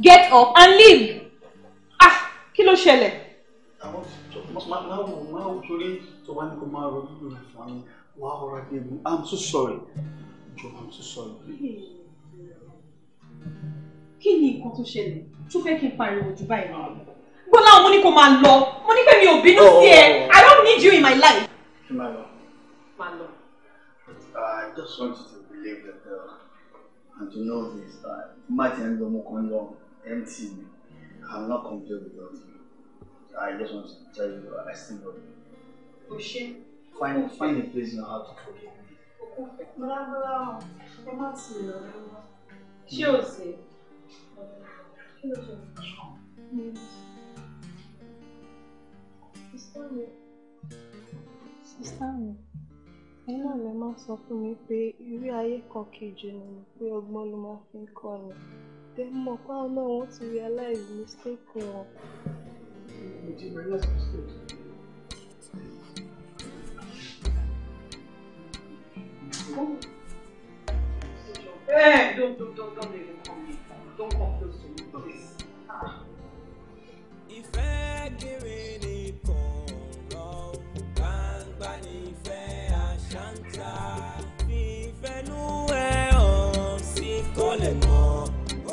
get up and leave. ah kí ló ṣẹlẹ̀. àwọn máa wò máa wò torí tó wá ní kó máa i'm so sorry i'm so sorry. kí ni nǹkan tó ṣẹlẹ̀ tó fẹ́ kí n pariwo jù báyìí lọ. gbọ́dọ̀ àwọn mo ní kó máa lọ mo ní pé mi ò bínú sí ẹ i don't need you in my life. kí máa lọ. máa I just want you to believe that uh, and to know this. that Uh, Martin Lomokonlong empty me. I'm not complete without you. I just want to tell you I still love you. Oshé. Oh, find, find a place in your heart to forgive me. Bra, bra. I'm not serious. Ṣé o ṣe? Kí ló ṣe? Sísá mi. Sísá mi. Ẹ̀yin náà sọ fún mi pé irú ayé kan kejì ni pé ọgbọ́n ló máa fi ń kọ́ ni dẹ̀ mọ̀ fáwọn náà ti realize mistake wọn. mo ti realize mistake. Hey, don't, don't, don't, don't even come here. Don't come close to me, please. Ìfẹ́ kéré ni kò rọ, gbangba ni ìfẹ́ àṣàǹtà. Fífẹ́nú ẹ̀ hàn sí kọ́lẹ̀ mọ́.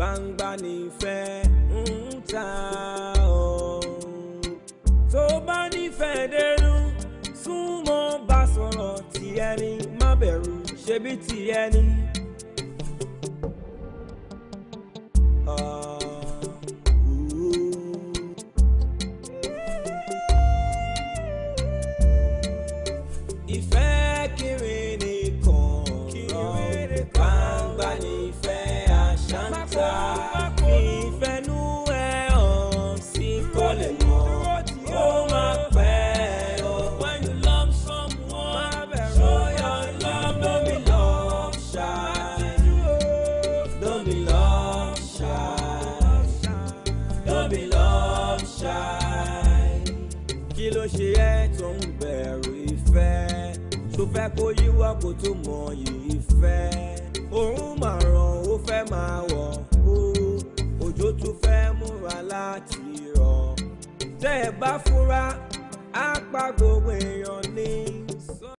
gbangba nífẹ̀ ń ta ọ́ tó bá nífẹ̀ẹ́ dẹnu súnmọ́ bá sọ̀rọ̀ tiẹ̀ ni má bẹ̀rù ṣebí tiẹ̀ ni. fẹ́ kó yíwọ́ kó tó mọ yìí fẹ́ òun mà ràn ó fẹ́ máa wọ̀ ó òjò tún fẹ́ múra láti rọ̀ tẹ́ ẹ bá fura á pa gbogbo èèyàn ní.